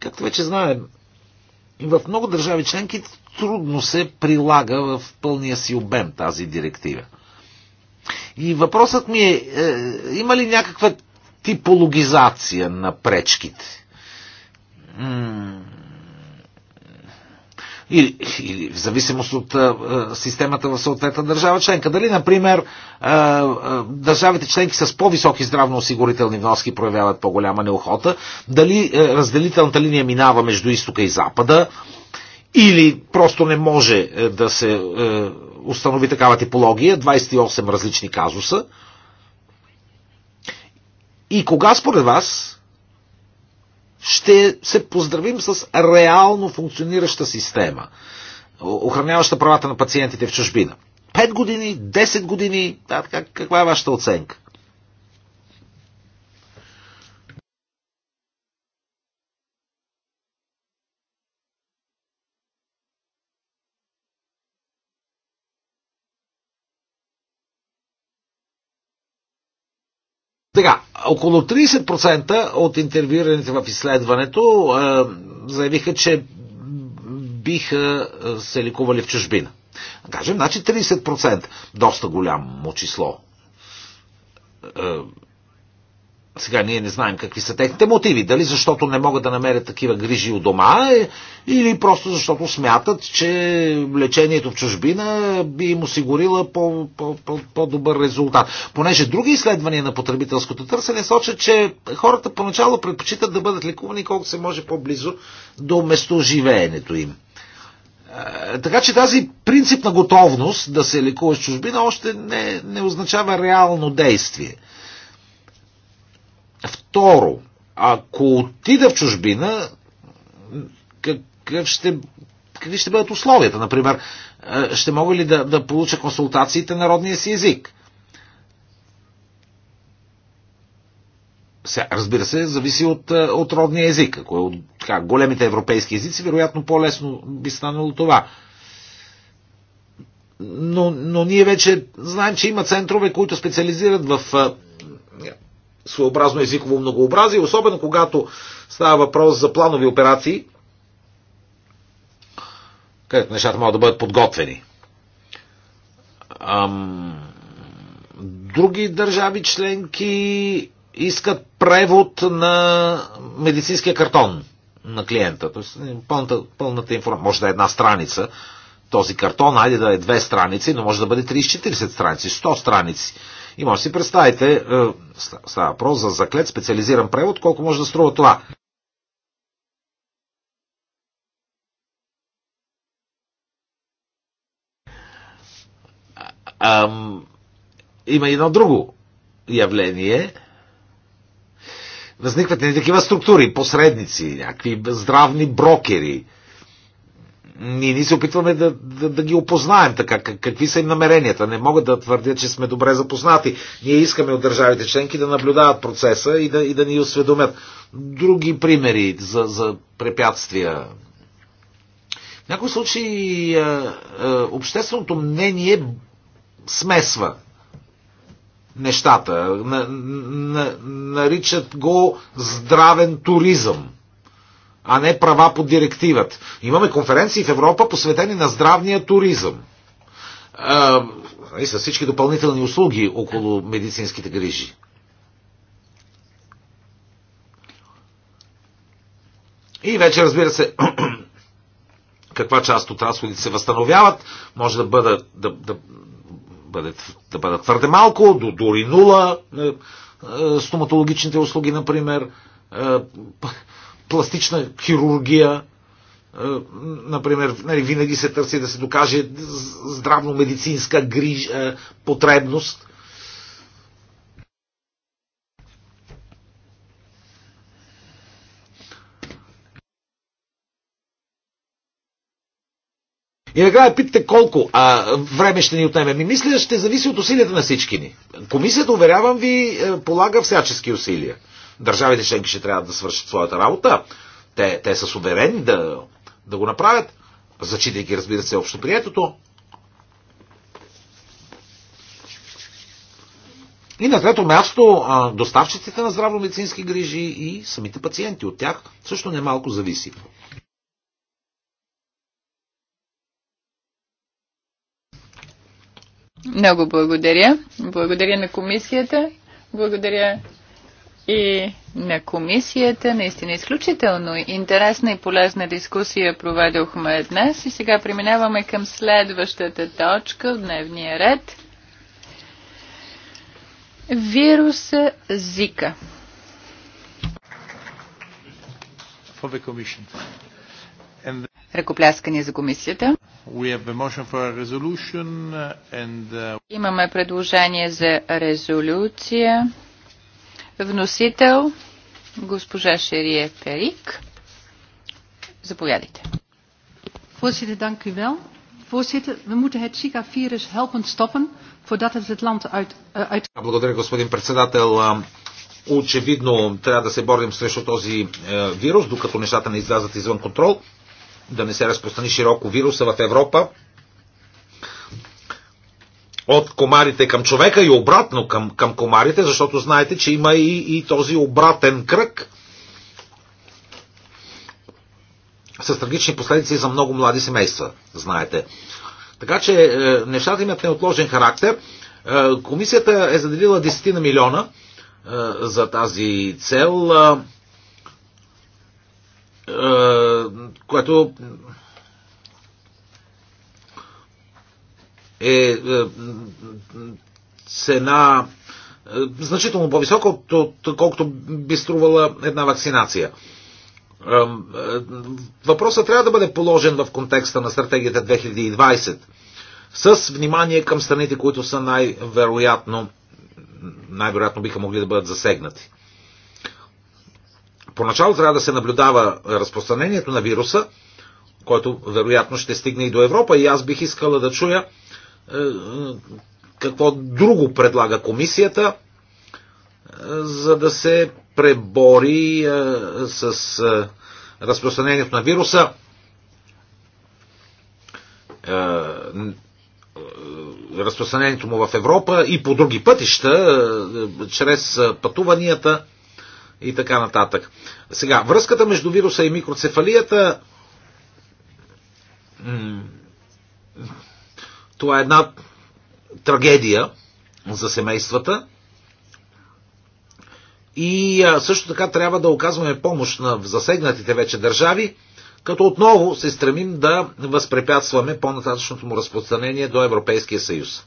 както вече знаем, в много държави членки трудно се прилага в пълния си обем тази директива. И въпросът ми е, е има ли някаква типологизация на пречките? или, или в зависимост от а, системата в съответна държава членка. Дали, например, а, а, държавите членки с по-високи здравноосигурителни вноски проявяват по-голяма неохота, дали а, разделителната линия минава между изтока и запада, или просто не може да се а, установи такава типология, 28 различни казуса. И кога според вас ще се поздравим с реално функционираща система, охраняваща правата на пациентите в чужбина. Пет години, 10 години, да, как, каква е вашата оценка? Сега, около 30% от интервюираните в изследването е, заявиха, че биха е, се ликували в чужбина. кажем, значи 30%. Доста голямо число е, сега ние не знаем какви са техните мотиви. Дали защото не могат да намерят такива грижи у дома е, или просто защото смятат, че лечението в чужбина би им осигурила по-добър -по -по -по резултат. Понеже други изследвания на потребителското търсене сочат, че хората поначало предпочитат да бъдат лекувани колко се може по-близо до местоживеенето им. Така че тази принципна готовност да се лекува с чужбина още не, не означава реално действие. Второ, ако отида в чужбина, какъв ще, какви ще бъдат условията? Например, ще мога ли да, да получа консултациите на родния си език? Разбира се, зависи от, от родния език. Ако е от така, големите европейски езици, вероятно по-лесно би станало това. Но, но ние вече знаем, че има центрове, които специализират в своеобразно езиково многообразие, особено когато става въпрос за планови операции, където нещата могат да бъдат подготвени. Ам... Други държави членки искат превод на медицинския картон на клиента. Тоест, пълната, пълната информация може да е една страница. Този картон, айде да е две страници, но може да бъде 30-40 страници, 100 страници и може да си представите, е, става въпрос за заклет, специализиран превод, колко може да струва това. Ам, има едно друго явление. Възникват не такива структури, посредници, някакви здравни брокери – ние, ни се опитваме да, да, да ги опознаем така, какви са им намеренията. Не могат да твърдят, че сме добре запознати. Ние искаме от държавите членки да наблюдават процеса и да, и да ни осведомят. Други примери за, за препятствия. В някои случаи общественото мнение смесва нещата. На, на, наричат го здравен туризъм а не права по директиват. Имаме конференции в Европа, посветени на здравния туризъм. А, и нали, с всички допълнителни услуги около медицинските грижи. И вече, разбира се, каква част от разходите се възстановяват, може да, бъда, да, да, бъде, да бъдат твърде малко, до, дори нула, е, е, стоматологичните услуги, например, е, пластична хирургия, е, например, нали, винаги се търси да се докаже здравно-медицинска гриж, е, потребност. И накрая питате колко а, време ще ни отнеме. Ми мисля, ще зависи от усилията на всички ни. Комисията, уверявам ви, е, полага всячески усилия. Държавите членки ще трябва да свършат своята работа. Те, те са суверени да, да го направят, зачитайки, разбира се, общоприетото. И на трето място, доставчиците на здравно-медицински грижи и самите пациенти от тях също немалко зависи. Много благодаря. Благодаря на комисията. Благодаря и на комисията. Наистина изключително интересна и полезна дискусия проведохме днес и сега преминаваме към следващата точка в дневния ред. Вируса Зика. Ръкопляскане за комисията. Uh, uh, Имаме предложение за резолюция Вносител госпожа Шерие Перик. Заповядайте. Voorzitter, dank u wel. Voorzitter, we moeten het Zika-virus helpen stoppen voordat het het land uit... Eh, uit... Благодаря, господин председател. Очевидно трябва да се борим срещу този е, вирус, докато нещата не излязат извън контрол, да не се разпространи широко вируса в Европа от комарите към човека и обратно към, към комарите, защото знаете, че има и, и този обратен кръг с трагични последици за много млади семейства, знаете. Така че е, нещата имат неотложен характер. Е, комисията е заделила 10 на милиона е, за тази цел, е, е, което Е, е цена е, значително по-висока, отколкото би струвала една вакцинация. Е, въпросът трябва да бъде положен в контекста на стратегията 2020 с внимание към страните, които са най-вероятно най-вероятно биха могли да бъдат засегнати. Поначало трябва да се наблюдава разпространението на вируса, който вероятно ще стигне и до Европа и аз бих искала да чуя е, е, какво друго предлага комисията, е, за да се пребори с разпространението на вируса. разпространението му в Европа и по други пътища, чрез пътуванията и така нататък. Сега, връзката между вируса и микроцефалията това е една трагедия за семействата. И също така трябва да оказваме помощ на засегнатите вече държави, като отново се стремим да възпрепятстваме по-нататъчното му разпространение до Европейския съюз.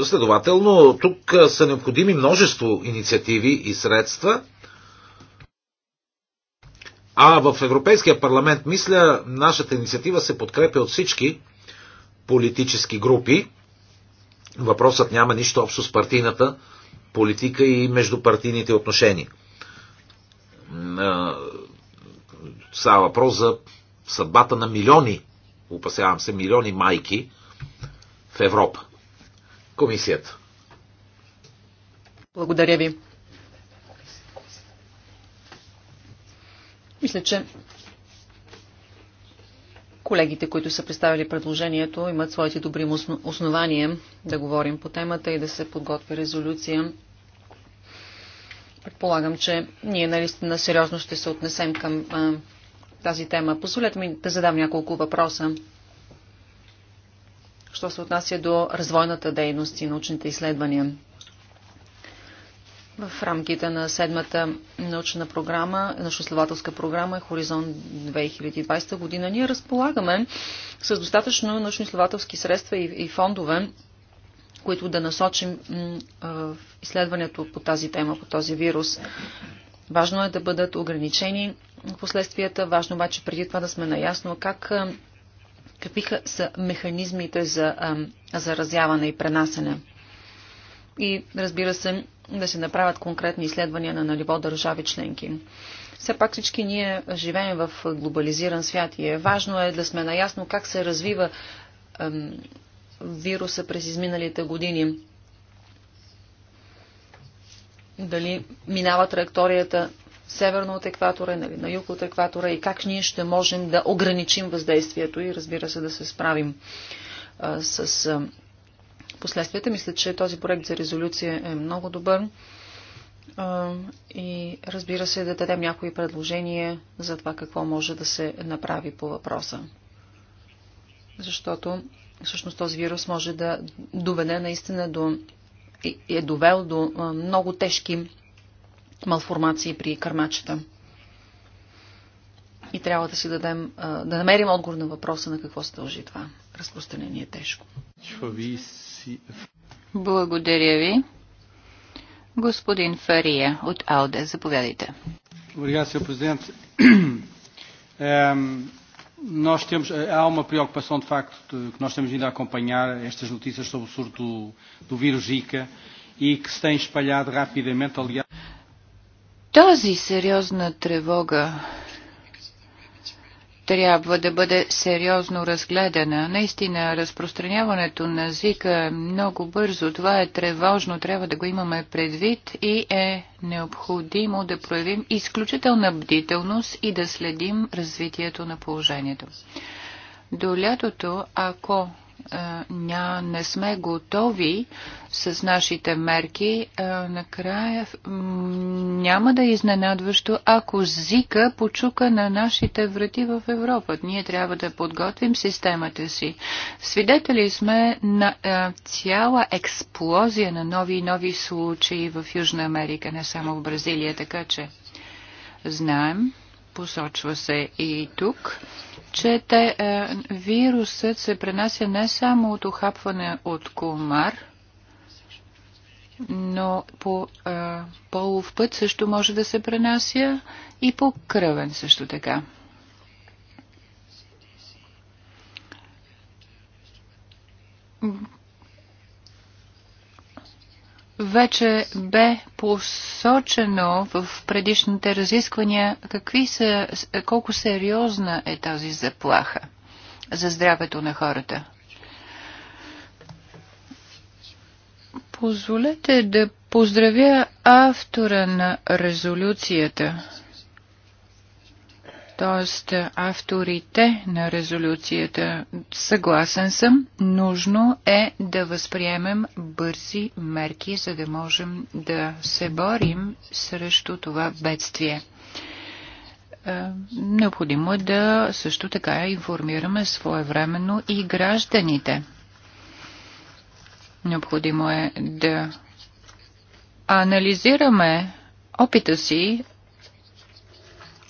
Е, следователно, тук са необходими множество инициативи и средства, а в Европейския парламент, мисля, нашата инициатива се подкрепя от всички, политически групи. Въпросът няма нищо общо с партийната политика и междупартийните отношения. Става въпрос за съдбата на милиони, опасявам се, милиони майки в Европа. Комисията. Благодаря ви. Мисля, че Колегите, които са представили предложението, имат своите добри основания да говорим по темата и да се подготви резолюция. Предполагам, че ние наистина сериозно ще се отнесем към а, тази тема. Позволете ми да задам няколко въпроса. Що се отнася до развойната дейност и научните изследвания? В рамките на седмата научна програма, научно-изследователска програма Хоризонт 2020 година, ние разполагаме с достатъчно научно научно-изследователски средства и, и фондове, които да насочим в изследването по тази тема, по този вирус. Важно е да бъдат ограничени последствията, важно обаче преди това да сме наясно как какви са механизмите за а, заразяване и пренасене. И разбира се, да се направят конкретни изследвания на ниво държави членки. Все пак всички ние живеем в глобализиран свят и е важно е да сме наясно как се развива ем, вируса през изминалите години. Дали минава траекторията северно от екватора, нали, на юг от екватора и как ние ще можем да ограничим въздействието и разбира се да се справим а, с а, последствията. Мисля, че този проект за резолюция е много добър и разбира се да дадем някои предложения за това какво може да се направи по въпроса. Защото всъщност този вирус може да доведе наистина до е довел до много тежки малформации при кърмачета. И трябва да си дадем, да намерим отговор на въпроса на какво се дължи това разпространение е тежко. Благодаря ви. Господин Фария от АЛДЕ, заповядайте. Благодаря, Sr. президент. nós temos, há uma preocupação, de facto, de, que nós temos vindo a acompanhar estas notícias sobre o surto do, do vírus Zika e que se tem espalhado rapidamente, aliás. Тази сериозна тревога трябва да бъде сериозно разгледана. Наистина, разпространяването на Зика е много бързо. Това е тревожно, трябва да го имаме предвид и е необходимо да проявим изключителна бдителност и да следим развитието на положението. До лятото, ако ня, не сме готови с нашите мерки, накрая няма да е изненадващо, ако Зика почука на нашите врати в Европа. Ние трябва да подготвим системата си. Свидетели сме на цяла експлозия на нови и нови случаи в Южна Америка, не само в Бразилия, така че знаем, посочва се и тук, че те, е, вирусът се пренася не само от охапване от комар, но по е, полов път също може да се пренася и по кръвен също така вече бе посочено в предишните разисквания какви са, колко сериозна е тази заплаха за здравето на хората. Позволете да поздравя автора на резолюцията т.е. авторите на резолюцията. Съгласен съм, нужно е да възприемем бързи мерки, за да можем да се борим срещу това бедствие. Е, необходимо е да също така информираме своевременно и гражданите. Необходимо е да анализираме опита си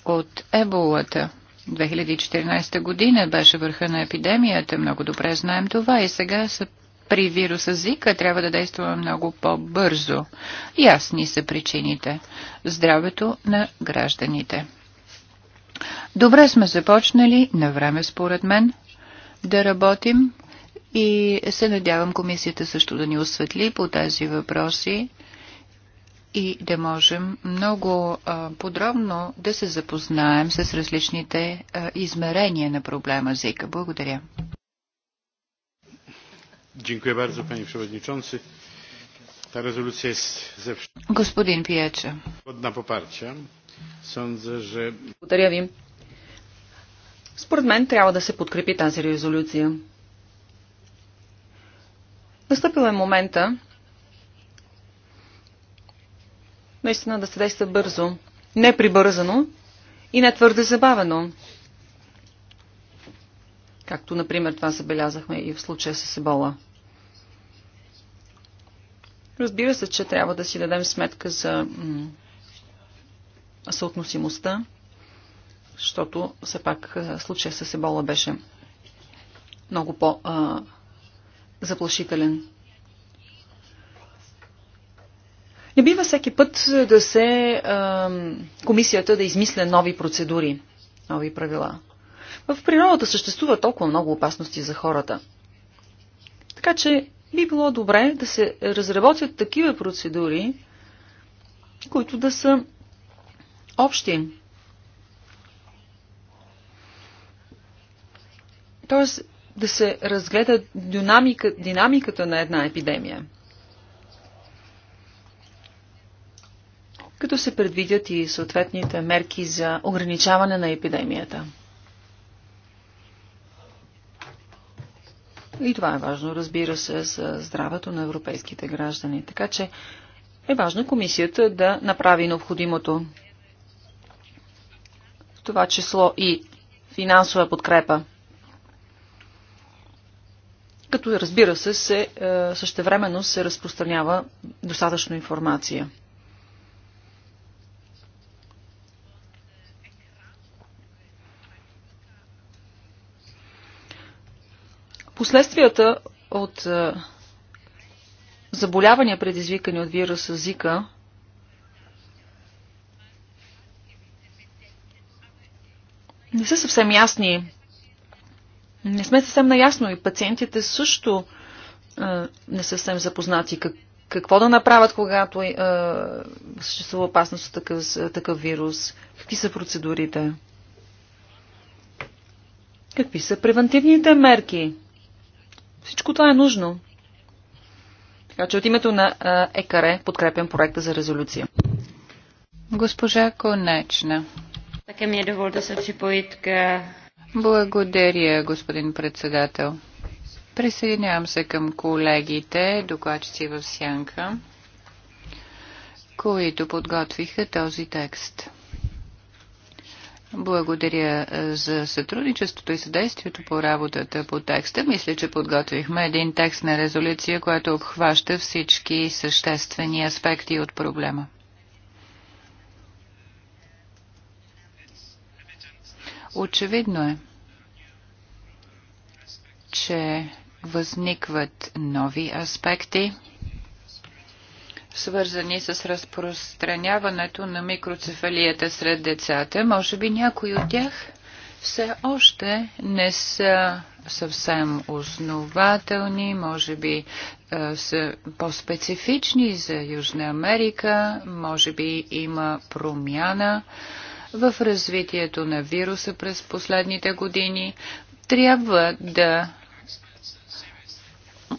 от еболата. 2014 година беше върха на епидемията, много добре знаем това и сега са при вируса Зика трябва да действаме много по-бързо. Ясни са причините. Здравето на гражданите. Добре сме започнали, на време според мен, да работим и се надявам комисията също да ни осветли по тези въпроси и да можем много подробно да се запознаем с различните измерения на проблема езика. Благодаря. Господин Пиеча. Благодаря ви. Според мен трябва да се подкрепи тази резолюция. Настъпил е момента наистина да се действа бързо, не прибързано и не твърде забавено. Както, например, това забелязахме и в случая с Ебола. Разбира се, че трябва да си дадем сметка за съотносимостта, защото все пак случая с Ебола беше много по-заплашителен. Не бива всеки път да се а, комисията да измисля нови процедури, нови правила. В природата съществува толкова много опасности за хората. Така че би било добре да се разработят такива процедури, които да са общи. Тоест да се разгледа динамика, динамиката на една епидемия – като се предвидят и съответните мерки за ограничаване на епидемията. И това е важно, разбира се, за здравето на европейските граждани. Така че е важно комисията да направи необходимото. В това число и финансова подкрепа. Като разбира се, се е, същевременно се разпространява достатъчно информация. Последствията от е, заболявания, предизвикани от вируса Зика, не са съвсем ясни. Не сме съвсем наясно и пациентите също а, е, не са съвсем запознати как, какво да направят, когато а, е, съществува опасност от такъв, такъв вирус, какви са процедурите, какви са превентивните мерки. Всичко това е нужно. Така че от името на ЕКАРЕ подкрепям проекта за резолюция. Госпожа Конечна. Така ми е доволно да се припоит Благодаря, господин председател. Присъединявам се към колегите, докладчици в Сянка, които подготвиха този текст. Благодаря е, за сътрудничеството и съдействието по работата по текста. Мисля, че подготвихме един текст на резолюция, която обхваща всички съществени аспекти от проблема. Очевидно е, че възникват нови аспекти – свързани с разпространяването на микроцефалията сред децата. Може би някои от тях все още не са съвсем основателни, може би са по-специфични за Южна Америка, може би има промяна в развитието на вируса през последните години. Трябва да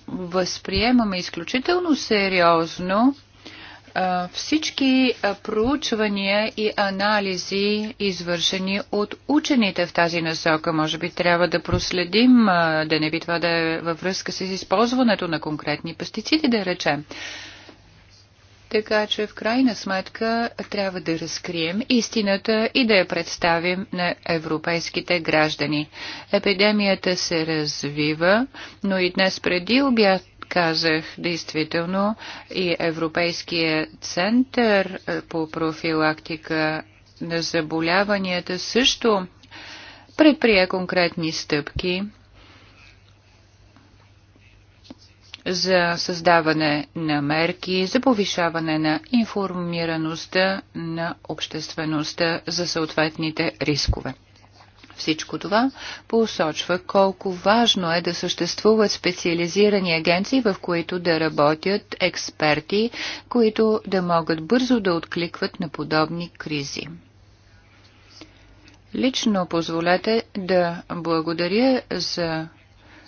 възприемаме изключително сериозно всички проучвания и анализи, извършени от учените в тази насока. Може би трябва да проследим, да не би това да е във връзка с използването на конкретни пестициди, да речем. Така че в крайна сметка трябва да разкрием истината и да я представим на европейските граждани. Епидемията се развива, но и днес преди обяд казах, действително и Европейския център е, по профилактика на заболяванията също предприе конкретни стъпки за създаване на мерки, за повишаване на информираността на обществеността за съответните рискове. Всичко това посочва колко важно е да съществуват специализирани агенции, в които да работят експерти, които да могат бързо да откликват на подобни кризи. Лично позволете да благодаря за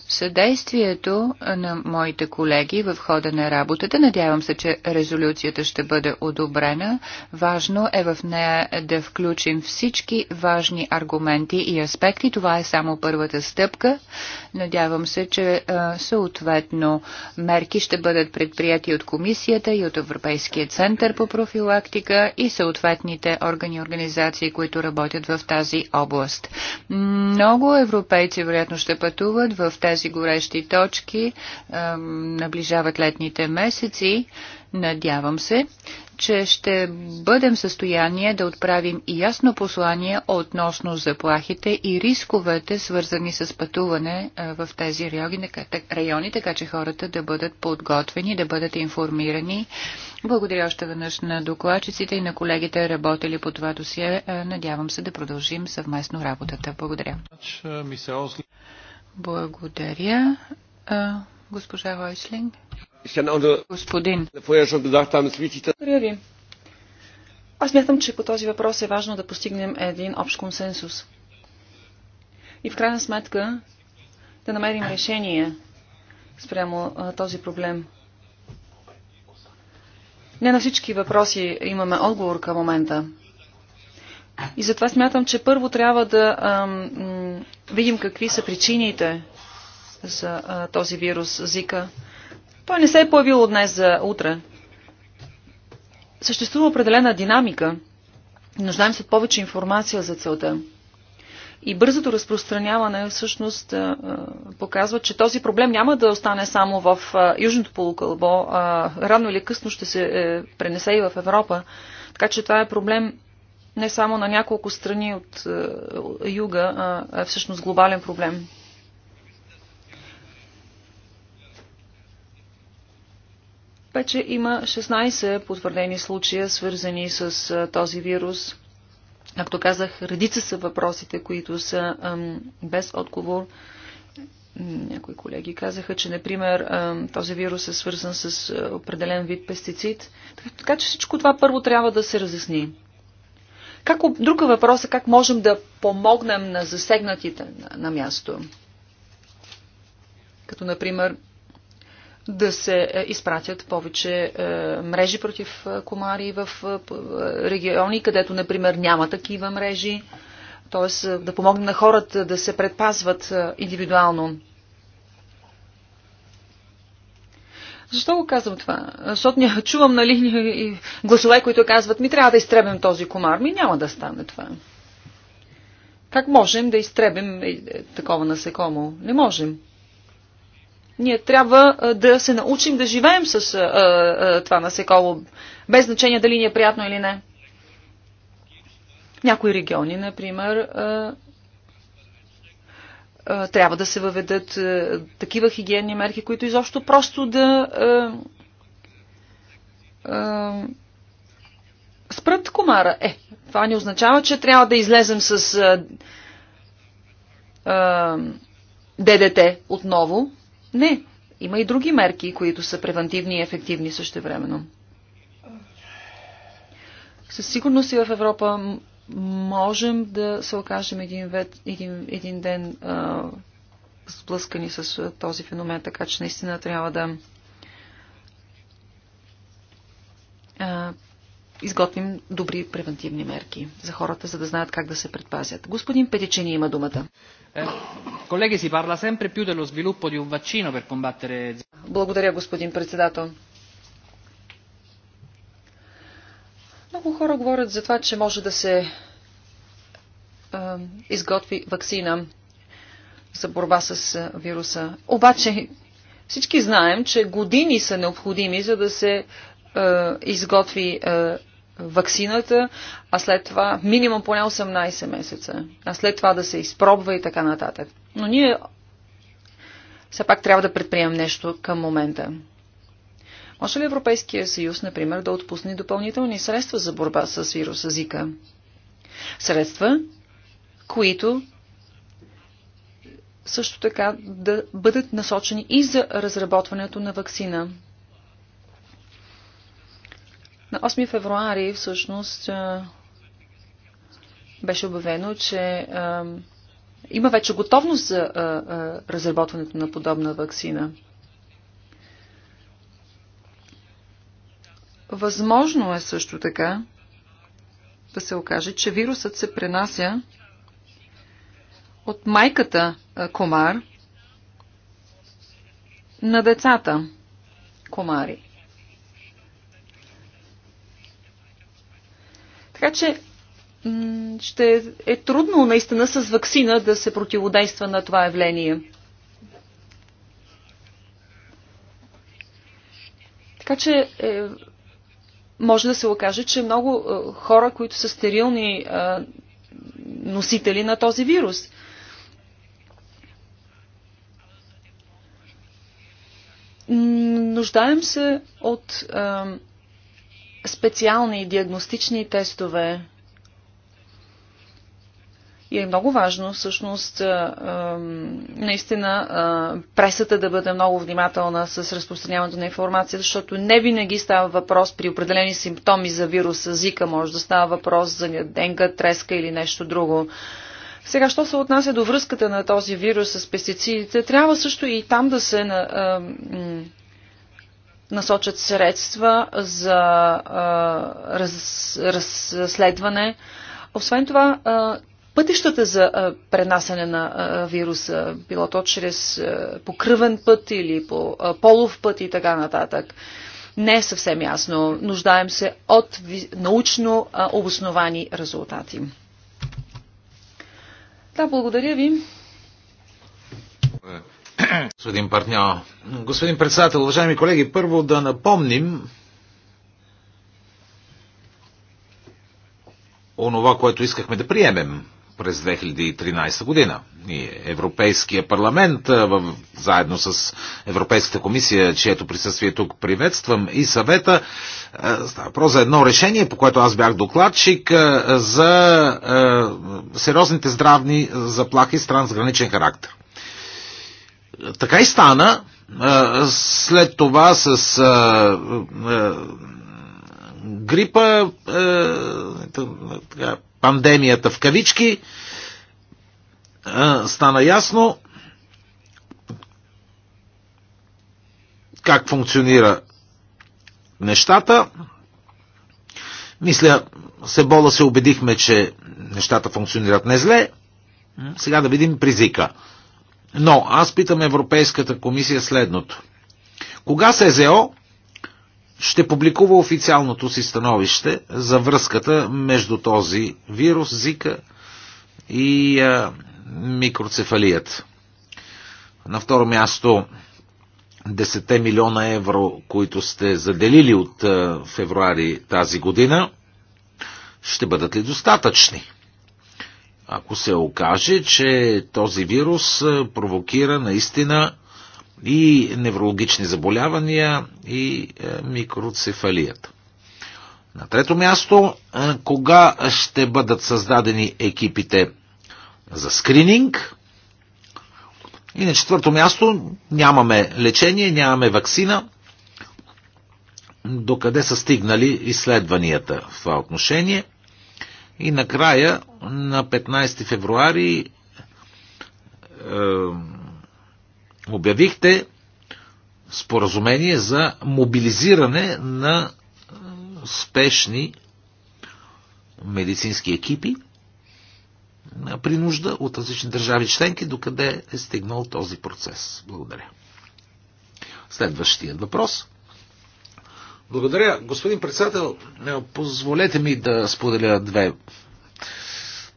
съдействието на моите колеги в хода на работата. Надявам се, че резолюцията ще бъде одобрена. Важно е в нея да включим всички важни аргументи и аспекти. Това е само първата стъпка. Надявам се, че съответно мерки ще бъдат предприяти от комисията и от Европейския център по профилактика и съответните органи и организации, които работят в тази област. Много европейци вероятно ще пътуват в тези тези горещи точки. Наближават летните месеци. Надявам се, че ще бъдем в състояние да отправим и ясно послание относно заплахите и рисковете, свързани с пътуване в тези райони, така че хората да бъдат подготвени, да бъдат информирани. Благодаря още веднъж на докладчиците и на колегите, работили по това досие. Надявам се да продължим съвместно работата. Благодаря. Благодаря. Госпожа Хойслинг. Господин. Благодаря ви. Аз мятам, че по този въпрос е важно да постигнем един общ консенсус. И в крайна сметка да намерим решение спрямо а, този проблем. Не на всички въпроси имаме отговор към момента. И затова смятам, че първо трябва да ам, видим какви са причините за а, този вирус Зика. Той не се е появил от днес за утре. Съществува определена динамика. Нуждаем се от повече информация за целта. И бързото разпространяване всъщност показва, че този проблем няма да остане само в Южното полукълбо, а рано или късно ще се е, пренесе и в Европа. Така че това е проблем не само на няколко страни от е, юга, а е всъщност глобален проблем. Вече има 16 потвърдени случая, свързани с е, този вирус. Както казах, редица са въпросите, които са без отговор. Някои колеги казаха, че, например, този вирус е свързан с е, определен вид пестицид. така че всичко това първо трябва да се разясни. Как, друг въпрос е как можем да помогнем на засегнатите на, на място. Като, например, да се е, изпратят повече е, мрежи против е, комари в е, е, региони, където, например, няма такива мрежи. Тоест да помогнем на хората да се предпазват индивидуално. Защо го казвам това? Защото ня, чувам на линия гласове, които казват, ми трябва да изтребим този комар. Ми няма да стане това. Как можем да изтребим е, е, такова насекомо? Не можем. Ние трябва е, да се научим да живеем с а, а, това насекомо, без значение дали ни е приятно или не. някои региони, например, а, трябва да се въведат такива хигиенни мерки, които изобщо просто да спрат комара. Е, това не означава, че трябва да излезем с ДДТ отново. Не, има и други мерки, които са превентивни и ефективни също времено. Със сигурност и в Европа можем да се окажем един, вет, един, един ден а, сблъскани с този феномен, така че наистина трябва да а, изготвим добри превентивни мерки за хората, за да знаят как да се предпазят. Господин Петичени има думата. Е, колеги, си парла sempre più dello sviluppo di un vaccino per combattere... Благодаря, господин председател. Много хора говорят за това, че може да се а, изготви вакцина за борба с а, вируса. Обаче всички знаем, че години са необходими, за да се а, изготви а, вакцината, а след това минимум поне 18 месеца, а след това да се изпробва и така нататък. Но ние все пак трябва да предприемем нещо към момента. Може ли Европейския съюз, например, да отпусне допълнителни средства за борба с вируса Зика? Средства, които също така да бъдат насочени и за разработването на вакцина. На 8 февруари всъщност беше обявено, че има вече готовност за разработването на подобна вакцина. Възможно е също така да се окаже, че вирусът се пренася от майката комар на децата комари. Така че ще е трудно наистина с вакцина да се противодейства на това явление. Така че е, може да се окаже, че много е, хора, които са стерилни е, носители на този вирус. Нуждаем се от е, специални диагностични тестове, и е много важно, всъщност, наистина пресата да бъде много внимателна с разпространяването на информация, защото не винаги става въпрос при определени симптоми за вируса Зика, може да става въпрос за денга, треска или нещо друго. Сега, що се отнася до връзката на този вирус с пестицидите, трябва също и там да се насочат средства за разследване. Освен това, пътищата за пренасене на вируса, било то чрез покръвен път или по полов път и така нататък. Не е съвсем ясно. Нуждаем се от научно обосновани резултати. Да, благодаря ви. Господин партньор, господин председател, уважаеми колеги, първо да напомним, онова, което искахме да приемем през 2013 година. И Европейския парламент, заедно с Европейската комисия, чието присъствие тук приветствам, и съвета, става въпрос за едно решение, по което аз бях докладчик, за сериозните здравни заплахи с трансграничен характер. Така и стана. След това с грипа, така, пандемията в кавички, стана ясно как функционира нещата. Мисля, с ебола се убедихме, че нещата функционират не зле. Сега да видим призика. Но аз питам Европейската комисия следното. Кога СЗО ще публикува официалното си становище за връзката между този вирус, зика и а, микроцефалият. На второ място 10 милиона евро, които сте заделили от а, февруари тази година, ще бъдат ли достатъчни? Ако се окаже, че този вирус провокира наистина и неврологични заболявания и е, микроцефалията. На трето място, е, кога ще бъдат създадени екипите за скрининг? И на четвърто място, нямаме лечение, нямаме вакцина. Докъде са стигнали изследванията в това отношение? И накрая, на 15 февруари, е, обявихте споразумение за мобилизиране на спешни медицински екипи при нужда от различни държави членки, докъде е стигнал този процес. Благодаря. Следващият въпрос. Благодаря. Господин председател, е, позволете ми да споделя две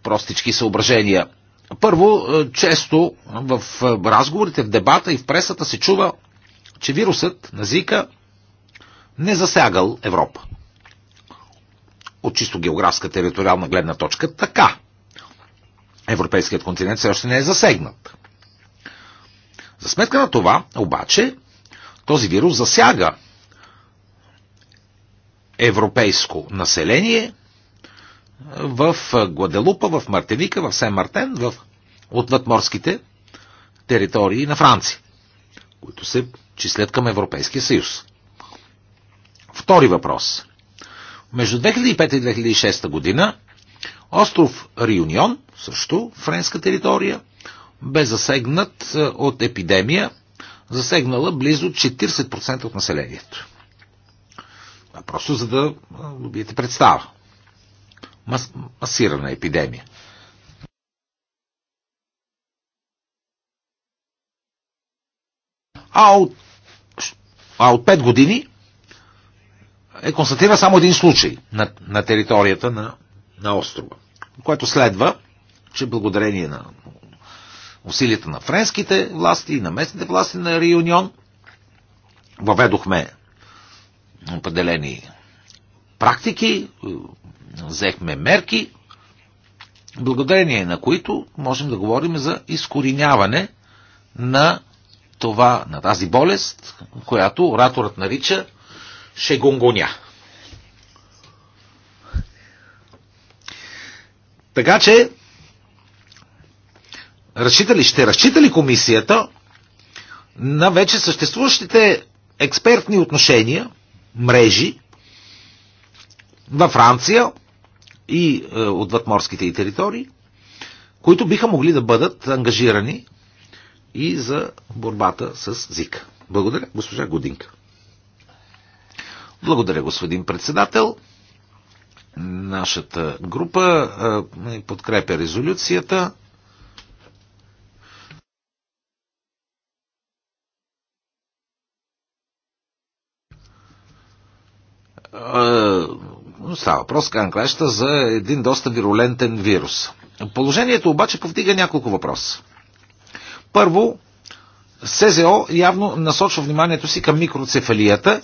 простички съображения. Първо, е, често в е, разговорите, в дебата и в пресата се чува, че вирусът на Зика не засягал Европа. От чисто географска териториална гледна точка така. Европейският континент все още не е засегнат. За сметка на това, обаче, този вирус засяга европейско население – в Гладелупа, в Мартиника, в Сен Мартен, в отвъдморските територии на Франция, които се числят към Европейския съюз. Втори въпрос. Между 2005 и 2006 година остров Реюнион, също френска територия, бе засегнат от епидемия, засегнала близо 40% от населението. Просто за да добиете представа мас, масирана епидемия. А от, а от 5 години е констатира само един случай на, на територията на, на острова, което следва, че благодарение на усилията на френските власти и на местните власти на Реюнион, въведохме определени практики, взехме мерки, благодарение на които можем да говорим за изкореняване на това, на тази болест, която ораторът нарича шегонгоня. Така че, разчита ли, ще разчита ли комисията на вече съществуващите експертни отношения, мрежи, на Франция и е, отвъд морските и територии, които биха могли да бъдат ангажирани и за борбата с Зика. Благодаря, госпожа Годинка. Благодаря, господин председател. Нашата група е, подкрепя резолюцията. Е, но става въпрос, край за един доста вирулентен вирус. Положението обаче повдига няколко въпроса. Първо, СЗО явно насочва вниманието си към микроцефалията,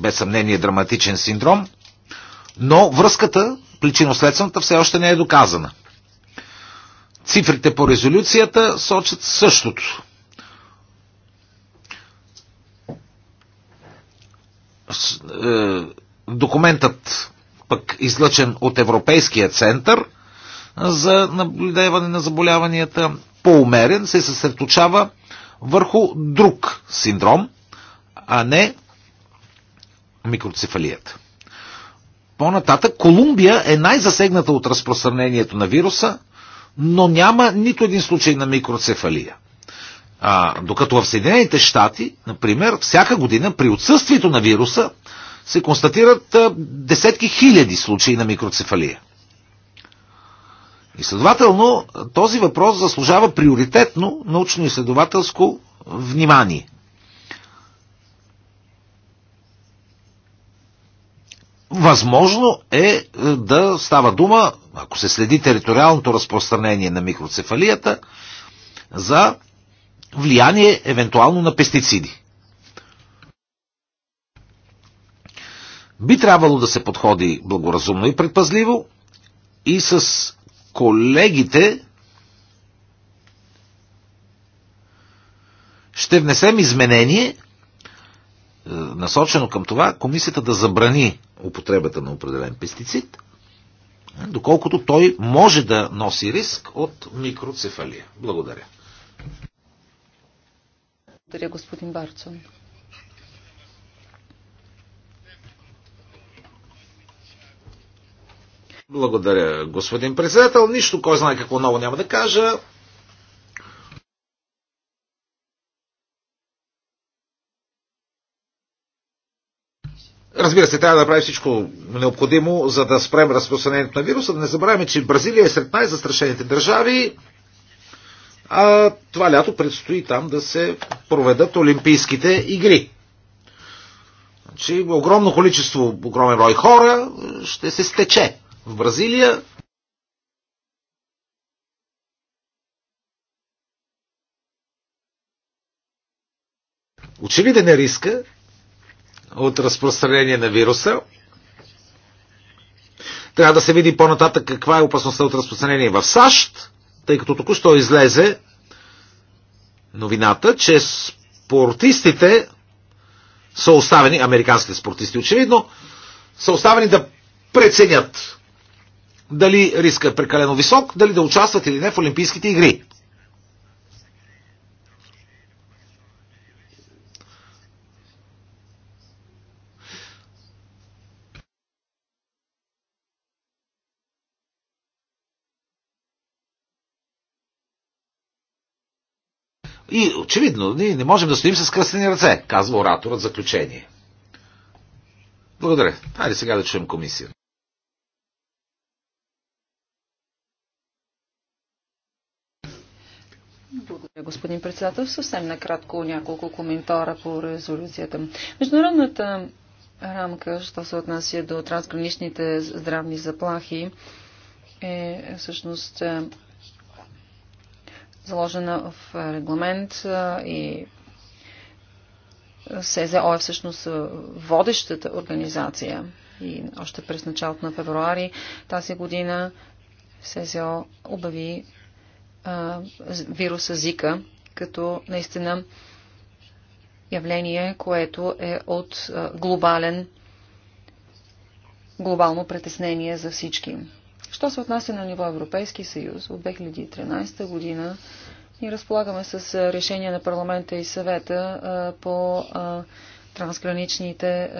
без съмнение драматичен синдром, но връзката, причинно-следствената, все още не е доказана. Цифрите по резолюцията сочат същото. Е, документът, пък излъчен от Европейския център за наблюдаване на заболяванията, по-умерен, се съсредоточава върху друг синдром, а не микроцефалията. По-нататък, Колумбия е най-засегната от разпространението на вируса, но няма нито един случай на микроцефалия. А, докато в Съединените щати, например, всяка година при отсъствието на вируса се констатират десетки хиляди случаи на микроцефалия. И следователно, този въпрос заслужава приоритетно научно-изследователско внимание. Възможно е, е да става дума, ако се следи териториалното разпространение на микроцефалията, за влияние евентуално на пестициди. Би трябвало да се подходи благоразумно и предпазливо и с колегите ще внесем изменение, е, насочено към това, комисията да забрани употребата на определен пестицид, доколкото той може да носи риск от микроцефалия. Благодаря. Благодаря, господин Барцон. Благодаря, господин председател. Нищо, кой знае какво ново няма да кажа. Разбира се, трябва да прави всичко необходимо, за да спрем разпространението на вируса. Да не забравяме, че Бразилия е сред най-застрашените държави. А това лято предстои там да се проведат Олимпийските игри. Значи, огромно количество, огромен брой хора ще се стече в Бразилия очевиден е риска от разпространение на вируса. Трябва да се види по-нататък каква е опасността от разпространение в САЩ, тъй като току-що излезе новината, че спортистите са оставени, американските спортисти очевидно, са оставени да преценят дали риска е прекалено висок, дали да участват или не в Олимпийските игри. И очевидно, ние не можем да стоим с кръстени ръце, казва ораторът в заключение. Благодаря. Хайде сега да чуем комисията. господин председател. Съвсем накратко няколко коментара по резолюцията. Международната рамка, що се отнася до трансграничните здравни заплахи, е всъщност е, заложена в регламент е, и СЗО е всъщност водещата организация и още през началото на февруари тази година СЗО обяви вируса Зика като наистина явление, което е от глобален, глобално притеснение за всички. Що се отнася на ниво Европейски съюз, от 2013 година ние разполагаме с решение на парламента и съвета по трансграничните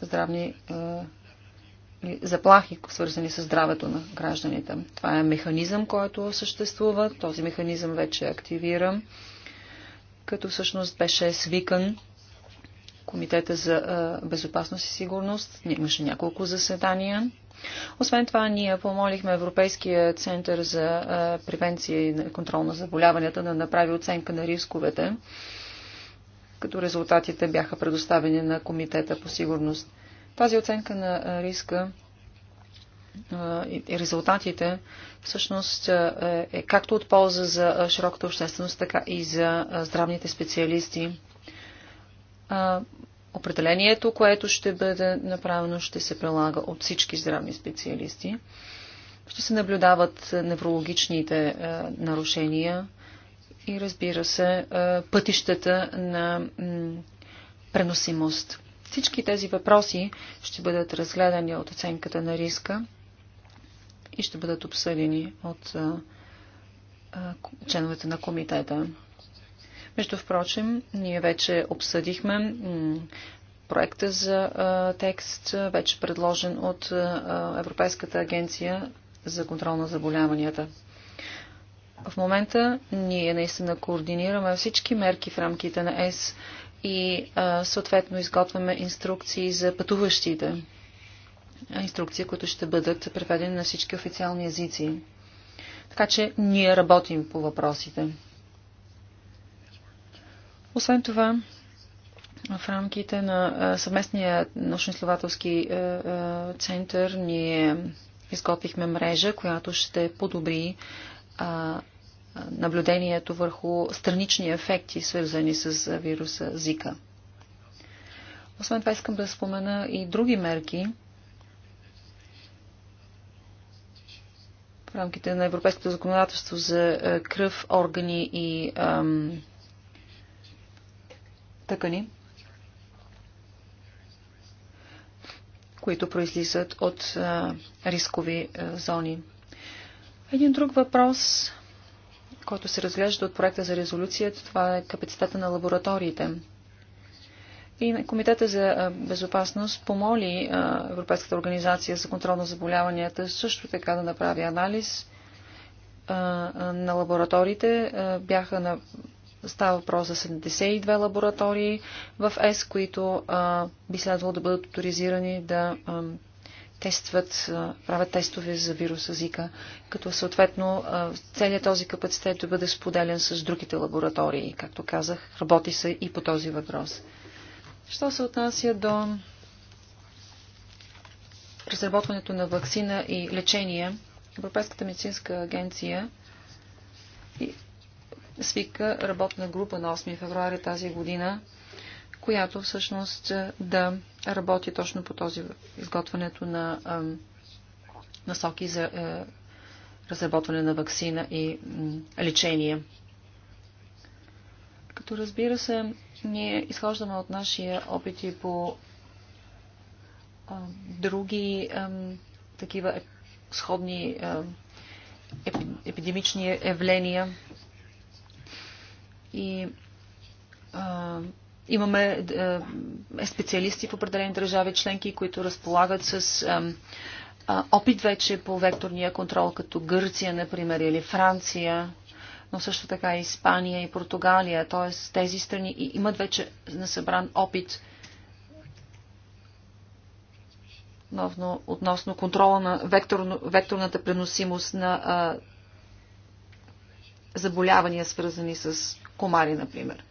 здравни заплахи, свързани с здравето на гражданите. Това е механизъм, който съществува. Този механизъм вече е активиран, като всъщност беше свикан Комитета за безопасност и сигурност. Имаше няколко заседания. Освен това, ние помолихме Европейския център за превенция и контрол на заболяванията да направи оценка на рисковете, като резултатите бяха предоставени на Комитета по сигурност. Тази оценка на риска и резултатите всъщност е, е както от полза за широката общественост, така и за здравните специалисти. Определението, което ще бъде направено, ще се прилага от всички здравни специалисти. Ще се наблюдават неврологичните нарушения и разбира се пътищата на преносимост. Всички тези въпроси ще бъдат разгледани от оценката на риска и ще бъдат обсъдени от членовете на комитета. Между впрочем, ние вече обсъдихме проекта за текст, вече предложен от Европейската агенция за контрол на заболяванията. В момента ние наистина координираме всички мерки в рамките на ЕС, и а, съответно изготвяме инструкции за пътуващите. Инструкции, които ще бъдат преведени на всички официални езици. Така че ние работим по въпросите. Освен това, в рамките на съвместния научно-изследователски център ние изготвихме мрежа, която ще подобри наблюдението върху странични ефекти, свързани с вируса Зика. Освен това искам да спомена и други мерки в рамките на европейското законодателство за кръв, органи и ам, тъкани, които произлизат от а, рискови а, зони. Един друг въпрос – който се разглежда от проекта за резолюция, това е капацитета на лабораториите. И Комитета за безопасност помоли Европейската организация за контрол на заболяванията също така да направи анализ на лабораториите. Бяха на... Става въпрос за 72 лаборатории в ЕС, които би следвало да бъдат авторизирани да тестват, правят тестове за вируса Зика, като съответно целият този капацитет да бъде споделен с другите лаборатории. Както казах, работи се и по този въпрос. Що се отнася до разработването на вакцина и лечение, Европейската медицинска агенция свика работна група на 8 февруари тази година която всъщност е, да работи точно по този изготвянето на е, насоки за е, разработване на вакцина и лечение. Като разбира се, ние изхождаме от нашия опити по други такива сходни епидемични явления и Имаме е, е, специалисти в определени държави членки, които разполагат с опит вече по векторния контрол, като Гърция, например, или Франция, но също така и Испания и Португалия. Т.е. тези страни имат вече насъбран опит новно, относно контрола на вектор, векторната преносимост на е, заболявания, свързани с комари, например.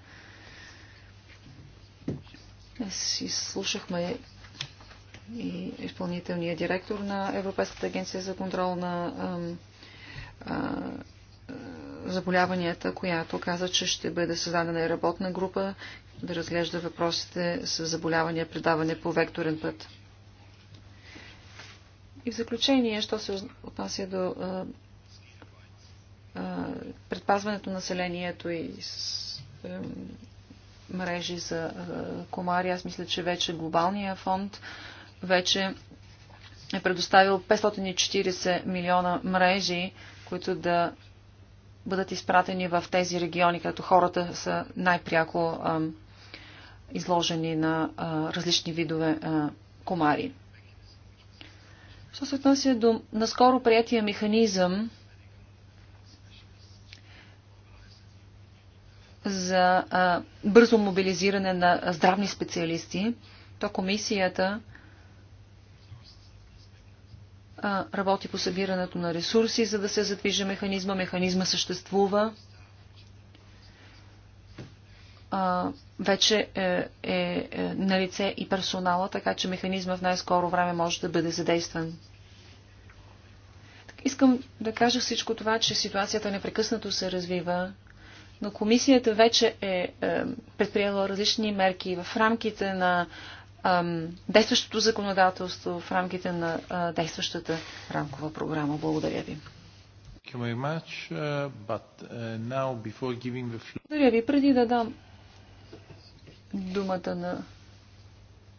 Днес слушахме и изпълнителния директор на Европейската агенция за контрол на заболяванията, която каза, че ще бъде създадена и работна група да разглежда въпросите с заболявания, предаване по векторен път. И в заключение, що се отнася до предпазването на населението и с, мрежи за е, комари. Аз мисля, че вече глобалния фонд вече е предоставил 540 милиона мрежи, които да бъдат изпратени в тези региони, където хората са най-пряко изложени на а, различни видове а, комари. Що се отнася до наскоро приятия механизъм за а, бързо мобилизиране на здравни специалисти, то комисията а, работи по събирането на ресурси, за да се задвижи механизма. Механизма съществува. А, вече е, е, е на лице и персонала, така че механизма в най-скоро време може да бъде задействан. Искам да кажа всичко това, че ситуацията непрекъснато се развива но комисията вече е, е, предприела различни мерки в рамките на действащото законодателство, в рамките на действащата рамкова програма. Благодаря ви. Uh, uh, Благодаря ви. Преди да дам думата на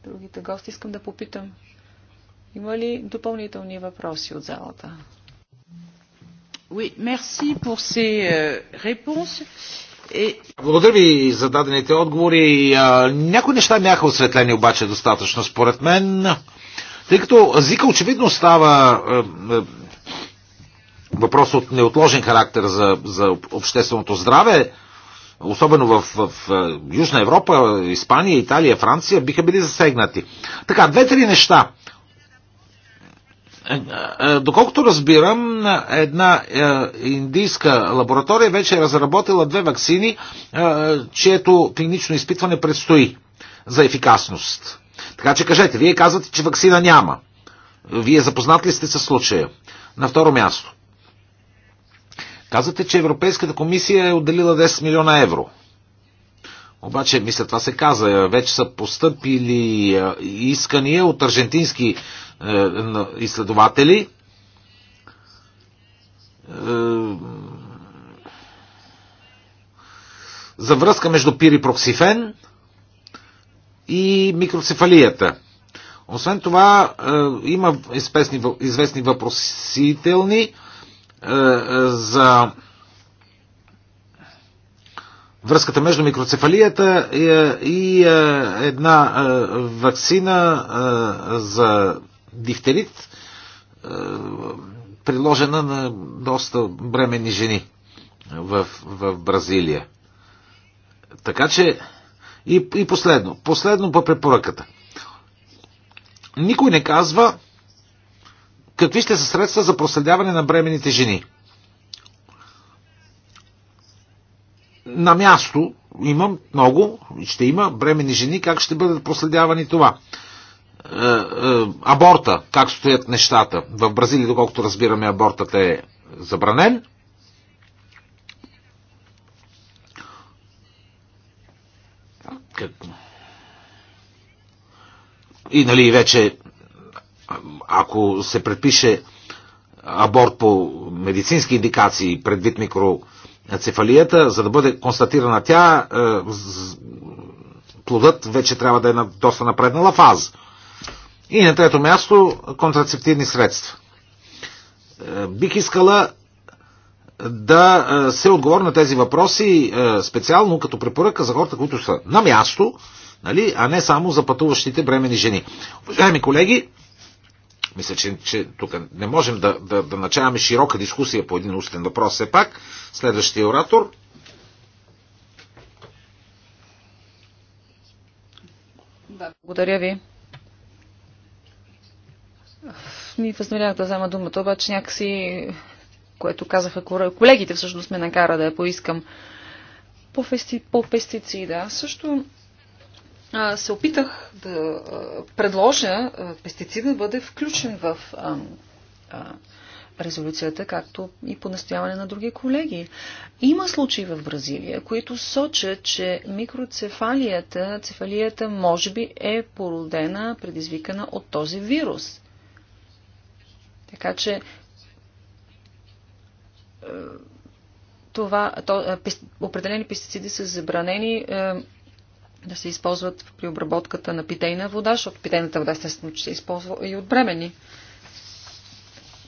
другите гости, искам да попитам, има ли допълнителни въпроси от залата? Euh, Благодаря ви за дадените отговори. Някои неща бяха осветлени обаче достатъчно според мен, тъй като езика очевидно става въпрос от неотложен характер за, за общественото здраве, особено в, в Южна Европа, Испания, Италия, Франция, биха били засегнати. Така, две-три неща е, е, доколкото разбирам, една е, индийска лаборатория вече е разработила две вакцини, чието клинично изпитване предстои за ефикасност. Така че кажете, вие казвате, че вакцина няма. Вие запознат ли сте с случая? На второ място. Казвате, че Европейската комисия е отделила 10 милиона евро обаче, мисля, това се каза, е, вече са постъпили е, искания от аржентински е, изследователи. За връзка между пирипроксифен и микроцефалията. Освен това, има известни въпросителни за връзката между микроцефалията е, и е, една е, вакцина за дифтерит, приложена на доста бремени жени в, в Бразилия. Така че и, и последно. Последно по препоръката. Никой не казва какви ще са средства за проследяване на бременните жени. на място имам много, ще има бремени жени, как ще бъдат проследявани това. Е, е, аборта, как стоят нещата. В Бразилия, доколкото разбираме, абортът е забранен. И нали вече, ако се предпише аборт по медицински индикации, предвид микро цефалията, за да бъде констатирана тя, е, плодът вече трябва да е на доста напреднала фаза. И на трето място контрацептивни средства. Е, бих искала да е, се отговори на тези въпроси специално като препоръка за хората, които са на място, нали, а не само за пътуващите бремени жени. Уважаеми колеги, мисля, че, че тук не можем да, да, да начаваме широка дискусия по един устен въпрос. Все пак, следващия оратор. Да, благодаря ви. Ми възнамерявах да взема думата, обаче някакси, което казаха колегите, всъщност ме накара да я поискам. По, фести, по пестицида. Също се опитах да предложа пестицид да бъде включен в резолюцията, както и по настояване на други колеги. Има случаи в Бразилия, които сочат, че микроцефалията, цефалията може би е породена, предизвикана от този вирус. Така че това, то, определени пестициди са забранени да се използват при обработката на питейна вода, защото питейната вода естествено, че се използва и от бремени.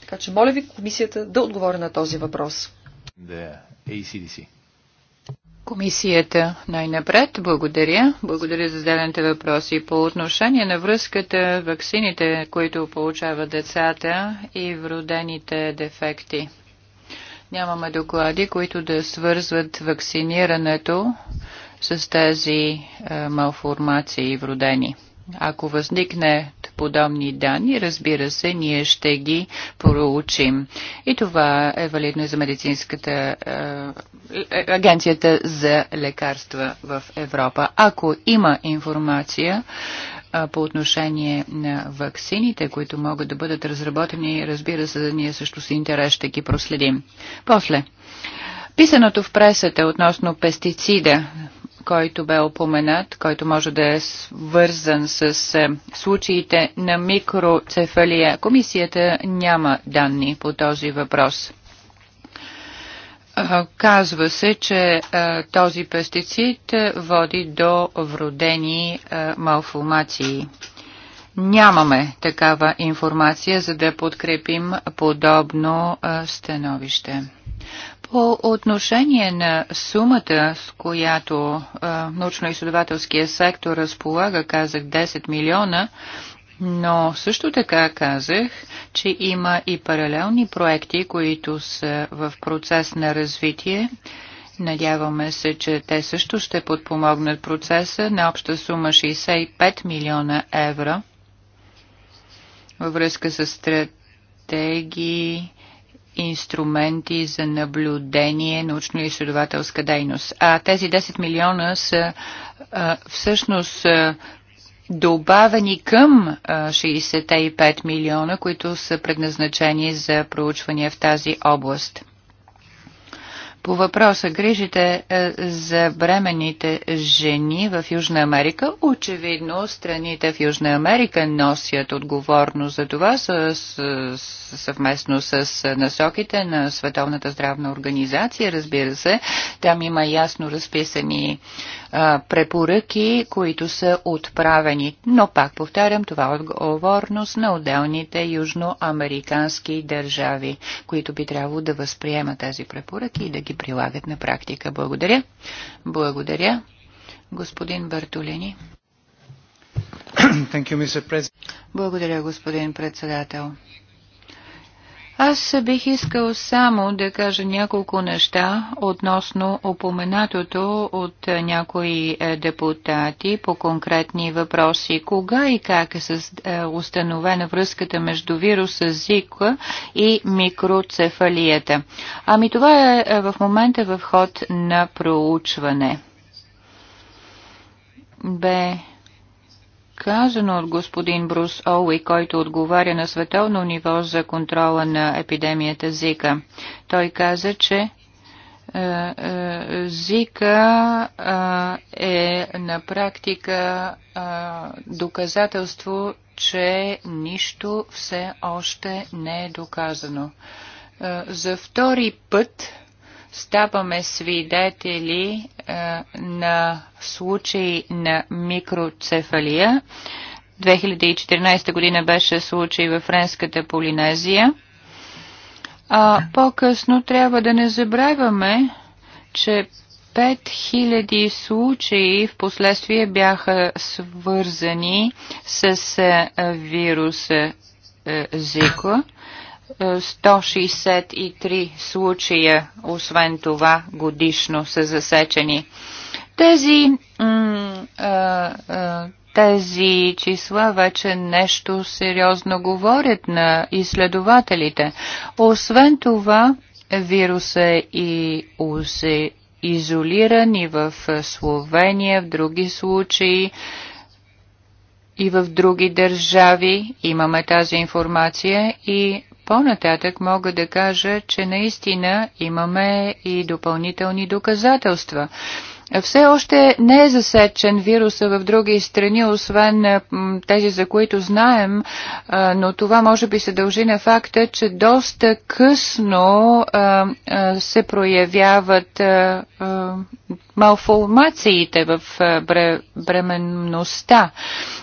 Така че моля ви комисията да отговори на този въпрос. ACDC. Комисията най-напред. Благодаря. Благодаря за зададените въпроси. По отношение на връзката, ваксините, които получават децата и вродените дефекти. Нямаме доклади, които да свързват вакцинирането с тези е, малформации вродени. Ако възникне подобни данни, разбира се, ние ще ги проучим. И това е валидно и за медицинската е, е агенцията за лекарства в Европа. Ако има информация, е, по отношение на ваксините, които могат да бъдат разработени, разбира се, да ние също с интерес ще ги проследим. После, писаното в пресата относно пестицида, който бе опоменат, който може да е свързан с е, случаите на микроцефалия. Комисията няма данни по този въпрос. Казва се, че е, този пестицид е, води до вродени малформации. Нямаме такава информация, за да подкрепим подобно становище. По отношение на сумата, с която научно-изследователския сектор разполага, казах 10 милиона, но също така казах, че има и паралелни проекти, които са в процес на развитие. Надяваме се, че те също ще подпомогнат процеса на обща сума 65 милиона евро във връзка с стратегии инструменти за наблюдение, научно-изследователска дейност. А тези 10 милиона са а, всъщност добавени към 65 милиона, които са предназначени за проучвания в тази област. По въпроса грижите е, за бременните жени в Южна Америка, очевидно страните в Южна Америка носят отговорност за това с, с, съвместно с насоките на Световната здравна организация, разбира се. Там има ясно разписани е, препоръки, които са отправени. Но пак повтарям, това е отговорност на отделните южноамерикански държави, които би трябвало да възприемат тези препоръки и да ги прилагат на практика. Благодаря. Благодаря. Господин Бартолини. Благодаря, господин председател. Аз бих искал само да кажа няколко неща относно опоменатото от някои е, депутати по конкретни въпроси. Кога и как е, е установена връзката между вируса Зика и микроцефалията? Ами това е, е в момента в ход на проучване. Бе казано от господин Брус Оуи, който отговаря на световно ниво за контрола на епидемията Зика. Той каза, че е, е, Зика е, е на практика доказателство, че нищо все още не е доказано. За втори път ставаме свидетели е, на случаи на микроцефалия. 2014 година беше случай във Френската Полинезия. А по-късно трябва да не забравяме, че 5000 случаи в последствие бяха свързани с е, вируса е, ЗИКО. 163 случая, освен това, годишно са засечени. Тези, тези числа вече нещо сериозно говорят на изследователите. Освен това, вируса е и усе изолиран и в Словения, в други случаи и в други държави имаме тази информация и по-нататък мога да кажа, че наистина имаме и допълнителни доказателства. Все още не е засечен вируса в други страни, освен тези, за които знаем, но това може би се дължи на факта, че доста късно се проявяват малформациите в бременността.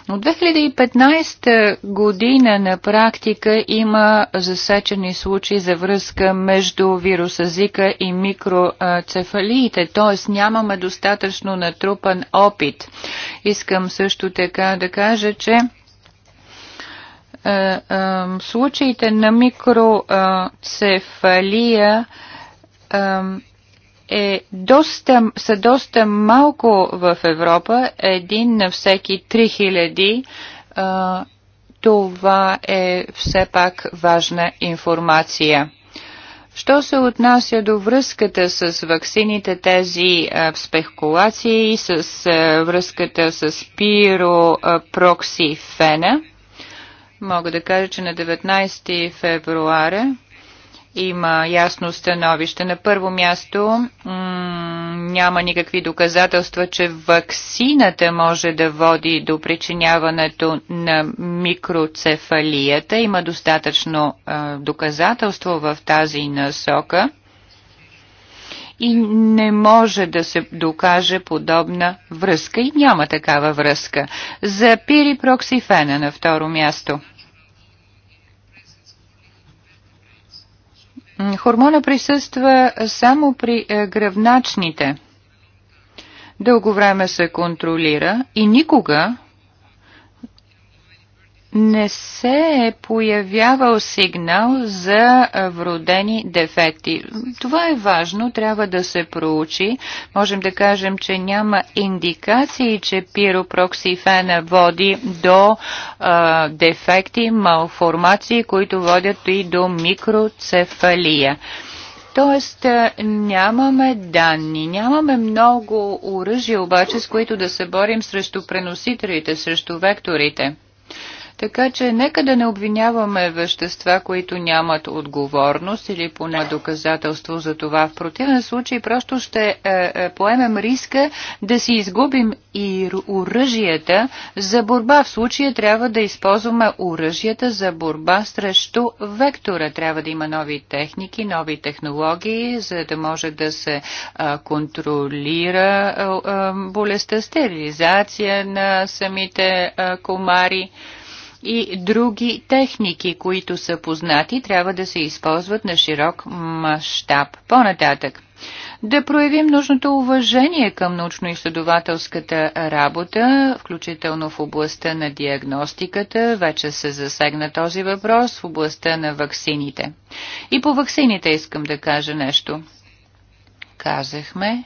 От 2015 година на практика има засечени случаи за връзка между вируса Зика и микроцефалиите, т.е. нямаме достатъчно достатъчно натрупан опит. Искам също така да кажа, че е, е, случаите на микроцефалия е, е доста, са доста малко в Европа, един на всеки 3000. това е все пак важна информация. Що се отнася до връзката с ваксините, тези спекулации и с връзката с пиропроксифена, мога да кажа, че на 19 февруаря има ясно становище. На първо място няма никакви доказателства, че ваксината може да води до причиняването на микроцефалията. Има достатъчно доказателство в тази насока и не може да се докаже подобна връзка и няма такава връзка. За пирипроксифена на второ място – Хормона присъства само при е, гръвначните. Дълго време се контролира и никога не се е появявал сигнал за вродени дефекти. Това е важно, трябва да се проучи. Можем да кажем, че няма индикации, че пиропроксифена води до а, дефекти, малформации, които водят и до микроцефалия. Тоест нямаме данни, нямаме много оръжия обаче, с които да се борим срещу преносителите, срещу векторите. Така че нека да не обвиняваме вещества, които нямат отговорност или поне доказателство за това. В противен случай просто ще е, е, поемем риска да си изгубим и оръжията за борба. В случая трябва да използваме оръжията за борба срещу вектора. Трябва да има нови техники, нови технологии, за да може да се а, контролира а, а, болестта, стерилизация на самите а, комари и други техники, които са познати, трябва да се използват на широк мащаб. По-нататък да проявим нужното уважение към научно-изследователската работа, включително в областта на диагностиката, вече се засегна този въпрос, в областта на ваксините. И по ваксините искам да кажа нещо. Казахме,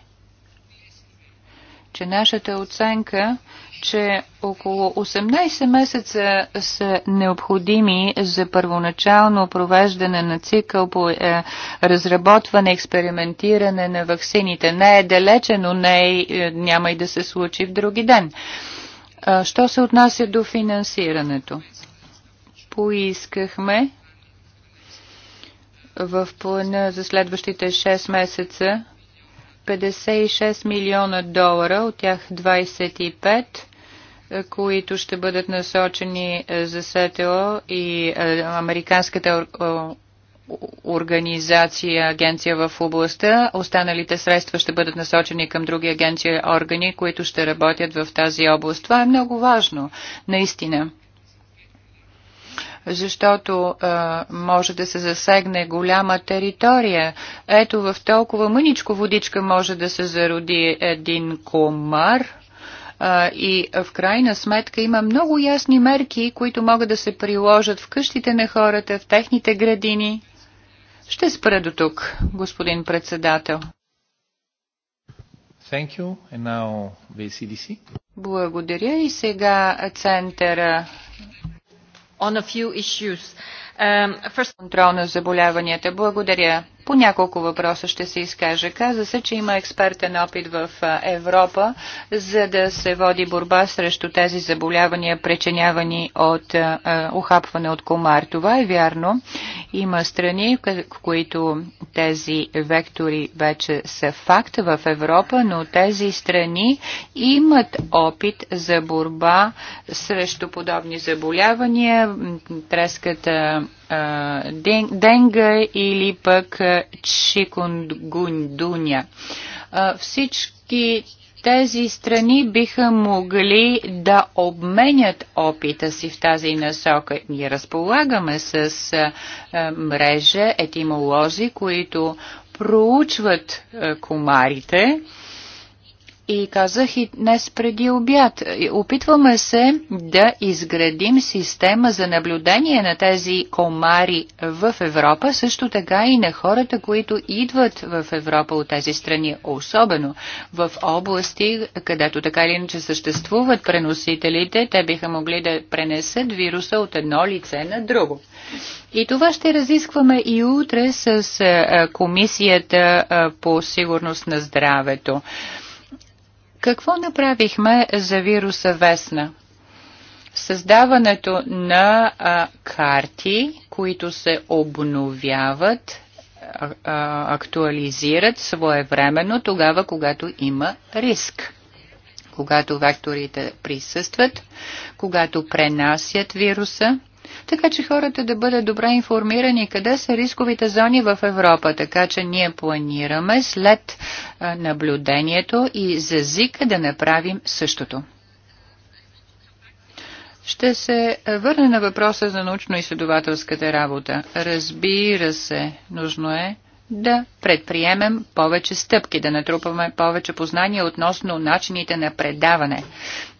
че нашата оценка че около 18 месеца са необходими за първоначално провеждане на цикъл по е, разработване, експериментиране на ваксините. Не е далече, но не е, е няма и да се случи в други ден. Що се отнася до финансирането? Поискахме в плана за следващите 6 месеца 56 милиона долара, от тях 25 е, които ще бъдат насочени е, за СТО и е, Американската организация, агенция в областта. Останалите средства ще бъдат насочени към други агенции органи, които ще работят в тази област. Това е много важно, наистина защото а, може да се засегне голяма територия. Ето в толкова мъничко водичка може да се зароди един комар. А, и в крайна сметка има много ясни мерки, които могат да се приложат в къщите на хората, в техните градини. Ще спра до тук, господин председател. Thank you. And now the CDC. Благодаря и сега центъра Um, Контрол на заболяванията. Благодаря. По няколко въпроса ще се изкаже. Каза се, че има експертен опит в Европа, за да се води борба срещу тези заболявания, причинявани от ухапване от комар. Това е вярно. Има страни, в които тези вектори вече са факт в Европа, но тези страни имат опит за борба срещу подобни заболявания. Треската денга или пък чикунгундуня. Всички тези страни биха могли да обменят опита си в тази насока. Ние разполагаме с мрежа етимолози, които проучват комарите и казах и днес преди обяд. Опитваме се да изградим система за наблюдение на тези комари в Европа, също така и на хората, които идват в Европа от тези страни, особено в области, където така или иначе съществуват преносителите, те биха могли да пренесат вируса от едно лице на друго. И това ще разискваме и утре с Комисията по сигурност на здравето. Какво направихме за вируса Весна? Създаването на а, карти, които се обновяват, а, а, актуализират своевременно тогава, когато има риск когато векторите присъстват, когато пренасят вируса така че хората да бъдат добре информирани къде са рисковите зони в Европа. Така че ние планираме след наблюдението и за ЗИКа да направим същото. Ще се върне на въпроса за научно-изследователската работа. Разбира се, нужно е да предприемем повече стъпки, да натрупаме повече познания относно начините на предаване.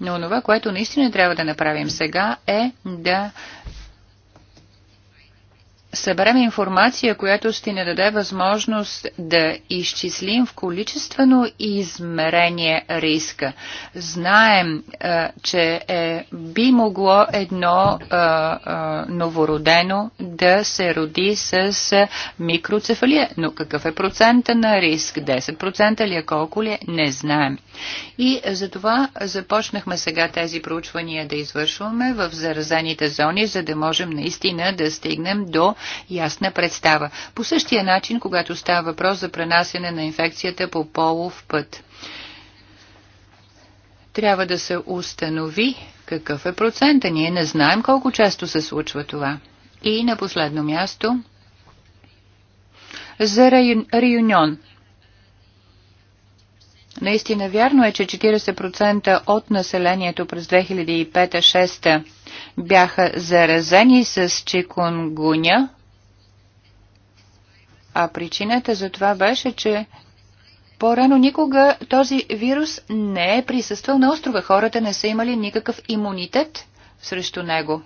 Но това, което наистина трябва да направим сега е да съберем информация, която ще ни даде възможност да изчислим в количествено измерение риска. Знаем, че е, би могло едно е, е, новородено да се роди с микроцефалия, но какъв е процента на риск? 10% ли е, колко ли е? Не знаем. И затова започнахме сега тези проучвания да извършваме в заразените зони, за да можем наистина да стигнем до ясна представа. По същия начин, когато става въпрос за пренасене на инфекцията по полов път. Трябва да се установи какъв е процента. Ние не знаем колко често се случва това. И на последно място за Реюнион. Наистина вярно е, че 40% от населението през 2005-2006 бяха заразени с чикунгуня, а причината за това беше, че по-рано никога този вирус не е присъствал на острова. Хората не са имали никакъв имунитет срещу него.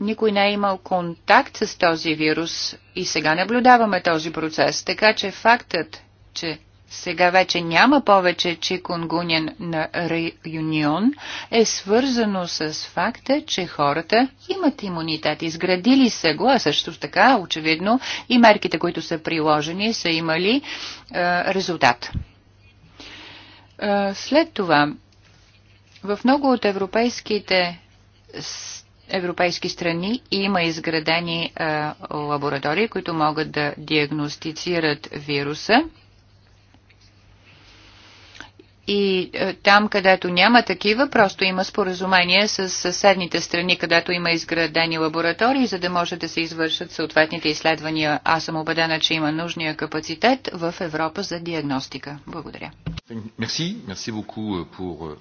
Никой не е имал контакт с този вирус и сега наблюдаваме този процес. Така че фактът, че сега вече няма повече чикунгунен на Реюнион, е свързано с факта, че хората имат имунитет. Изградили са го, а също така, очевидно, и мерките, които са приложени, са имали е, резултат. Е, след това, в много от европейските европейски страни има изградени а, е, лаборатории, които могат да диагностицират вируса. И а, е, там, където няма такива, просто има споразумение с съседните страни, където има изградени лаборатории, за да може да се извършат съответните изследвания. Аз съм убедена, че има нужния капацитет в Европа за диагностика. Благодаря. Merci. Merci beaucoup euh, pour euh,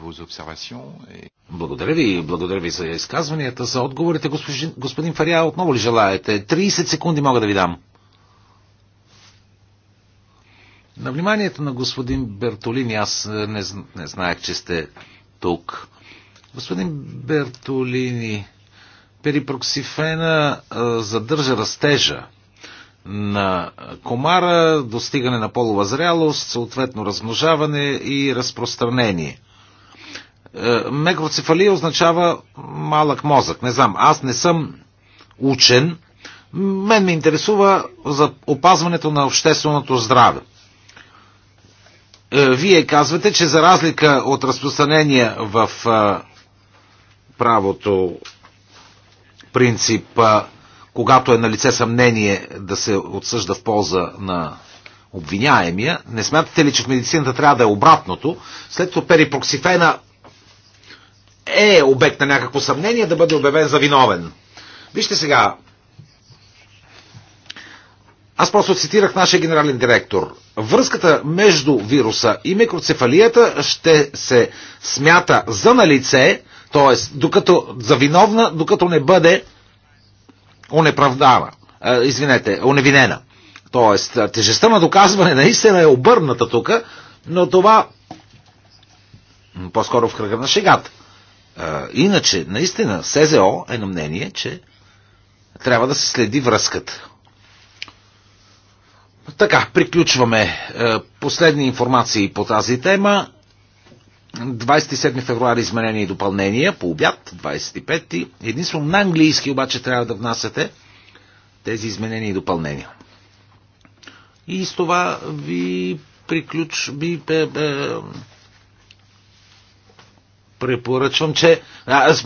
vos observations. Et... Благодаря ви, благодаря ви за изказванията, за отговорите. Господин, господин Фария, отново ли желаете? 30 секунди мога да ви дам. На вниманието на господин Бертолини, аз е, не, не знаех, че сте тук. Господин Бертолини, перипроксифена а, е, задържа растежа на комара, достигане на полувъзрялост, съответно размножаване и разпространение. Е, Мегалоцефалия означава малък мозък. Не знам, аз не съм учен. Мен ме интересува за опазването на общественото здраве. Е, вие казвате, че за разлика от разпространения в е, правото принцип, когато е на лице съмнение да се отсъжда в полза на обвиняемия, не смятате ли, че в медицината трябва да е обратното, след като перипроксифена е обект на някакво съмнение да бъде обявен за виновен. Вижте сега, аз просто цитирах нашия генерален директор. Връзката между вируса и микроцефалията ще се смята за налице, т.е. докато за виновна, докато не бъде онеправдана, извинете, оневинена. Т.е. тежестта на доказване наистина е обърната тук, но това по-скоро в кръга на шегата. А, иначе, наистина, СЗО е на мнение, че трябва да се следи връзката. Така, приключваме. Е, последни информации по тази тема. 27 февруари изменения и допълнения по обяд, 25. Единствено на английски обаче трябва да внасяте тези изменения и допълнения. И с това ви приключ... Би, бе, бе, препоръчвам, че... Аз,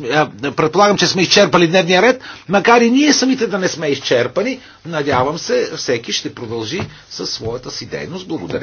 предполагам, че сме изчерпали дневния ред, макар и ние самите да не сме изчерпани. Надявам се, всеки ще продължи със своята си дейност. Благодаря.